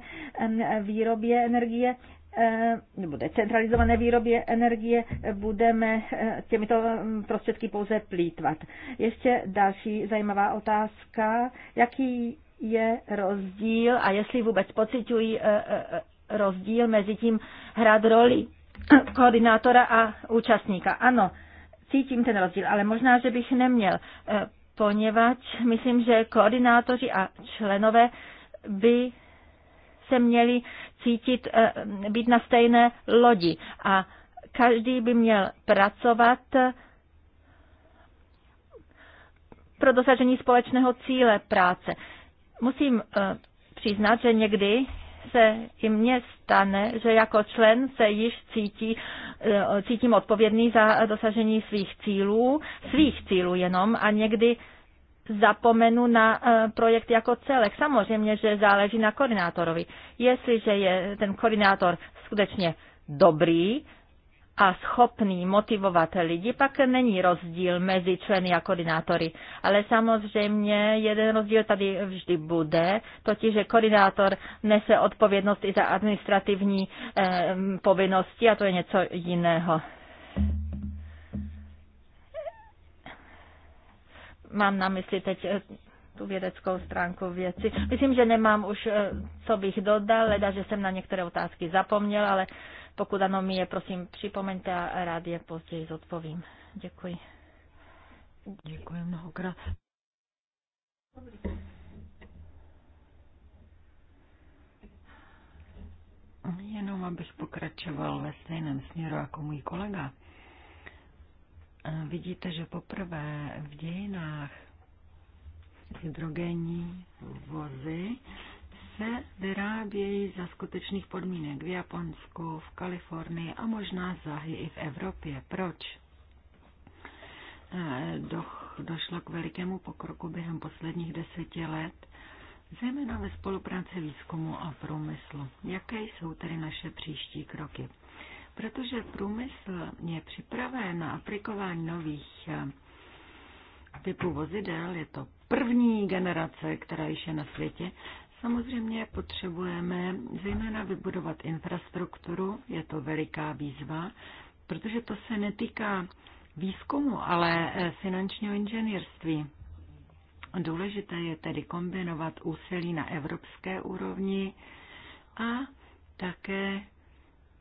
výrobě energie, Eh, nebo decentralizované výrobě energie eh, budeme eh, těmito mm, prostředky pouze plítvat. Ještě další zajímavá otázka, jaký je rozdíl a jestli vůbec pocitují rozdíl mezi tím hrát roli [coughs] koordinátora a účastníka. Ano, cítím ten rozdíl, ale možná, že bych neměl, poněvadž myslím, že koordinátoři a členové by se měli cítit, eh, být na stejné lodi a každý by měl pracovat eh, pro dosažení společného cíle práce. Musím eh, přiznat, že někdy se i mně stane, že jako člen se již cítí, cítím odpovědný za dosažení svých cílů, svých cílů jenom a někdy zapomenu na eh, projekt jako celek. Samozřejmě, že záleží na koordinátorovi. Jestliže je ten koordinátor skutečně dobrý a schopný motivovat lidi, pak není rozdíl mezi členy a koordinátory. Ale samozřejmě jeden rozdíl tady vždy bude, totiž, že koordinátor nese odpovědnost i za administrativní eh, povinnosti a to je něco jiného. Mám na mysli teď eh, tu vědeckou stránku věci. Myslím, že nemám už, eh, co bych dodal, leda, že jsem na některé otázky zapomněl, ale pokud ano, mi je prosím připomeňte a rád je později zodpovím. Děkuji. Děkuji mnohokrát. Jenom abych pokračoval ve stejném směru jako můj kolega vidíte, že poprvé v dějinách hydrogenní vozy se vyrábějí za skutečných podmínek v Japonsku, v Kalifornii a možná záhy i v Evropě. Proč? Eh, došlo k velikému pokroku během posledních deseti let, zejména ve spolupráci výzkumu a průmyslu. Jaké jsou tedy naše příští kroky? protože průmysl je připraven na aplikování nových eh, typů vozidel, je to první generace, která již je na světě, Samozřejmě potřebujeme zejména vybudovat infrastrukturu, je to veliká výzva, protože to se netýká výzkumu, ale eh, finančního inženýrství. Důležité je tedy kombinovat úsilí na evropské úrovni a také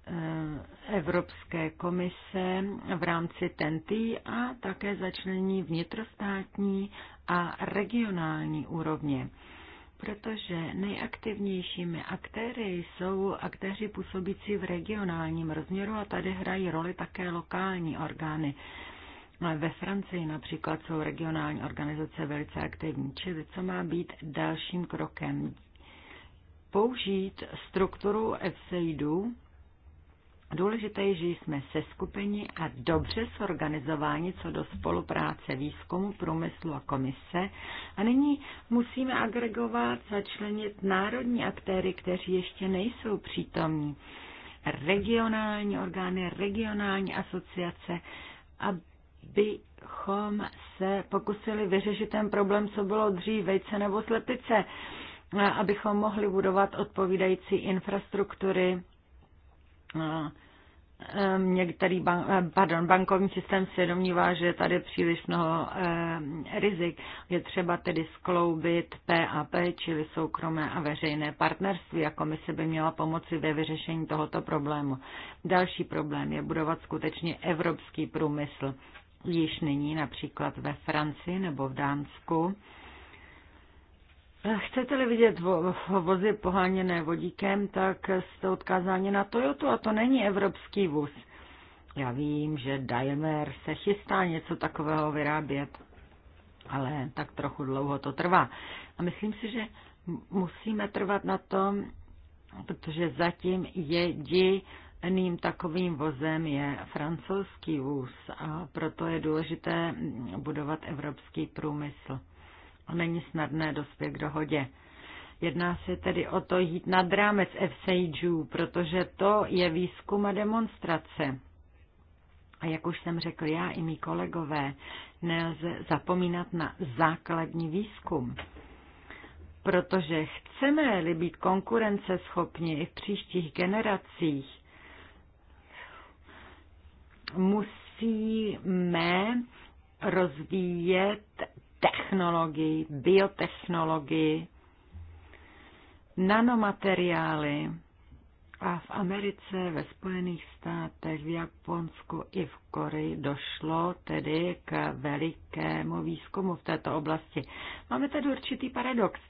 Eh, Evropské komise v rámci TNT a také začlení vnitrostátní a regionální úrovně. Protože nejaktivnějšími aktéry jsou aktéři působící v regionálním rozměru a tady hrají roli také lokální orgány. Eh, ve Francii například jsou regionální organizace velice aktivní. Čili co má být dalším krokem? Použít strukturu EFSEIDu Důležité je, že jsme seskupeni a dobře zorganizováni co do spolupráce výzkumu, průmyslu a komise. A nyní musíme agregovat, začlenit národní aktéry, kteří ještě nejsou přítomní, regionální orgány, regionální asociace, abychom se pokusili vyřešit ten problém, co bylo dřív, vejce nebo slepice, abychom mohli budovat odpovídající infrastruktury, Ehm, některý ban- eh, pardon, bankovní systém se domnívá, že je tady příliš mnoho ehm, rizik. Je třeba tedy skloubit PAP, čili soukromé a veřejné partnerství a komise by měla pomoci ve vyřešení tohoto problému. Další problém je budovat skutečně evropský průmysl. Již nyní například ve Francii nebo v Dánsku Chcete-li vidět vo, vozy poháněné vodíkem, tak jste odkázáni na Toyotu a to není evropský vůz. Já vím, že Daimler se chystá něco takového vyrábět, ale tak trochu dlouho to trvá. A myslím si, že musíme trvat na tom, protože zatím jediným takovým vozem je francouzský vůz a proto je důležité budovat evropský průmysl a není snadné dospět k dohodě. Jedná se tedy o to jít nad rámec FSAGů, protože to je výzkum a demonstrace. A jak už jsem řekl já i mý kolegové, nelze zapomínat na základní výzkum. Protože chceme-li být konkurenceschopni i v příštích generacích, musíme rozvíjet technologii, biotechnologii, nanomateriály. A v Americe, ve Spojených státech, v Japonsku i v Koreji došlo tedy k velikému výzkumu v této oblasti. Máme tady určitý paradox.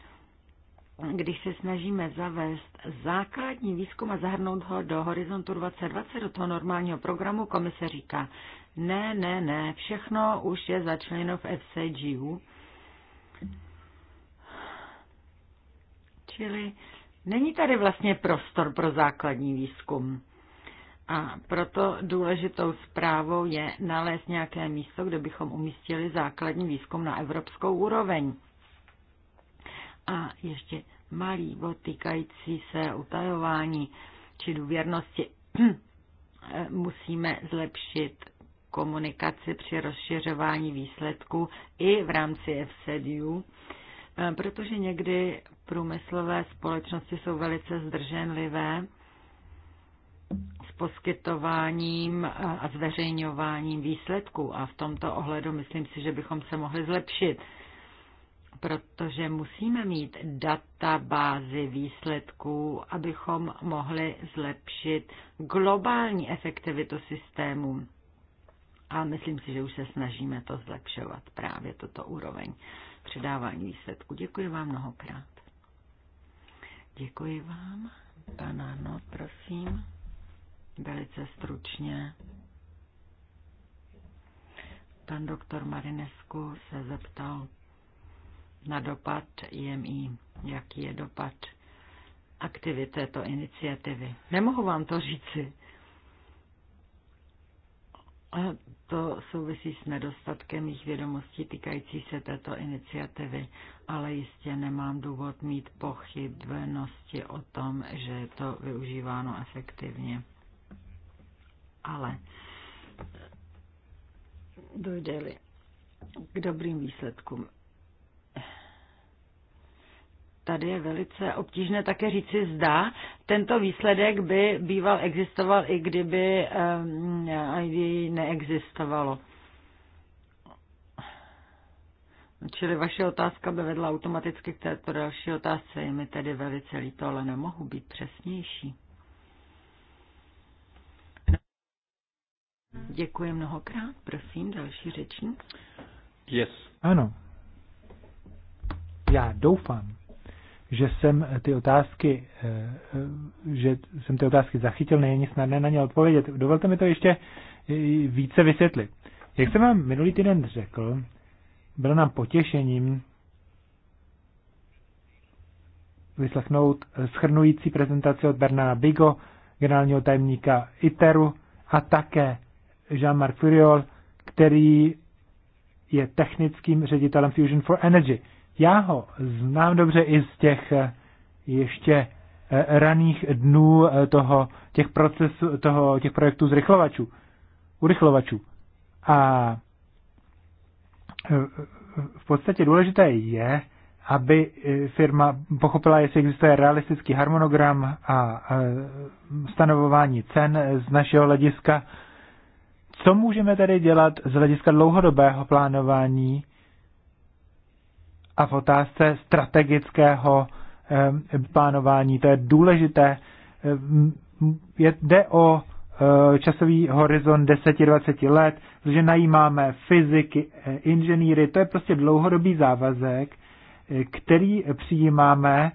Když se snažíme zavést základní výzkum a zahrnout ho do horizontu 2020, do toho normálního programu, komise říká, ne, ne, ne, všechno už je začleněno v FCGU. Čili není tady vlastně prostor pro základní výzkum. A proto důležitou zprávou je nalézt nějaké místo, kde bychom umístili základní výzkum na evropskou úroveň. A ještě malý bod týkající se utajování či důvěrnosti. [clears throat] Musíme zlepšit komunikaci při rozšiřování výsledků i v rámci FSEDU, eh, protože někdy průmyslové společnosti jsou velice zdrženlivé s poskytováním eh, a zveřejňováním výsledků a v tomto ohledu myslím si, že bychom se mohli zlepšit protože musíme mít databázy výsledků, abychom mohli zlepšit globální efektivitu systému. A myslím si, že už se snažíme to zlepšovat, právě toto úroveň předávání výsledku. Děkuji vám mnohokrát. Děkuji vám. Banano, prosím. Velice stručně. Pan doktor Marinesku se zeptal na dopad IMI, jaký je dopad aktivit této iniciativy. Nemohu vám to říci, to souvisí s nedostatkem mých vědomostí týkající se této iniciativy, ale jistě nemám důvod mít pochybnosti o tom, že je to využíváno efektivně. Ale dojde-li k dobrým výsledkům, tady je velice obtížné také říci, zda tento výsledek by býval existoval, i kdyby ehm, ID neexistovalo. Čili vaše otázka by vedla automaticky k této další otázce. Je mi tedy velice líto, ale nemohu být přesnější. Děkuji mnohokrát. Prosím, další řečník. Yes. Ano. Já doufám, že jsem ty otázky, eh, eh, že jsem ty otázky zachytil, není snadné na ně odpovědět. Dovolte mi to ještě eh, více vysvětlit. Jak jsem vám minulý týden řekl, bylo nám potěšením vyslechnout schrnující prezentaci od Bernarda Bigo, generálního tajemníka ITERu, a také Jean-Marc Furiol, který je technickým ředitelem Fusion for Energy. Já ho znám dobře i z těch eh, ještě eh, raných dnů eh, toho, těch procesů, toho, těch projektů zrychlovačů, urychlovačů. A v podstatě důležité je, aby firma pochopila, jestli existuje realistický harmonogram a stanovování cen z našeho hlediska. Co můžeme tedy dělat z hlediska dlouhodobého plánování a v otázce strategického eh, plánování. To je důležité. Eh, jde o eh, časový horizont 10-20 let, protože najímáme fyziky, inženýry, to je prostě dlouhodobý závazek, který přijímáme,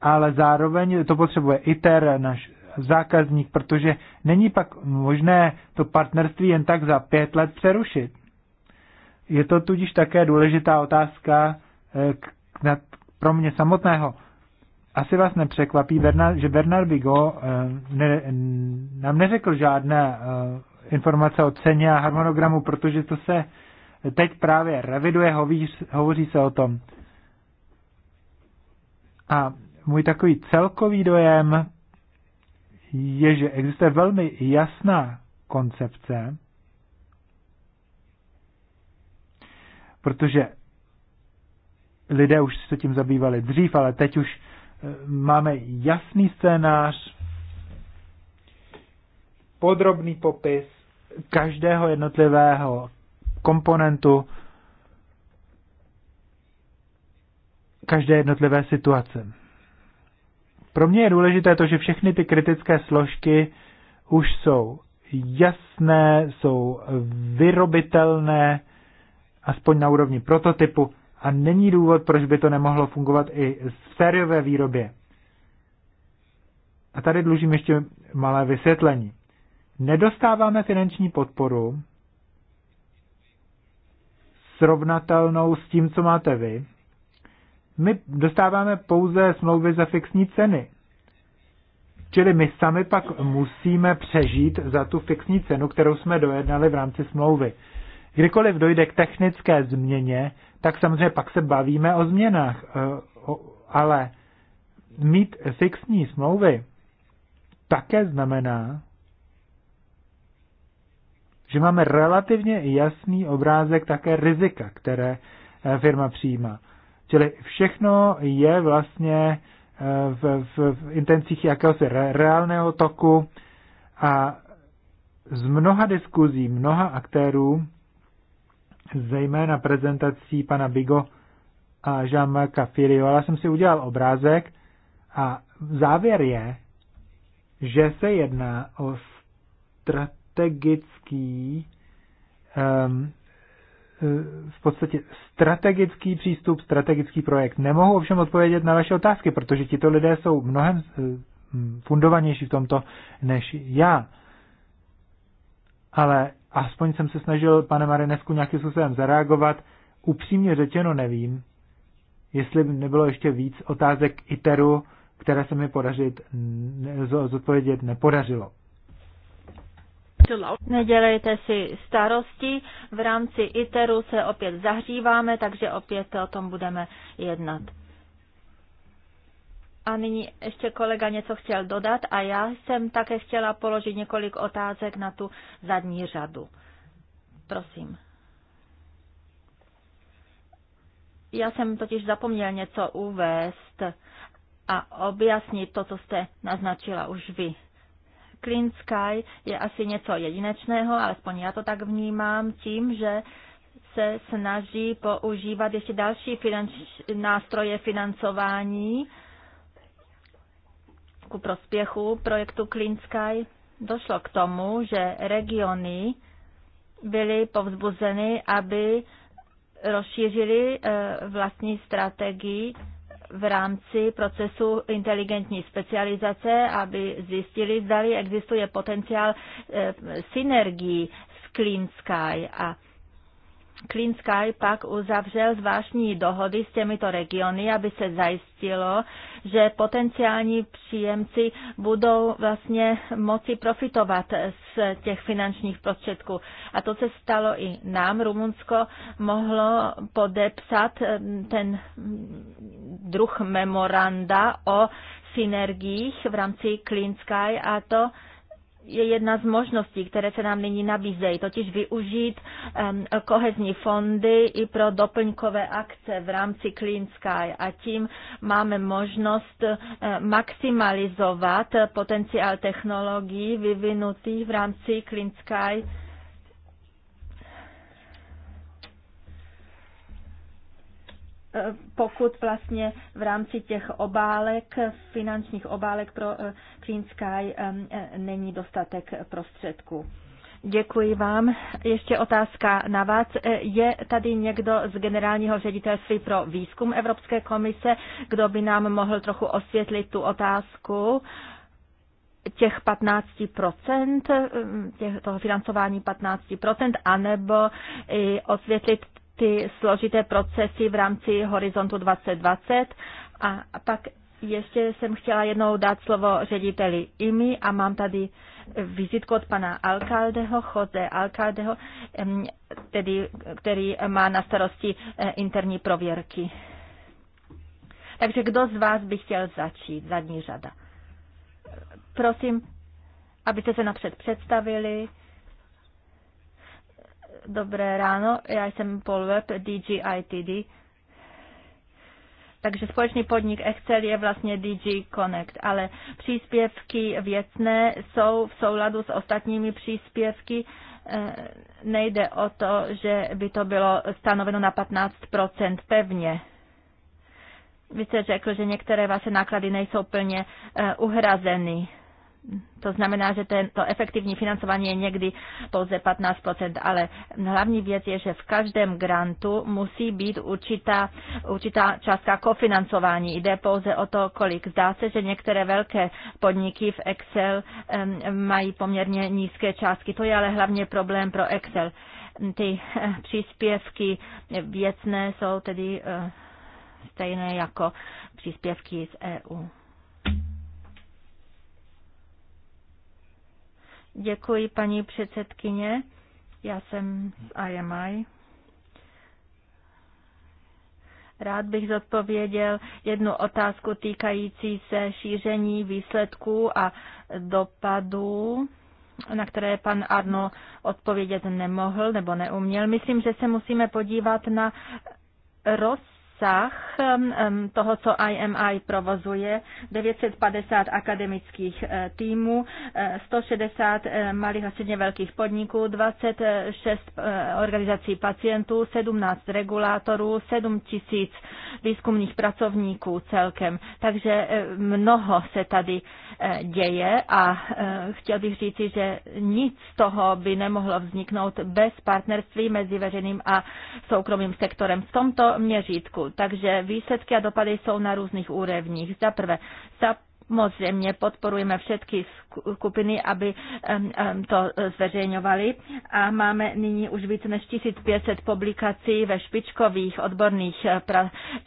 ale zároveň to potřebuje ITER, náš zákazník, protože není pak možné to partnerství jen tak za pět let přerušit. Je to tudíž také důležitá otázka Eh, k, pro mě samotného. Asi vás nepřekvapí, Bernard, že Bernard Vigo eh, ne, nám neřekl žádné eh, informace o ceně a harmonogramu, protože to se teď právě reviduje, hoví, hovoří se o tom. A můj takový celkový dojem je, že existuje velmi jasná koncepce, protože lidé už se tím zabývali dřív, ale teď už eh, máme jasný scénář, podrobný popis každého jednotlivého komponentu, každé jednotlivé situace. Pro mě je důležité to, že všechny ty kritické složky už jsou jasné, jsou vyrobitelné, aspoň na úrovni prototypu, a není důvod, proč by to nemohlo fungovat i v sériové výrobě. A tady dlužím ještě malé vysvětlení. Nedostáváme finanční podporu srovnatelnou s tím, co máte vy. My dostáváme pouze smlouvy za fixní ceny. Čili my sami pak musíme přežít za tu fixní cenu, kterou jsme dojednali v rámci smlouvy. Kdykoliv dojde k technické změně, tak samozřejmě pak se bavíme o změnách, e, ale mít fixní smlouvy také znamená, že máme relativně jasný obrázek také rizika, které e, firma přijímá. Čili všechno je vlastně e, v, v, v intencích jakéhosi re, reálného toku a z mnoha diskuzí, mnoha aktérů zejména prezentací pana Bigo a Jean-Marca Firiola jsem si udělal obrázek a závěr je, že se jedná o strategický um, v podstatě strategický přístup, strategický projekt. Nemohu ovšem odpovědět na vaše otázky, protože tito lidé jsou mnohem e, fundovanější v tomto než já. Ale aspoň jsem se snažil, pane Marinesku, nějakým způsobem zareagovat. Upřímně řečeno nevím, jestli by nebylo ještě víc otázek ITERu, které se mi podařit zodpovědět nepodařilo. Nedělejte si starosti, v rámci ITERu se opět zahříváme, takže opět o tom budeme jednat. A nyní ještě kolega něco chtěl dodat a já jsem také chtěla položit několik otázek na tu zadní řadu. Prosím. Já jsem totiž zapomněl něco uvést a objasnit to, co jste naznačila už vy. Clean Sky je asi něco jedinečného, alespoň já to tak vnímám, tím, že se snaží používat ještě další finanč, nástroje financování, ku prospěchu projektu Clean Sky došlo k tomu, že regiony byly povzbuzeny, aby rozšířili eh, vlastní strategii v rámci procesu inteligentní specializace, aby zjistili, zda existuje potenciál eh, synergii s Clean Sky a Clean Sky pak uzavřel zvláštní dohody s těmito regiony, aby se zajistilo, že potenciální příjemci budou vlastně moci profitovat z těch finančních prostředků. A to se stalo i nám. Rumunsko mohlo podepsat mm, ten mm, druh memoranda o synergiích v rámci Clean Sky a to je jedna z možností, které se nám nyní nabízejí, totiž využít um, kohezní fondy i pro doplňkové akce v rámci Clean Sky a tím máme možnost eh, maximalizovat potenciál technologií vyvinutých v rámci Clean Sky pokud vlastně v rámci těch obálek, finančních obálek pro Clean eh, Sky eh, eh, není dostatek prostředků. Děkuji vám. Ještě otázka na vás. Je tady někdo z generálního ředitelství pro výzkum Evropské komise, kdo by nám mohl trochu osvětlit tu otázku těch 15%, těch, toho financování 15%, anebo i osvětlit ty složité procesy v rámci Horizontu 2020 a pak ještě jsem chtěla jednou dát slovo řediteli IMI a mám tady vizitku od pana Alcaldeho, Jose Alcaldeho, tedy, který má na starosti eh, interní prověrky. Takže kdo z vás by chtěl začít? Zadní řada. Prosím, abyste se napřed představili Dobré ráno, já jsem Paul Webb, DGITD. Takže společný podnik Excel je vlastně DG Connect, ale příspěvky věcné jsou v souladu s ostatními příspěvky. Eh, nejde o to, že by to bylo stanoveno na 15% pevně. Vy jste řekl, že některé vaše náklady nejsou plně eh, uhrazeny. To znamená, že ten, to efektivní financování je někdy pouze 15%, ale hlavní věc je, že v každém grantu musí být určitá, určitá částka kofinancování. Jde pouze o to, kolik. Zdá se, že některé velké podniky v Excel um, mají poměrně nízké částky. To je ale hlavně problém pro Excel. Ty uh, příspěvky věcné jsou tedy uh, stejné jako příspěvky z EU. Děkuji, paní předsedkyně. Já jsem z IMI. Rád bych zodpověděl jednu otázku týkající se šíření výsledků a dopadů, na které pan Arno odpovědět nemohl nebo neuměl. Myslím, že se musíme podívat na roz obsah um, um, toho, co IMI provozuje, 950 akademických eh, týmů, 160 eh, eh, malých a středně velkých podniků, 26 organizací pacientů, 17 regulátorů, 7 tisíc výzkumných pracovníků celkem. Takže mnoho se tady děje a chtěl bych říci, že nic z toho by nemohlo vzniknout bez partnerství mezi veřejným a soukromým sektorem v tomto měřítku. Takže výsledky a dopady jsou na různých úrovních. Za prvé, Samozřejmě podporujeme všechny skupiny, aby to zveřejňovali a máme nyní už více než 1500 publikací ve špičkových odborných eh,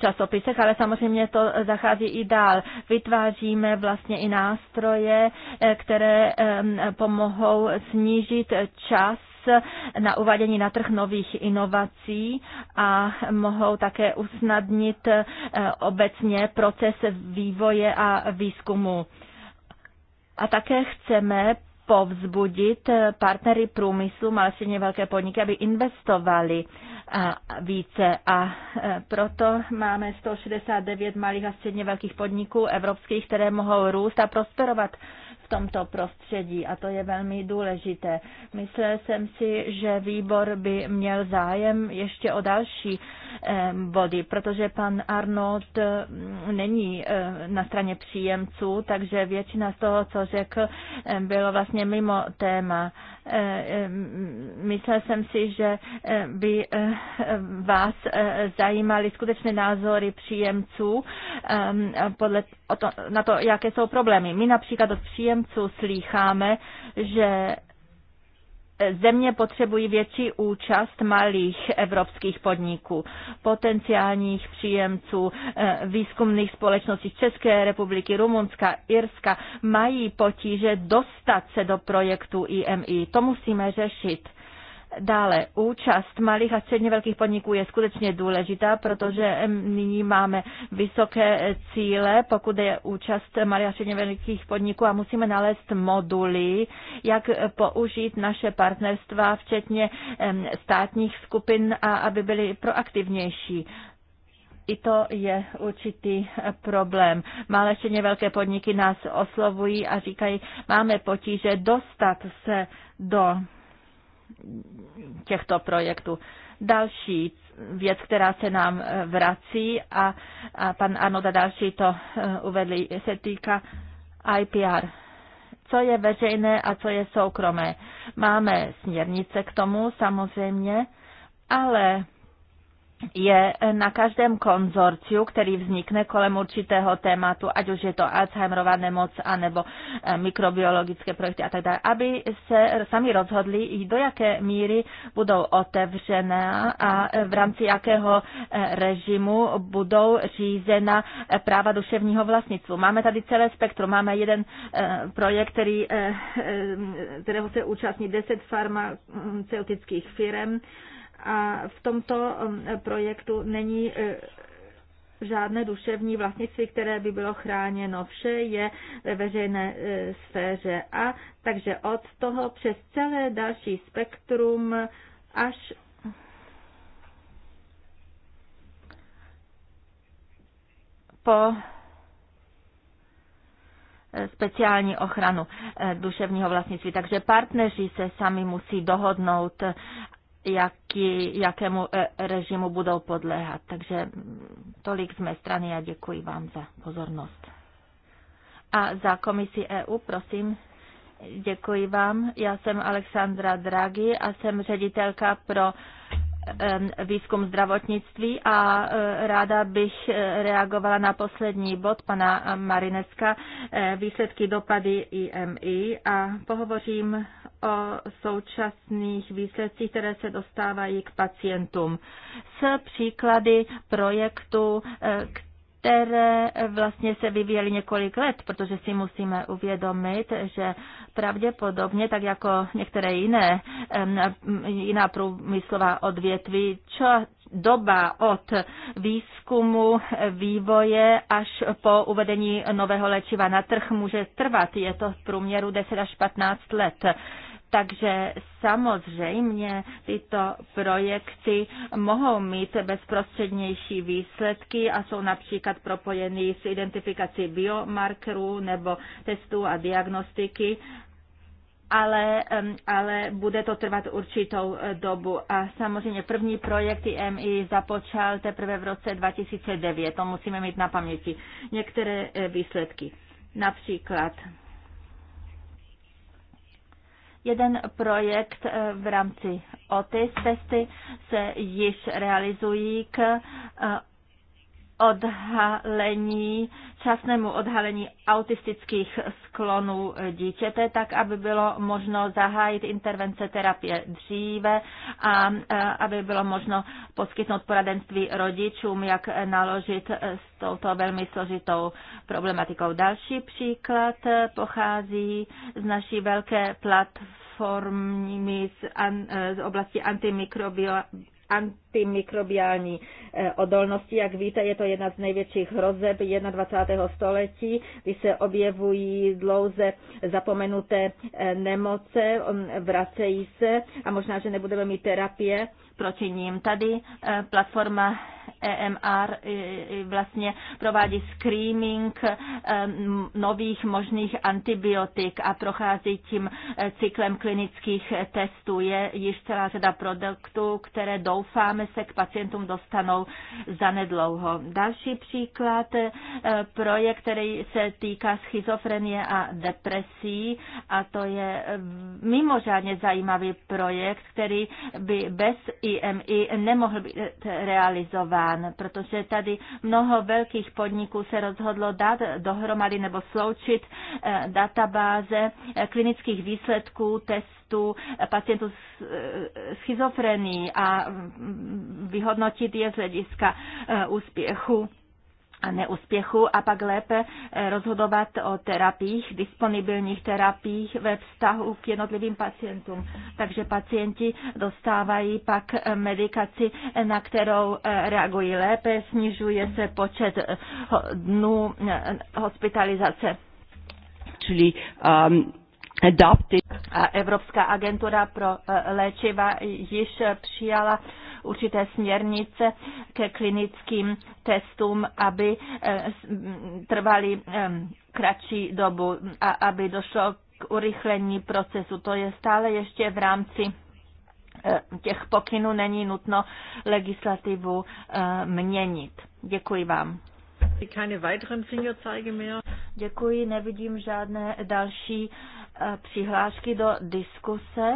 časopisech, ale samozřejmě to zachází i dál. Vytváříme vlastně i nástroje, eh, které eh, pomohou snížit čas na uvádění na trh nových inovací a mohou také usnadnit eh, obecně proces vývoje a výzkumu. A také chceme povzbudit eh, partnery průmyslu, ale stejně velké podniky, aby investovali eh, více. A proto máme 169 malých a středně velkých podniků evropských, které mohou růst a prosperovat tomto prostředí a to je velmi důležité. Myslel jsem si, že výbor by měl zájem ještě o další eh, body, protože pan Arnold mm, není eh, na straně příjemců, takže většina z toho, co řekl, eh, bylo vlastně mimo téma Myslel jsem si, že eh, by eh, vás eh, zajímaly skutečné názory příjemců podle to, na to, jaké jsou problémy. My například od příjemců slýcháme, že země potřebují větší účast malých evropských podniků, potenciálních příjemců eh, výzkumných společností České republiky, Rumunska, Irska mají potíže dostat se do projektu IMI. To musíme řešit. Dále, účast malých a středně velkých podniků je skutečně důležitá, protože nyní máme vysoké eh, cíle, pokud je účast malých a středně velkých podniků a musíme nalézt moduly, jak eh, použít naše partnerstva, včetně státních skupin, a aby byly proaktivnější. I to je určitý eh, problém. Malé středně velké podniky nás oslovují a říkají, máme potíže dostat se do těchto projektů. Další věc, která se nám eh, vrací a, a pan Arnold a další to eh, uvedli, se týká IPR. Co je veřejné a co je soukromé? Máme směrnice k tomu samozřejmě, ale je na každém konzorciu, který vznikne kolem určitého tématu, ať už je to Alzheimerova nemoc, anebo eh, mikrobiologické projekty a tak dále, aby se sami rozhodli, do jaké míry budou otevřená a v rámci jakého eh, režimu budou řízena eh, práva duševního vlastnictví. Máme tady celé spektrum. Máme jeden projekt, který, kterého se účastní 10 farmaceutických firm, a v tomto um, projektu není e, žádné duševní vlastnictví, které by bylo chráněno. Vše je ve veřejné e, sféře. A takže od toho přes celé další spektrum až po e, speciální ochranu duševního vlastnictví. Takže partneři se sami musí dohodnout jaký, jakému eh, režimu budou podléhat. Takže mm, tolik z mé strany a děkuji vám za pozornost. A za komisi EU, prosím, děkuji vám. Já jsem Alexandra Draghi a jsem ředitelka pro výzkum zdravotnictví a eh, ráda bych eh, reagovala na poslední bod pana Marineska, výsledky dopady IMI a pohovořím o současných výsledcích, které se dostávají k pacientům. S příklady projektu, eh, které vlastně se vyvíjely několik let, protože si musíme uvědomit, že pravděpodobně, tak jako některé jiné, jiná průmyslová odvětví, čo, doba od výzkumu, vývoje až po uvedení nového léčiva na trh může trvat. Je to v průměru 10 až 15 let. Takže samozřejmě tyto projekty mohou mít bezprostřednější výsledky a jsou například propojeny s identifikací biomarkerů nebo testů a diagnostiky, ale, ale bude to trvat určitou eh, dobu. A samozřejmě první projekt MI započal teprve v roce 2009, to musíme mít na paměti. Některé eh, výsledky. Například Jeden projekt eh, v rámci OTIS testy se již realizují k eh, odhalení, časnému odhalení autistických sklonů dítěte, tak aby bylo možno zahájit intervence terapie dříve a aby bylo možno poskytnout poradenství rodičům, jak naložit s touto velmi složitou problematikou. Další příklad pochází z naší velké platformy z, an, z oblasti antimikrobiální antimikrobiální eh, odolnosti. Jak víte, je to jedna z největších hrozeb 21. století, kdy se objevují dlouze zapomenuté eh, nemoce, vracejí se a možná, že nebudeme mít terapie proti ním. Tady eh, platforma EMR vlastně provádí screening eh, nových možných antibiotik a prochází tím eh, cyklem klinických testů. Je již celá řada produktů, které doufáme se k pacientům dostanou zanedlouho. Další příklad, projekt, který se týká schizofrenie a depresí a to je mimořádně zajímavý projekt, který by bez IMI nemohl být realizován, protože tady mnoho velkých podniků se rozhodlo dát dohromady nebo sloučit eh, databáze eh, klinických výsledků testů eh, pacientů s schizofrenií a mm, vyhodnotit je z hlediska úspěchu a neúspěchu a pak lépe eh, rozhodovat o terapiích, disponibilních terapiích ve vztahu k jednotlivým pacientům. Takže pacienti dostávají pak eh, medikaci, eh, na kterou reagují lépe, snižuje se počet dnů hospitalizace. Čili um, A Evropská agentura pro léčiva již přijala určité směrnice ke klinickým testům, aby eh, trvaly kratší dobu a aby došlo k urychlení procesu. To je stále ještě v rámci eh, těch pokynů není nutno legislativu eh, měnit. Děkuji vám. Děkuji, nevidím žádné další přihlášky do diskuse.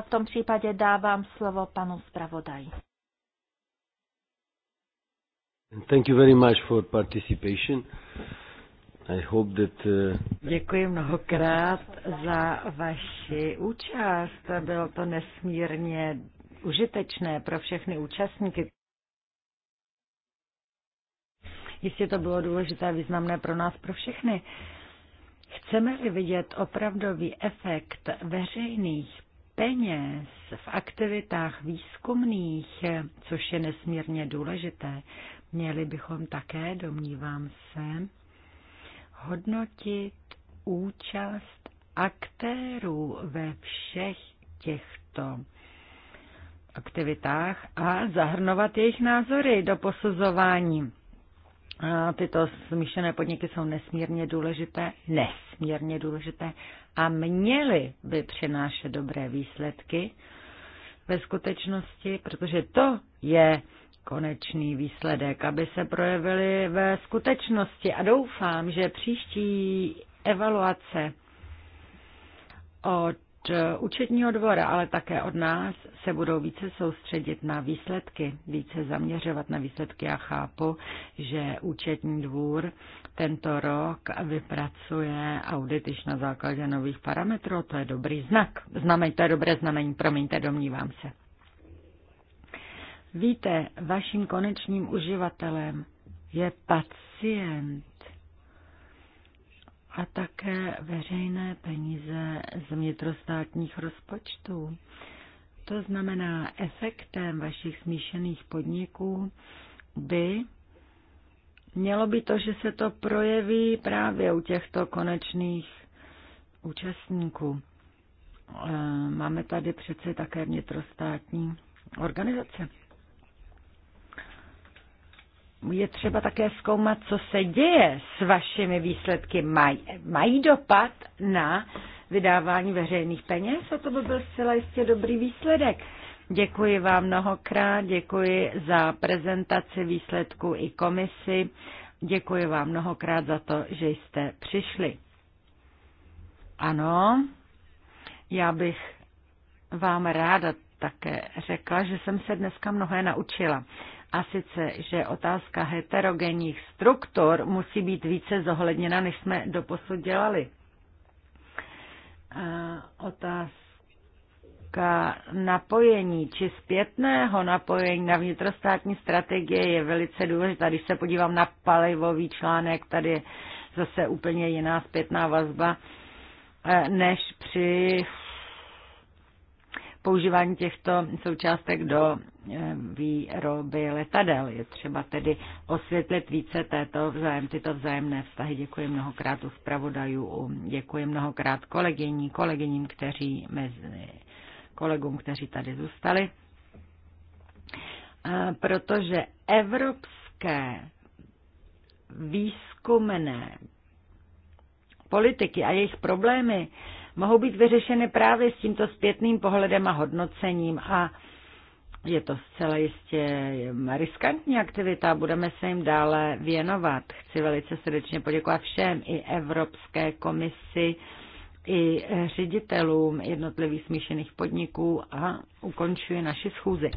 V tom případě dávám slovo panu zpravodaji. Thank you very much for participation. I hope that, uh... Děkuji mnohokrát za vaši účast. Bylo to nesmírně užitečné pro všechny účastníky. Jistě to bylo důležité a významné pro nás, pro všechny. Chceme-li vidět opravdový efekt veřejných peněz v aktivitách výzkumných, což je nesmírně důležité, měli bychom také, domnívám se, hodnotit účast aktérů ve všech těchto aktivitách a zahrnovat jejich názory do posuzování. A tyto smíšené podniky jsou nesmírně důležité, nesmírně důležité a měly by přinášet dobré výsledky ve skutečnosti, protože to je konečný výsledek, aby se projevily ve skutečnosti. A doufám, že příští evaluace od eh, účetního dvora, ale také od nás se budou více soustředit na výsledky, více zaměřovat na výsledky. Já chápu, že účetní dvůr tento rok vypracuje audit již na základě nových parametrů. To je dobrý znak. Znamen, to je dobré znamení, promiňte, domnívám se. Víte, vaším konečným uživatelem je pacient a také veřejné peníze z vnitrostátních rozpočtů. To znamená, efektem vašich smíšených podniků by Mělo by to, že se to projeví právě u těchto konečných účastníků. Eh, máme tady přece také vnitrostátní organizace. Je třeba také zkoumat, co se děje s vašimi výsledky. Maj, mají dopad na vydávání veřejných peněz a to by byl zcela jistě dobrý výsledek. Děkuji vám mnohokrát, děkuji za prezentaci výsledků i komisi. Děkuji vám mnohokrát za to, že jste přišli. Ano, já bych vám ráda také řekla, že jsem se dneska mnohé naučila. A sice, že otázka heterogenních struktur musí být více zohledněna, než jsme doposud dělali. A otázka otázka napojení či zpětného napojení na vnitrostátní strategie je velice důležitá. Když se podívám na palivový článek, tady je zase úplně jiná zpětná vazba eh, než při používání těchto součástek do eh, výroby letadel. Je třeba tedy osvětlit více této vzájem, tyto vzájemné vztahy. Děkuji mnohokrát u zpravodajů, děkuji mnohokrát kolegyní, kolegyním, kteří mezi kolegům, kteří tady zůstali, eh, protože evropské výzkumné politiky a jejich problémy mohou být vyřešeny právě s tímto zpětným pohledem a hodnocením a je to zcela jistě riskantní aktivita, budeme se jim dále věnovat. Chci velice srdečně poděkovat všem i Evropské komisi, i eh, ředitelům jednotlivých smíšených podniků a ukončuji naši schůzi.